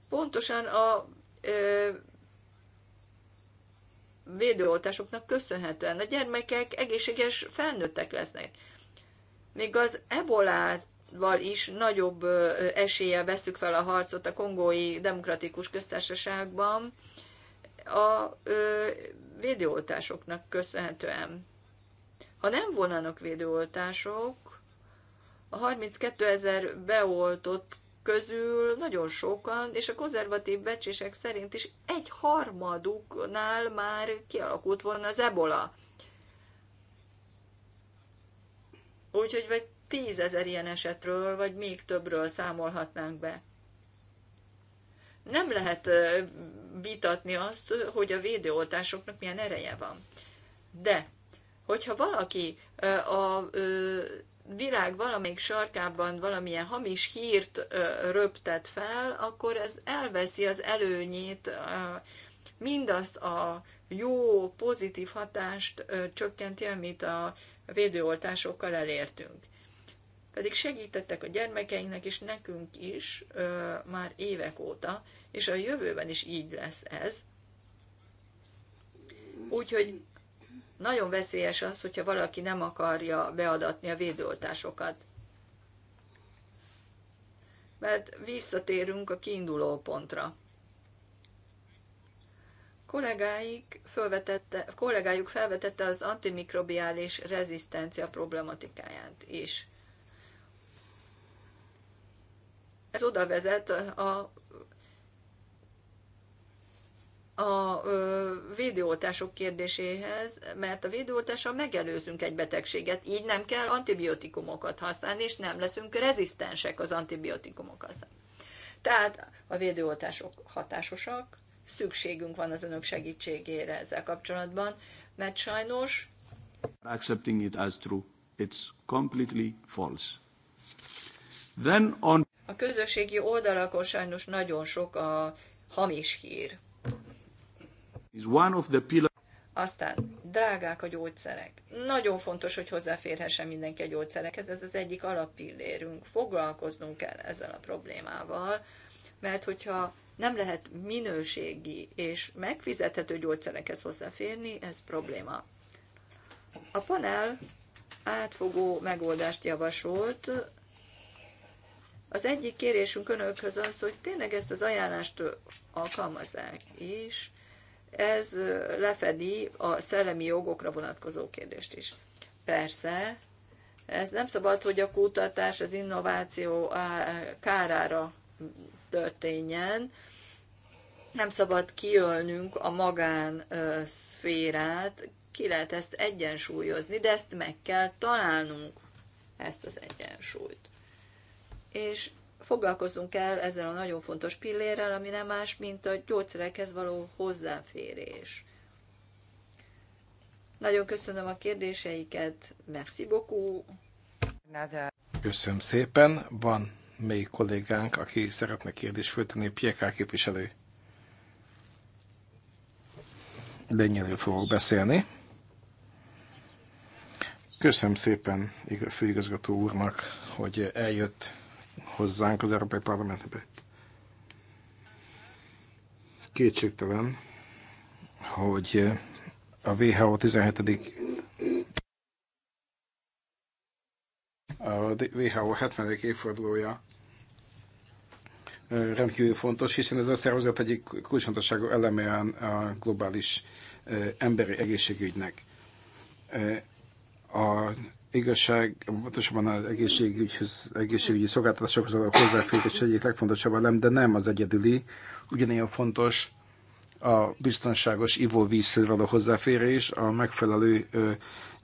Pontosan a védőoltásoknak köszönhetően a gyermekek egészséges felnőttek lesznek. Még az ebolát val is nagyobb eséllyel veszük fel a harcot a kongói demokratikus köztársaságban a védőoltásoknak köszönhetően. Ha nem volnának védőoltások, a 32 ezer beoltott közül nagyon sokan, és a konzervatív becsések szerint is egy harmaduknál már kialakult volna az ebola. Úgyhogy vagy tízezer ilyen esetről, vagy még többről számolhatnánk be. Nem lehet vitatni azt, hogy a védőoltásoknak milyen ereje van. De, hogyha valaki a világ valamelyik sarkában valamilyen hamis hírt röptet fel, akkor ez elveszi az előnyét, mindazt a jó, pozitív hatást csökkenti, amit a védőoltásokkal elértünk pedig segítettek a gyermekeinknek és nekünk is ö, már évek óta, és a jövőben is így lesz ez. Úgyhogy nagyon veszélyes az, hogyha valaki nem akarja beadatni a védőoltásokat. Mert visszatérünk a kiinduló pontra. Kollégáik felvetette, kollégájuk felvetette az antimikrobiális rezisztencia problematikáját is. ez oda vezet a, a ö, védőoltások kérdéséhez, mert a védőoltással megelőzünk egy betegséget, így nem kell antibiotikumokat használni, és nem leszünk rezisztensek az antibiotikumok használni. Tehát a védőoltások hatásosak, szükségünk van az önök segítségére ezzel kapcsolatban, mert sajnos... Accepting it as true, it's completely false. Then on... A közösségi oldalakon sajnos nagyon sok a hamis hír. Aztán drágák a gyógyszerek. Nagyon fontos, hogy hozzáférhessen mindenki a gyógyszerekhez, ez az egyik alappillérünk. Foglalkoznunk kell ezzel a problémával, mert hogyha nem lehet minőségi és megfizethető gyógyszerekhez hozzáférni, ez probléma. A panel átfogó megoldást javasolt az egyik kérésünk önökhöz az, hogy tényleg ezt az ajánlást alkalmazzák, is? ez lefedi a szellemi jogokra vonatkozó kérdést is. Persze, ez nem szabad, hogy a kutatás, az innováció kárára történjen, nem szabad kiölnünk a magán szférát, ki lehet ezt egyensúlyozni, de ezt meg kell találnunk, ezt az egyensúlyt és foglalkozunk el ezzel a nagyon fontos pillérrel, ami nem más, mint a gyógyszerekhez való hozzáférés. Nagyon köszönöm a kérdéseiket, merci beaucoup. Köszönöm szépen. Van még kollégánk, aki szeretne kérdést föltenni, Pieká képviselő. Lényelő fogok beszélni. Köszönöm szépen főigazgató úrnak, hogy eljött hozzánk az Európai Parlamentbe. Kétségtelen, hogy eh, a WHO 17. a WHO 70. évfordulója eh, rendkívül fontos, hiszen ez a szervezet egyik kulcsfontosságú eleme a globális eh, emberi egészségügynek. A igazság, pontosabban az egészségügyhöz, egészségügyi szolgáltatásokhoz a hozzáférés egyik legfontosabb elem, de nem az egyedüli. Ugyanilyen fontos a biztonságos ivóvízhez való hozzáférés, a megfelelő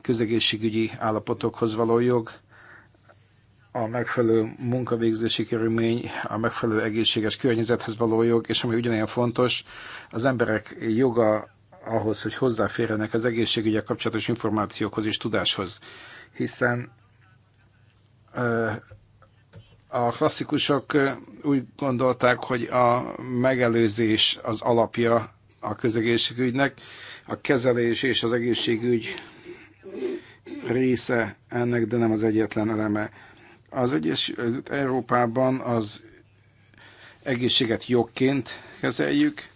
közegészségügyi állapotokhoz való jog, a megfelelő munkavégzési körülmény, a megfelelő egészséges környezethez való jog, és ami ugyanilyen fontos, az emberek joga ahhoz, hogy hozzáférjenek az egészségügyek kapcsolatos információkhoz és tudáshoz hiszen a klasszikusok úgy gondolták, hogy a megelőzés az alapja a közegészségügynek, a kezelés és az egészségügy része ennek, de nem az egyetlen eleme. Az egyes Európában az egészséget jogként kezeljük,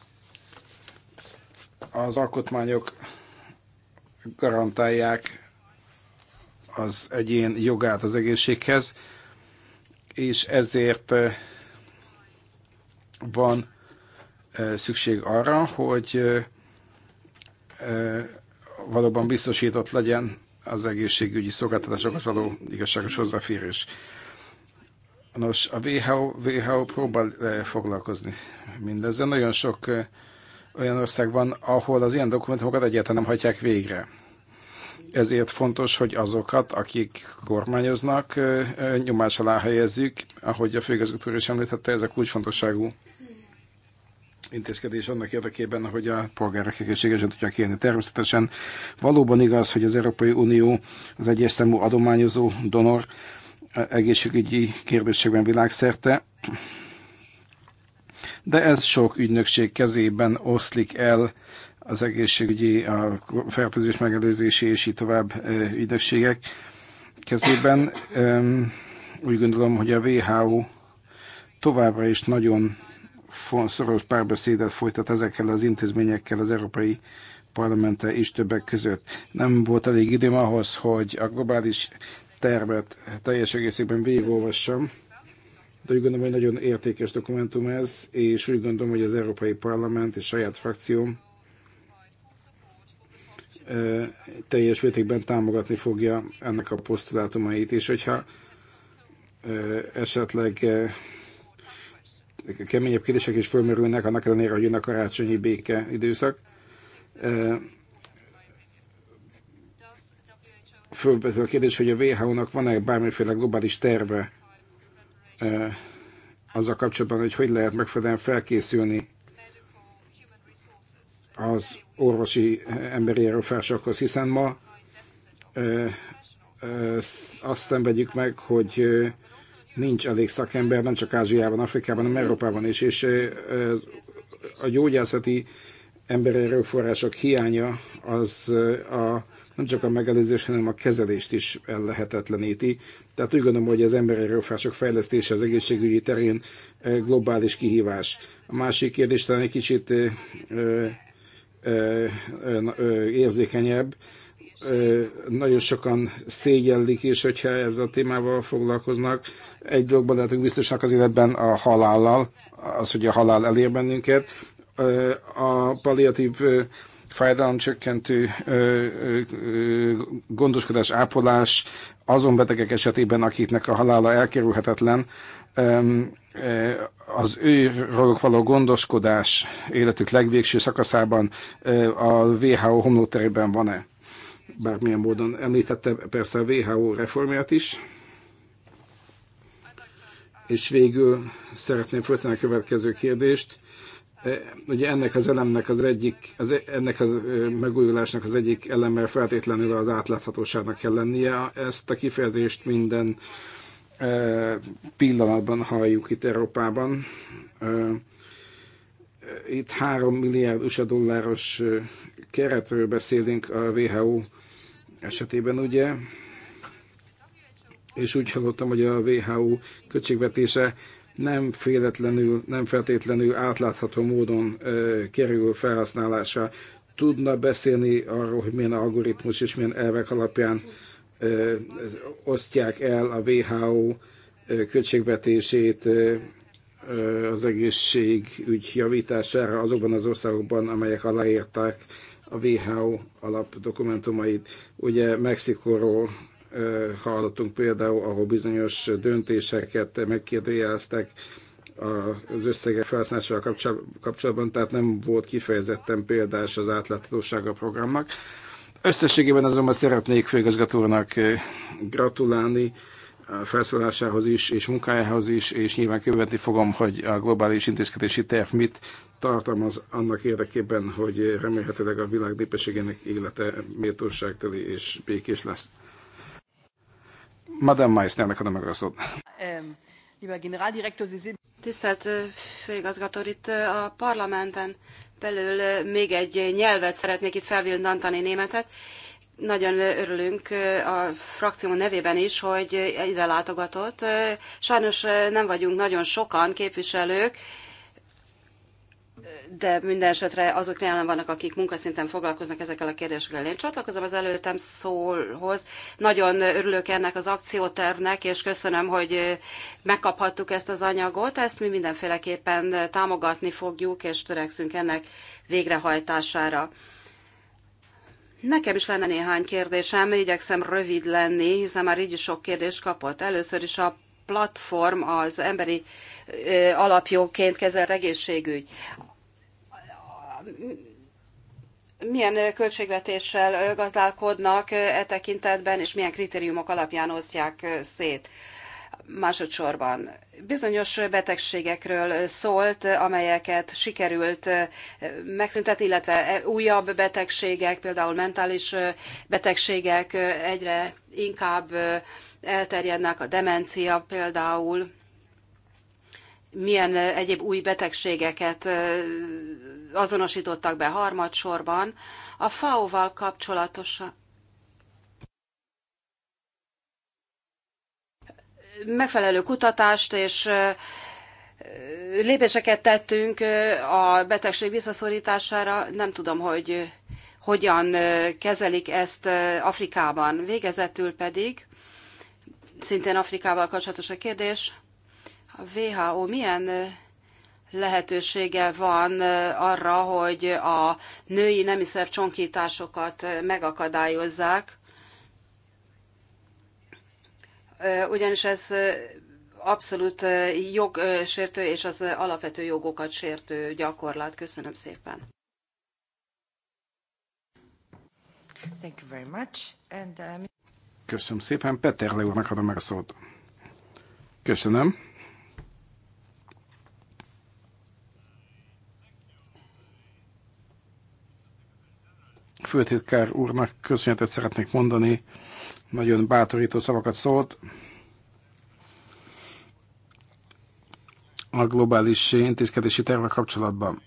az alkotmányok garantálják az egyén jogát az egészséghez, és ezért eh, van eh, szükség arra, hogy eh, valóban biztosított legyen az egészségügyi szolgáltatásokat való igazságos hozzáférés. Nos, a WHO, WHO próbál foglalkozni mindezzel. Nagyon sok olyan ország van, ahol az ilyen dokumentumokat egyáltalán nem hagyják végre. Ezért fontos, hogy azokat, akik kormányoznak, nyomás alá helyezzük. Ahogy a főgazgató is említette, ez a kulcsfontosságú intézkedés annak érdekében, hogy a polgárok egészségesen tudják élni. Természetesen valóban igaz, hogy az Európai Unió az egyes számú adományozó donor egészségügyi kérdésekben világszerte, de ez sok ügynökség kezében oszlik el az egészségügyi, a fertőzés megelőzési és így tovább ügynökségek kezében. Úgy gondolom, hogy a WHO továbbra is nagyon szoros párbeszédet folytat ezekkel az intézményekkel az Európai Parlamente is többek között. Nem volt elég időm ahhoz, hogy a globális tervet teljes egészében végigolvassam, de úgy gondolom, hogy nagyon értékes dokumentum ez, és úgy gondolom, hogy az Európai Parlament és saját frakcióm teljes mértékben támogatni fogja ennek a posztulátumait, és hogyha esetleg keményebb kérdések is fölmerülnek, annak ellenére, hogy jön a karácsonyi béke időszak. Fölvető a kérdés, hogy a WHO-nak van-e bármiféle globális terve azzal kapcsolatban, hogy hogy lehet megfelelően felkészülni az orvosi eh, emberi erőfársakhoz, hiszen ma eh, eh, azt szenvedjük meg, hogy nincs elég szakember, nem csak Ázsiában, Afrikában, hanem Európában is, és a gyógyászati emberi erőforrások hiánya az a, nem csak a megelőzés, hanem a kezelést is ellehetetleníti. Tehát úgy gondolom, hogy az emberi erőforrások fejlesztése az egészségügyi terén globális kihívás. A másik kérdés talán egy kicsit érzékenyebb. Nagyon sokan szégyellik is, hogyha ezzel a témával foglalkoznak. Egy dologban lehetünk biztosnak az életben a halállal, az, hogy a halál elér bennünket. A palliatív fájdalomcsökkentő gondoskodás, ápolás azon betegek esetében, akiknek a halála elkerülhetetlen, az őróluk való gondoskodás életük legvégső szakaszában a WHO homlóterében van-e? Bármilyen módon említette persze a WHO reformját is. És végül szeretném föltenni a következő kérdést. Ugye ennek az elemnek az egyik, az, e, ennek a megújulásnak az egyik elemmel feltétlenül az átláthatóságnak kell lennie. Ezt a kifejezést minden pillanatban halljuk itt Európában. Itt 3 milliárd USA dolláros keretről beszélünk a WHO esetében, ugye? És úgy hallottam, hogy a WHO költségvetése nem féletlenül, nem feltétlenül átlátható módon ö, kerül felhasználásra. Tudna beszélni arról, hogy milyen algoritmus és milyen elvek alapján osztják el a WHO költségvetését az egészségügy javítására azokban az országokban, amelyek aláírták a WHO alapdokumentumait. Ugye Mexikóról hallottunk például, ahol bizonyos döntéseket megkérdőjeleztek az összegek felhasználásával kapcsolatban, tehát nem volt kifejezetten példás az átláthatósága programnak. Összességében azonban szeretnék főigazgatónak eh, gratulálni a felszólásához is, és munkájához is, és nyilván követni fogom, hogy a globális intézkedési terv mit tartalmaz annak érdekében, hogy remélhetőleg a világ népességének élete méltóságteli és békés lesz. Madame Meissnernek adom meg a szót. Tisztelt eh, főigazgató, itt eh, a parlamenten belül még egy nyelvet szeretnék itt felvillantani németet. Nagyon örülünk a frakció nevében is, hogy ide látogatott. Sajnos nem vagyunk nagyon sokan képviselők, de minden esetre azok jelen vannak, akik munkaszinten foglalkoznak ezekkel a kérdésekkel. Én csatlakozom az előttem szólhoz. Nagyon örülök ennek az akciótervnek, és köszönöm, hogy megkaphattuk ezt az anyagot. Ezt mi mindenféleképpen támogatni fogjuk, és törekszünk ennek végrehajtására. Nekem is lenne néhány kérdésem, igyekszem rövid lenni, hiszen már így is sok kérdést kapott. Először is a platform az emberi alapjóként kezelt egészségügy milyen költségvetéssel gazdálkodnak e tekintetben, és milyen kritériumok alapján osztják szét. Másodszorban bizonyos betegségekről szólt, amelyeket sikerült megszüntetni, illetve e, újabb betegségek, például mentális betegségek egyre inkább elterjednek, a demencia például milyen egyéb új betegségeket azonosítottak be harmadsorban, a FAO-val kapcsolatosan megfelelő kutatást és lépéseket tettünk a betegség visszaszorítására. Nem tudom, hogy hogyan kezelik ezt Afrikában. Végezetül pedig, szintén Afrikával kapcsolatos a kérdés, a WHO milyen lehetősége van arra, hogy a női nemiszer csonkításokat megakadályozzák, ugyanis ez abszolút jogsértő és az alapvető jogokat sértő gyakorlat. Köszönöm szépen. Thank you very much. And, um... Köszönöm szépen. Peter Leónak adom meg a szót. Köszönöm. főtitkár úrnak köszönetet szeretnék mondani, nagyon bátorító szavakat szólt. a globális intézkedési terve kapcsolatban.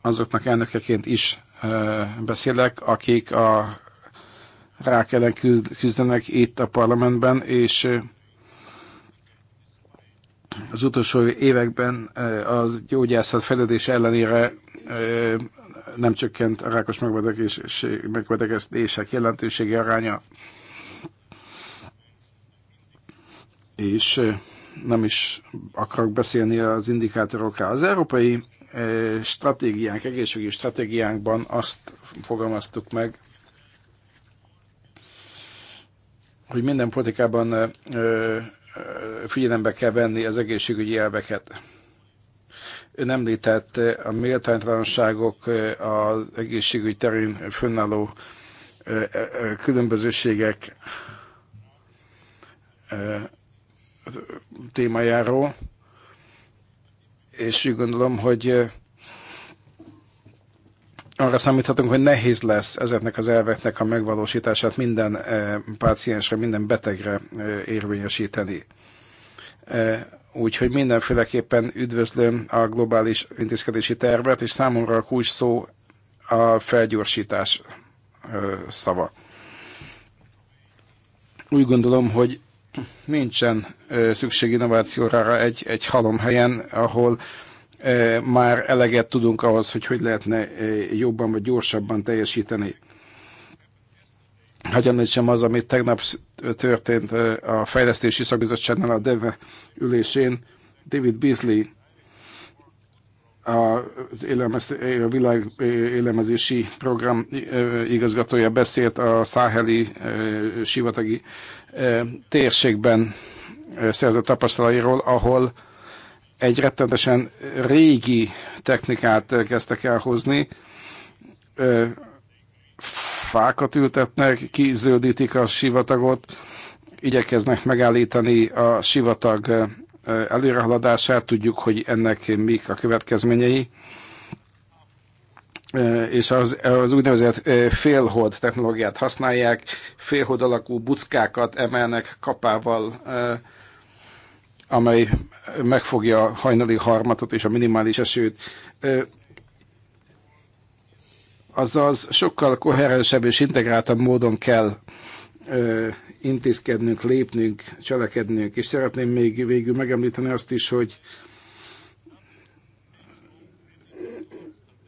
Azoknak elnökeként is beszélek, akik a rák ellen küzdenek itt a parlamentben, és az utolsó években a gyógyászat fedezés ellenére nem csökkent a rákos megbetegedések jelentősége aránya, és nem is akarok beszélni az indikátorokra. Az európai stratégiánk, egészségügyi stratégiánkban azt fogalmaztuk meg, hogy minden politikában figyelembe kell venni az egészségügyi elveket. Ön említett a méltánytalanságok az egészségügy terén fönnálló különbözőségek témájáról, és úgy gondolom, hogy arra számíthatunk, hogy nehéz lesz ezeknek az elveknek a megvalósítását minden eh, páciensre, minden betegre eh, érvényesíteni. Eh, úgyhogy mindenféleképpen üdvözlöm a globális intézkedési tervet, és számomra a kulcs szó a felgyorsítás szava. Úgy gondolom, hogy nincsen szükség innovációra egy, egy halom helyen, ahol már eleget tudunk ahhoz, hogy hogy lehetne jobban vagy gyorsabban teljesíteni. Hagyom sem az, amit tegnap történt a Fejlesztési Szakbizottságnál a DEVE ülésén. David Beasley, az a világ élelmezési program igazgatója beszélt a száheli sivatagi térségben szerzett tapasztalairól, ahol egy rettentesen régi technikát kezdtek el hozni. Fákat ültetnek, kizöldítik a sivatagot, igyekeznek megállítani a sivatag előrehaladását, tudjuk, hogy ennek mik a következményei. És az, az úgynevezett félhold technológiát használják, félhold alakú buckákat emelnek kapával, amely megfogja a hajnali harmatot és a minimális esőt. Azaz sokkal koherensebb és integráltabb módon kell intézkednünk, lépnünk, cselekednünk. És szeretném még végül megemlíteni azt is, hogy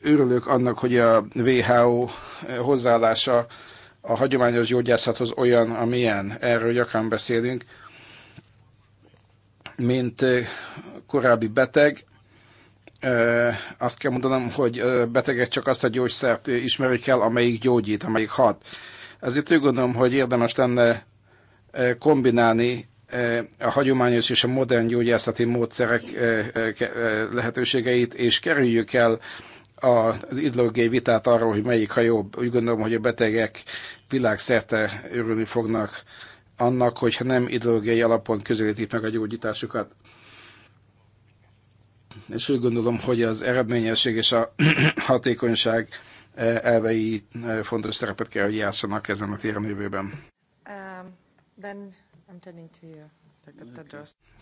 örülök annak, hogy a WHO hozzáállása a hagyományos gyógyászathoz olyan, amilyen. Erről gyakran beszélünk mint korábbi beteg, azt kell mondanom, hogy betegek csak azt a gyógyszert ismerik el, amelyik gyógyít, amelyik hat. Ezért úgy gondolom, hogy érdemes lenne kombinálni a hagyományos és a modern gyógyászati módszerek lehetőségeit, és kerüljük el az ideológiai vitát arról, hogy melyik a jobb. Úgy gondolom, hogy a betegek világszerte örülni fognak annak, hogyha nem ideológiai alapon közelítik meg a gyógyításukat. És úgy gondolom, hogy az eredményesség és a hatékonyság eh, elvei eh, fontos szerepet kell, hogy játszanak ezen a téren jövőben. Um,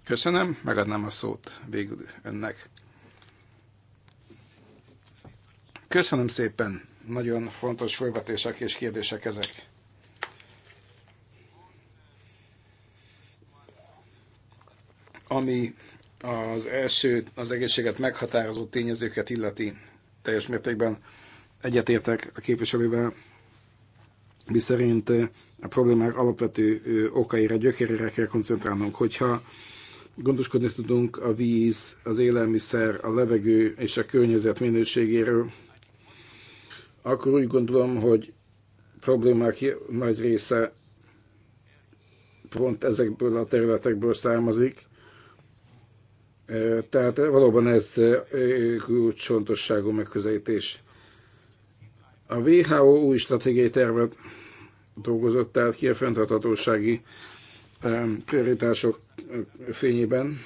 Köszönöm, megadnám a szót végül önnek. Köszönöm szépen, nagyon fontos felvetések és kérdések ezek. Ami az első, az egészséget meghatározó tényezőket illeti teljes mértékben egyetértek a képviselővel, miszerint a problémák alapvető okaira, gyökerére kell koncentrálnunk. Hogyha gondoskodni tudunk a víz, az élelmiszer, a levegő és a környezet minőségéről, akkor úgy gondolom, hogy problémák nagy része pont ezekből a területekből származik, tehát valóban ez kulcsontosságú megközelítés. A WHO új stratégiai tervet dolgozott tehát ki a fenntarthatósági prioritások fényében.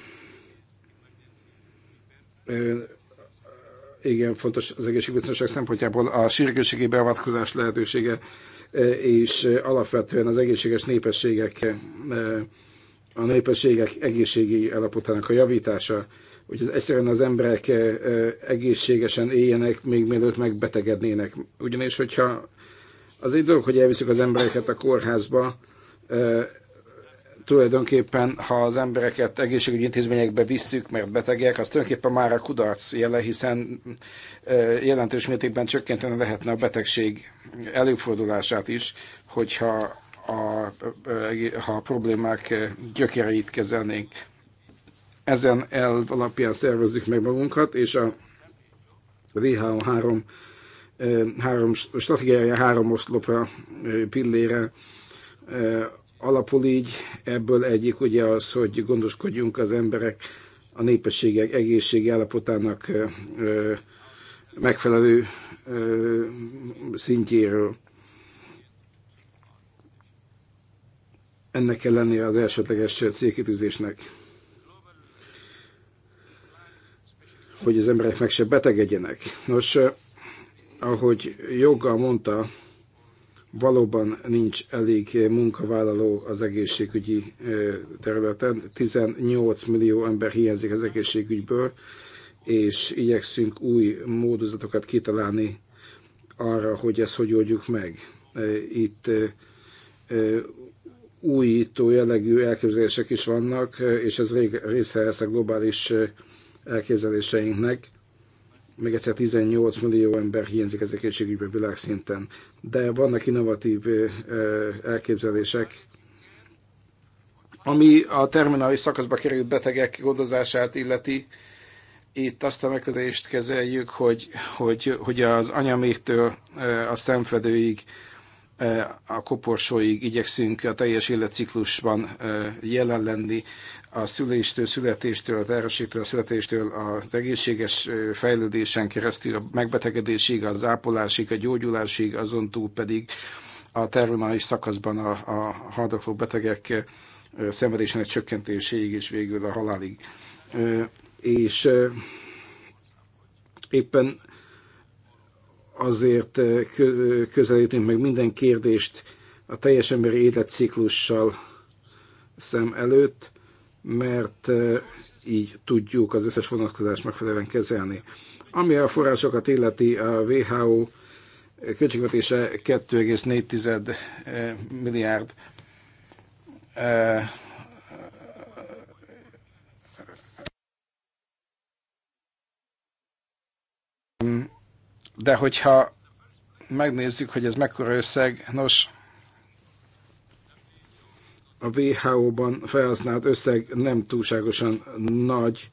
Igen, fontos az egészségbiztonság szempontjából a sírkőségi beavatkozás lehetősége és alapvetően az egészséges népességek a népességek egészségi állapotának a javítása, hogy az egyszerűen az emberek egészségesen éljenek, még mielőtt megbetegednének. Ugyanis, hogyha az egy dolog, hogy elviszük az embereket a kórházba, tulajdonképpen, ha az embereket egészségügyi intézményekbe visszük, mert betegek, az tulajdonképpen már a kudarc jele, hiszen jelentős mértékben csökkenteni lehetne a betegség előfordulását is, hogyha a, ha a problémák gyökereit kezelnénk. Ezen el alapján szervezzük meg magunkat, és a WHO három, három stratégiája három oszlopra, pillére alapul így. Ebből egyik ugye az, hogy gondoskodjunk az emberek, a népességek egészségi állapotának megfelelő szintjéről Ennek kell lennie az elsőleges célkitűzésnek, hogy az emberek meg se betegedjenek. Nos, eh, ahogy joggal mondta, valóban nincs elég munkavállaló az egészségügyi eh, területen. 18 millió ember hiányzik az egészségügyből, és igyekszünk új módozatokat kitalálni arra, hogy ezt hogy oldjuk meg. Eh, itt újító jellegű elképzelések is vannak, és ez része lesz a globális elképzeléseinknek. Még egyszer 18 millió ember hiányzik az egészségügyben világszinten. De vannak innovatív elképzelések, ami a terminális szakaszba került betegek gondozását illeti, itt azt a megközelést kezeljük, hogy, hogy, hogy az anyaméktől a szemfedőig a koporsóig igyekszünk a teljes életciklusban jelen lenni, a szüléstől, születéstől, a terhességtől, a születéstől, az egészséges fejlődésen keresztül, a megbetegedésig, az ápolásig, a gyógyulásig, azon túl pedig a terminális szakaszban a, a haldokló betegek szenvedésének csökkentéséig, és végül a halálig. És éppen azért eh, közelítünk meg minden kérdést a teljes emberi életciklussal szem előtt, mert eh, így tudjuk az összes vonatkozást megfelelően kezelni. Ami a forrásokat illeti, a WHO költségvetése 2,4 eh, milliárd de hogyha megnézzük, hogy ez mekkora összeg, nos, a WHO-ban felhasznált összeg nem túlságosan nagy,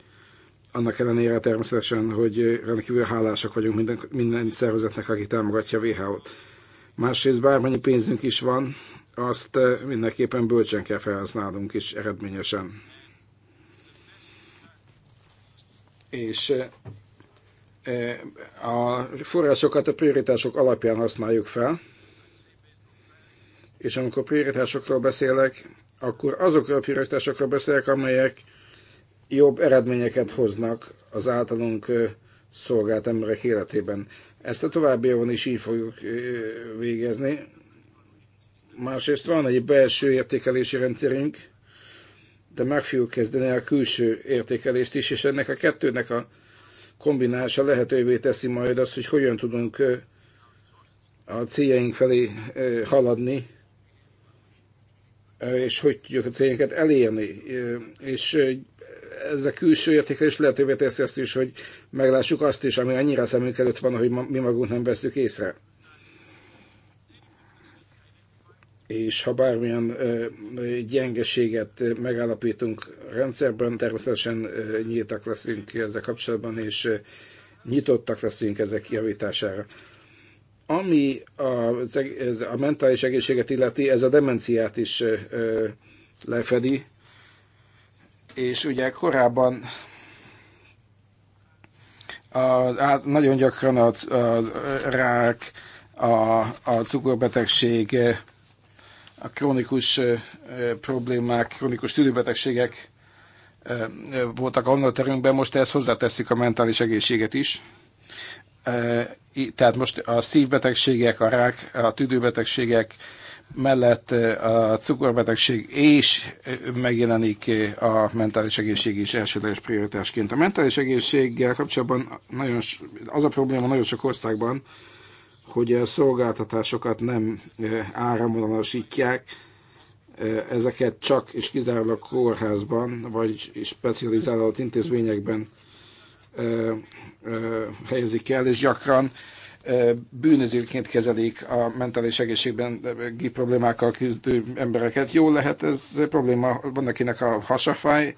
annak ellenére természetesen, hogy rendkívül hálásak vagyunk minden, minden szervezetnek, aki támogatja a WHO-t. Másrészt bármennyi pénzünk is van, azt mindenképpen bölcsen kell felhasználnunk is eredményesen. És a forrásokat a prioritások alapján használjuk fel, és amikor prioritásokról beszélek, akkor azokról a prioritásokról beszélek, amelyek jobb eredményeket hoznak az általunk szolgált emberek életében. Ezt a továbbiakban is így fogjuk végezni. Másrészt van egy belső értékelési rendszerünk, de meg fogjuk kezdeni a külső értékelést is, és ennek a kettőnek a kombinálása lehetővé teszi majd azt, hogy hogyan tudunk a céljaink felé haladni, és hogy tudjuk a céljainkat elérni. És ez a külső is lehetővé teszi azt is, hogy meglássuk azt is, ami annyira szemünk előtt van, hogy mi magunk nem veszük észre. és ha bármilyen gyengeséget megállapítunk rendszerben, természetesen nyíltak leszünk ezzel kapcsolatban, és nyitottak leszünk ezek javítására. Ami a, ez a mentális egészséget illeti, ez a demenciát is lefedi, és ugye korábban a, a, hát nagyon gyakran a, a, a rák, a, a cukorbetegség, a krónikus problémák, krónikus tüdőbetegségek voltak a terünkben, most ezt hozzáteszik a mentális egészséget is. Tehát most a szívbetegségek, a rák, a tüdőbetegségek mellett a cukorbetegség és megjelenik a mentális egészség is elsődleges prioritásként. A mentális egészséggel kapcsolatban nagyon, az a probléma nagyon sok országban, hogy a szolgáltatásokat nem e, áramvonalasítják, e, ezeket csak és kizárólag kórházban, vagy specializálódott intézményekben e, helyezik el, és gyakran bűnözőként kezelik a mentális egészségben problémákkal küzdő embereket. Jó lehet, ez probléma, van akinek a hasafáj,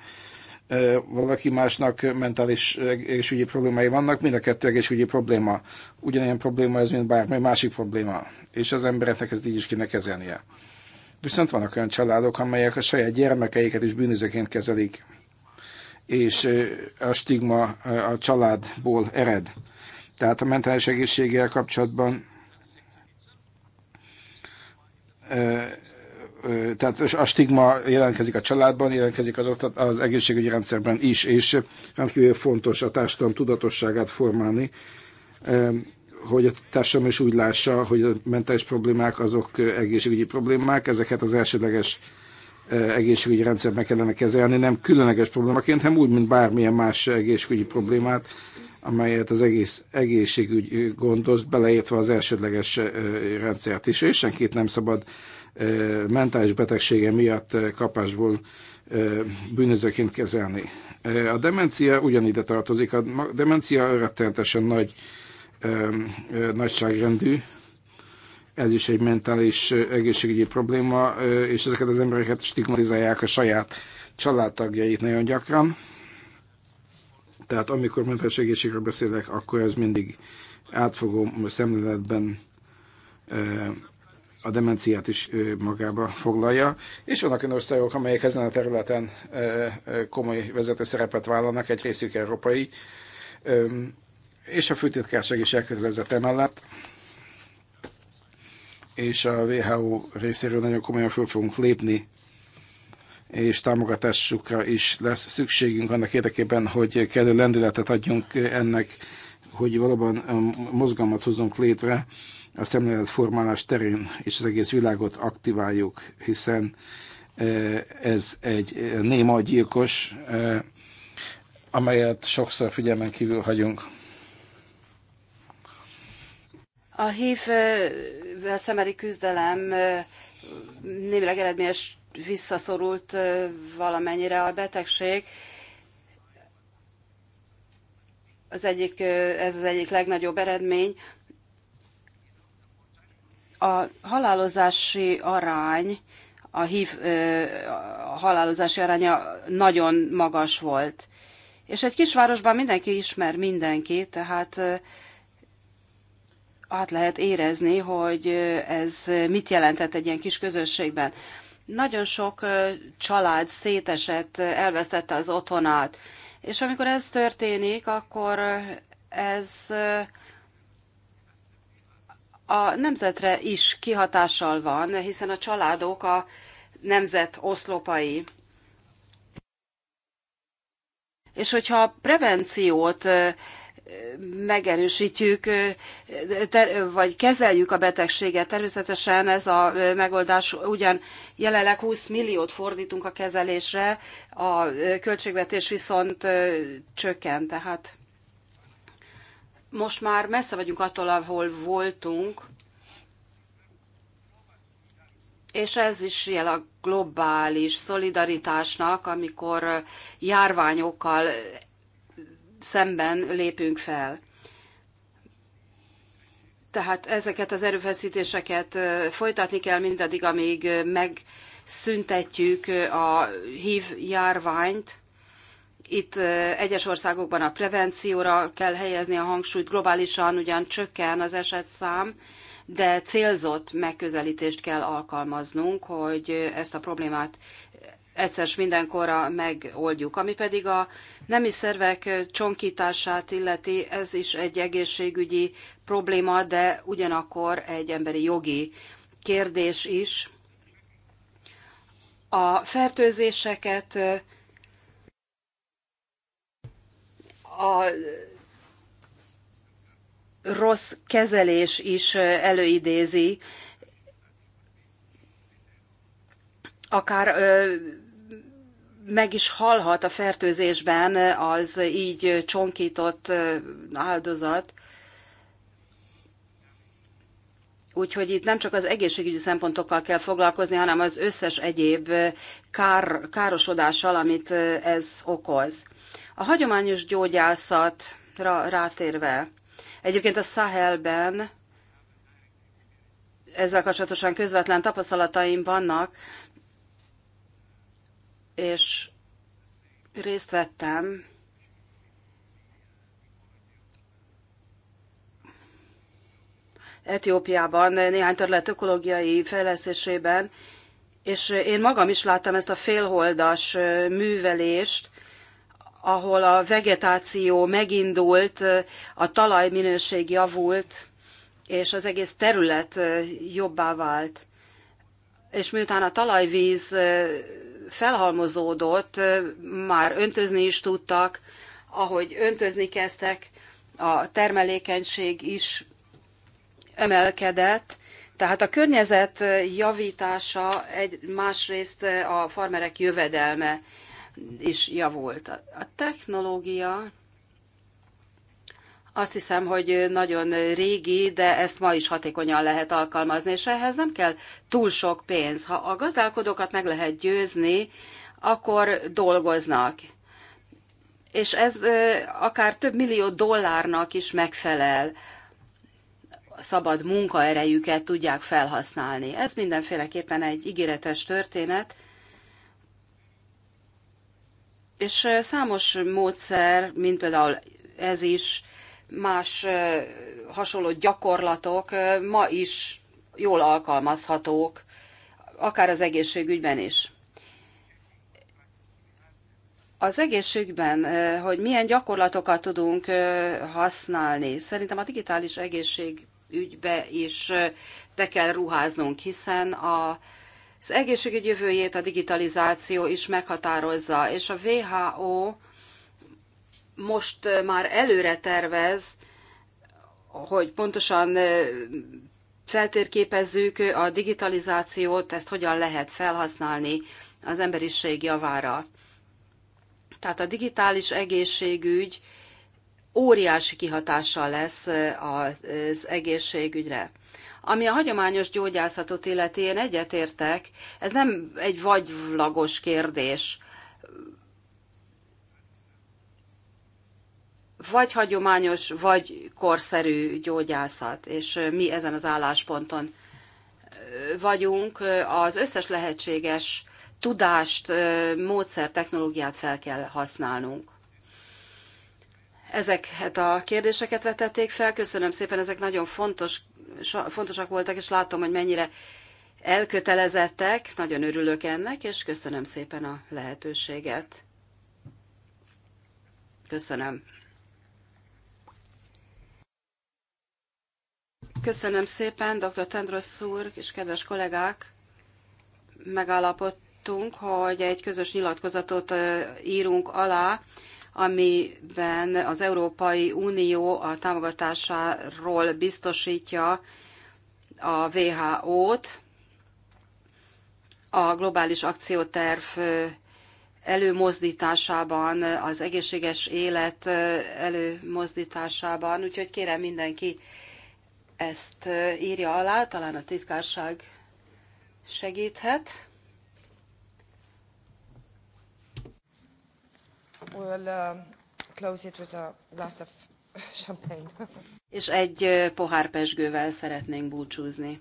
valaki másnak mentális egészségügyi problémái vannak, mind a kettő egészségügyi probléma. Ugyanilyen probléma ez, mint bármely másik probléma. És az embereknek ezt így is kéne kezelnie. Viszont vannak olyan családok, amelyek a saját gyermekeiket is bűnözőként kezelik, és a stigma a családból ered. Tehát a mentális egészséggel kapcsolatban tehát a stigma jelentkezik a családban, jelentkezik az, oktat, az egészségügyi rendszerben is, és rendkívül fontos a társadalom tudatosságát formálni, hogy a társadalom is úgy lássa, hogy a mentális problémák azok egészségügyi problémák, ezeket az elsődleges egészségügyi rendszerben kellene kezelni, nem különleges problémaként, hanem úgy, mint bármilyen más egészségügyi problémát, amelyet az egész egészségügy gondoz, beleértve az elsődleges rendszert is, és senkit nem szabad mentális betegsége miatt kapásból bűnözőként kezelni. A demencia ugyanide tartozik. A demencia rettenetesen nagy nagyságrendű, ez is egy mentális egészségügyi probléma, és ezeket az embereket stigmatizálják a saját családtagjait nagyon gyakran. Tehát amikor mentális egészségről beszélek, akkor ez mindig átfogó szemléletben a demenciát is magába foglalja, és vannak olyan országok, amelyek ezen a területen komoly vezető szerepet vállalnak, egy részük európai, és a főtitkárság is elkötelezett emellett, és a WHO részéről nagyon komolyan föl fogunk lépni, és támogatásukra is lesz szükségünk annak érdekében, hogy kellő lendületet adjunk ennek, hogy valóban mozgalmat hozunk létre, a szemléletformálás terén és az egész világot aktiváljuk, hiszen ez egy néma gyilkos, amelyet sokszor figyelmen kívül hagyunk. A hív szemeli küzdelem némileg eredményes visszaszorult valamennyire a betegség. Az egyik, ez az egyik legnagyobb eredmény. A halálozási arány, a HIV a halálozási aránya nagyon magas volt. És egy kisvárosban mindenki ismer mindenkit tehát át lehet érezni, hogy ez mit jelentett egy ilyen kis közösségben. Nagyon sok család szétesett, elvesztette az otthonát, és amikor ez történik, akkor ez a nemzetre is kihatással van, hiszen a családok a nemzet oszlopai. És hogyha a prevenciót megerősítjük, vagy kezeljük a betegséget, természetesen ez a megoldás ugyan jelenleg 20 milliót fordítunk a kezelésre, a költségvetés viszont csökken, tehát most már messze vagyunk attól, ahol voltunk, és ez is jel a globális szolidaritásnak, amikor járványokkal szemben lépünk fel. Tehát ezeket az erőfeszítéseket folytatni kell mindaddig, amíg megszüntetjük a HIV járványt, itt egyes országokban a prevencióra kell helyezni a hangsúlyt, globálisan ugyan csökken az esetszám, de célzott megközelítést kell alkalmaznunk, hogy ezt a problémát egyszer s mindenkorra megoldjuk. Ami pedig a nemi szervek csonkítását illeti, ez is egy egészségügyi probléma, de ugyanakkor egy emberi jogi kérdés is. A fertőzéseket a rossz kezelés is előidézi, akár meg is halhat a fertőzésben az így csonkított áldozat. Úgyhogy itt nem csak az egészségügyi szempontokkal kell foglalkozni, hanem az összes egyéb kár, károsodással, amit ez okoz. A hagyományos gyógyászatra rátérve, egyébként a Sahelben ezzel kapcsolatosan közvetlen tapasztalataim vannak, és részt vettem Etiópiában néhány terület ökológiai fejlesztésében, és én magam is láttam ezt a félholdas művelést, ahol a vegetáció megindult, a talajminőség javult, és az egész terület jobbá vált. És miután a talajvíz felhalmozódott, már öntözni is tudtak, ahogy öntözni kezdtek, a termelékenység is emelkedett, tehát a környezet javítása egy másrészt a farmerek jövedelme is javult. A technológia azt hiszem, hogy nagyon régi, de ezt ma is hatékonyan lehet alkalmazni, és ehhez nem kell túl sok pénz. Ha a gazdálkodókat meg lehet győzni, akkor dolgoznak. És ez akár több millió dollárnak is megfelel. Szabad munkaerejüket tudják felhasználni. Ez mindenféleképpen egy ígéretes történet, és számos módszer, mint például ez is, más hasonló gyakorlatok ma is jól alkalmazhatók, akár az egészségügyben is. Az egészségben, hogy milyen gyakorlatokat tudunk használni, szerintem a digitális egészségügybe is be kell ruháznunk, hiszen a az egészségügy jövőjét a digitalizáció is meghatározza, és a WHO most már előre tervez, hogy pontosan feltérképezzük a digitalizációt, ezt hogyan lehet felhasználni az emberiség javára. Tehát a digitális egészségügy óriási kihatással lesz az egészségügyre. Ami a hagyományos gyógyászatot illeti, én egyetértek, ez nem egy vagylagos kérdés. Vagy hagyományos, vagy korszerű gyógyászat, és mi ezen az állásponton vagyunk, az összes lehetséges tudást, módszer, technológiát fel kell használnunk. Ezeket a kérdéseket vetették fel, köszönöm szépen, ezek nagyon fontos fontosak voltak, és látom, hogy mennyire elkötelezettek. Nagyon örülök ennek, és köszönöm szépen a lehetőséget. Köszönöm. Köszönöm szépen, dr. Tendrosz úr és kedves kollégák! Megállapodtunk, hogy egy közös nyilatkozatot írunk alá amiben az Európai Unió a támogatásáról biztosítja a WHO-t, a globális akcióterv előmozdításában, az egészséges élet előmozdításában, úgyhogy kérem mindenki ezt írja alá, talán a titkárság segíthet. we'll uh, close it with a glass of champagne. És egy uh, pohár pesgővel szeretnénk búcsúzni.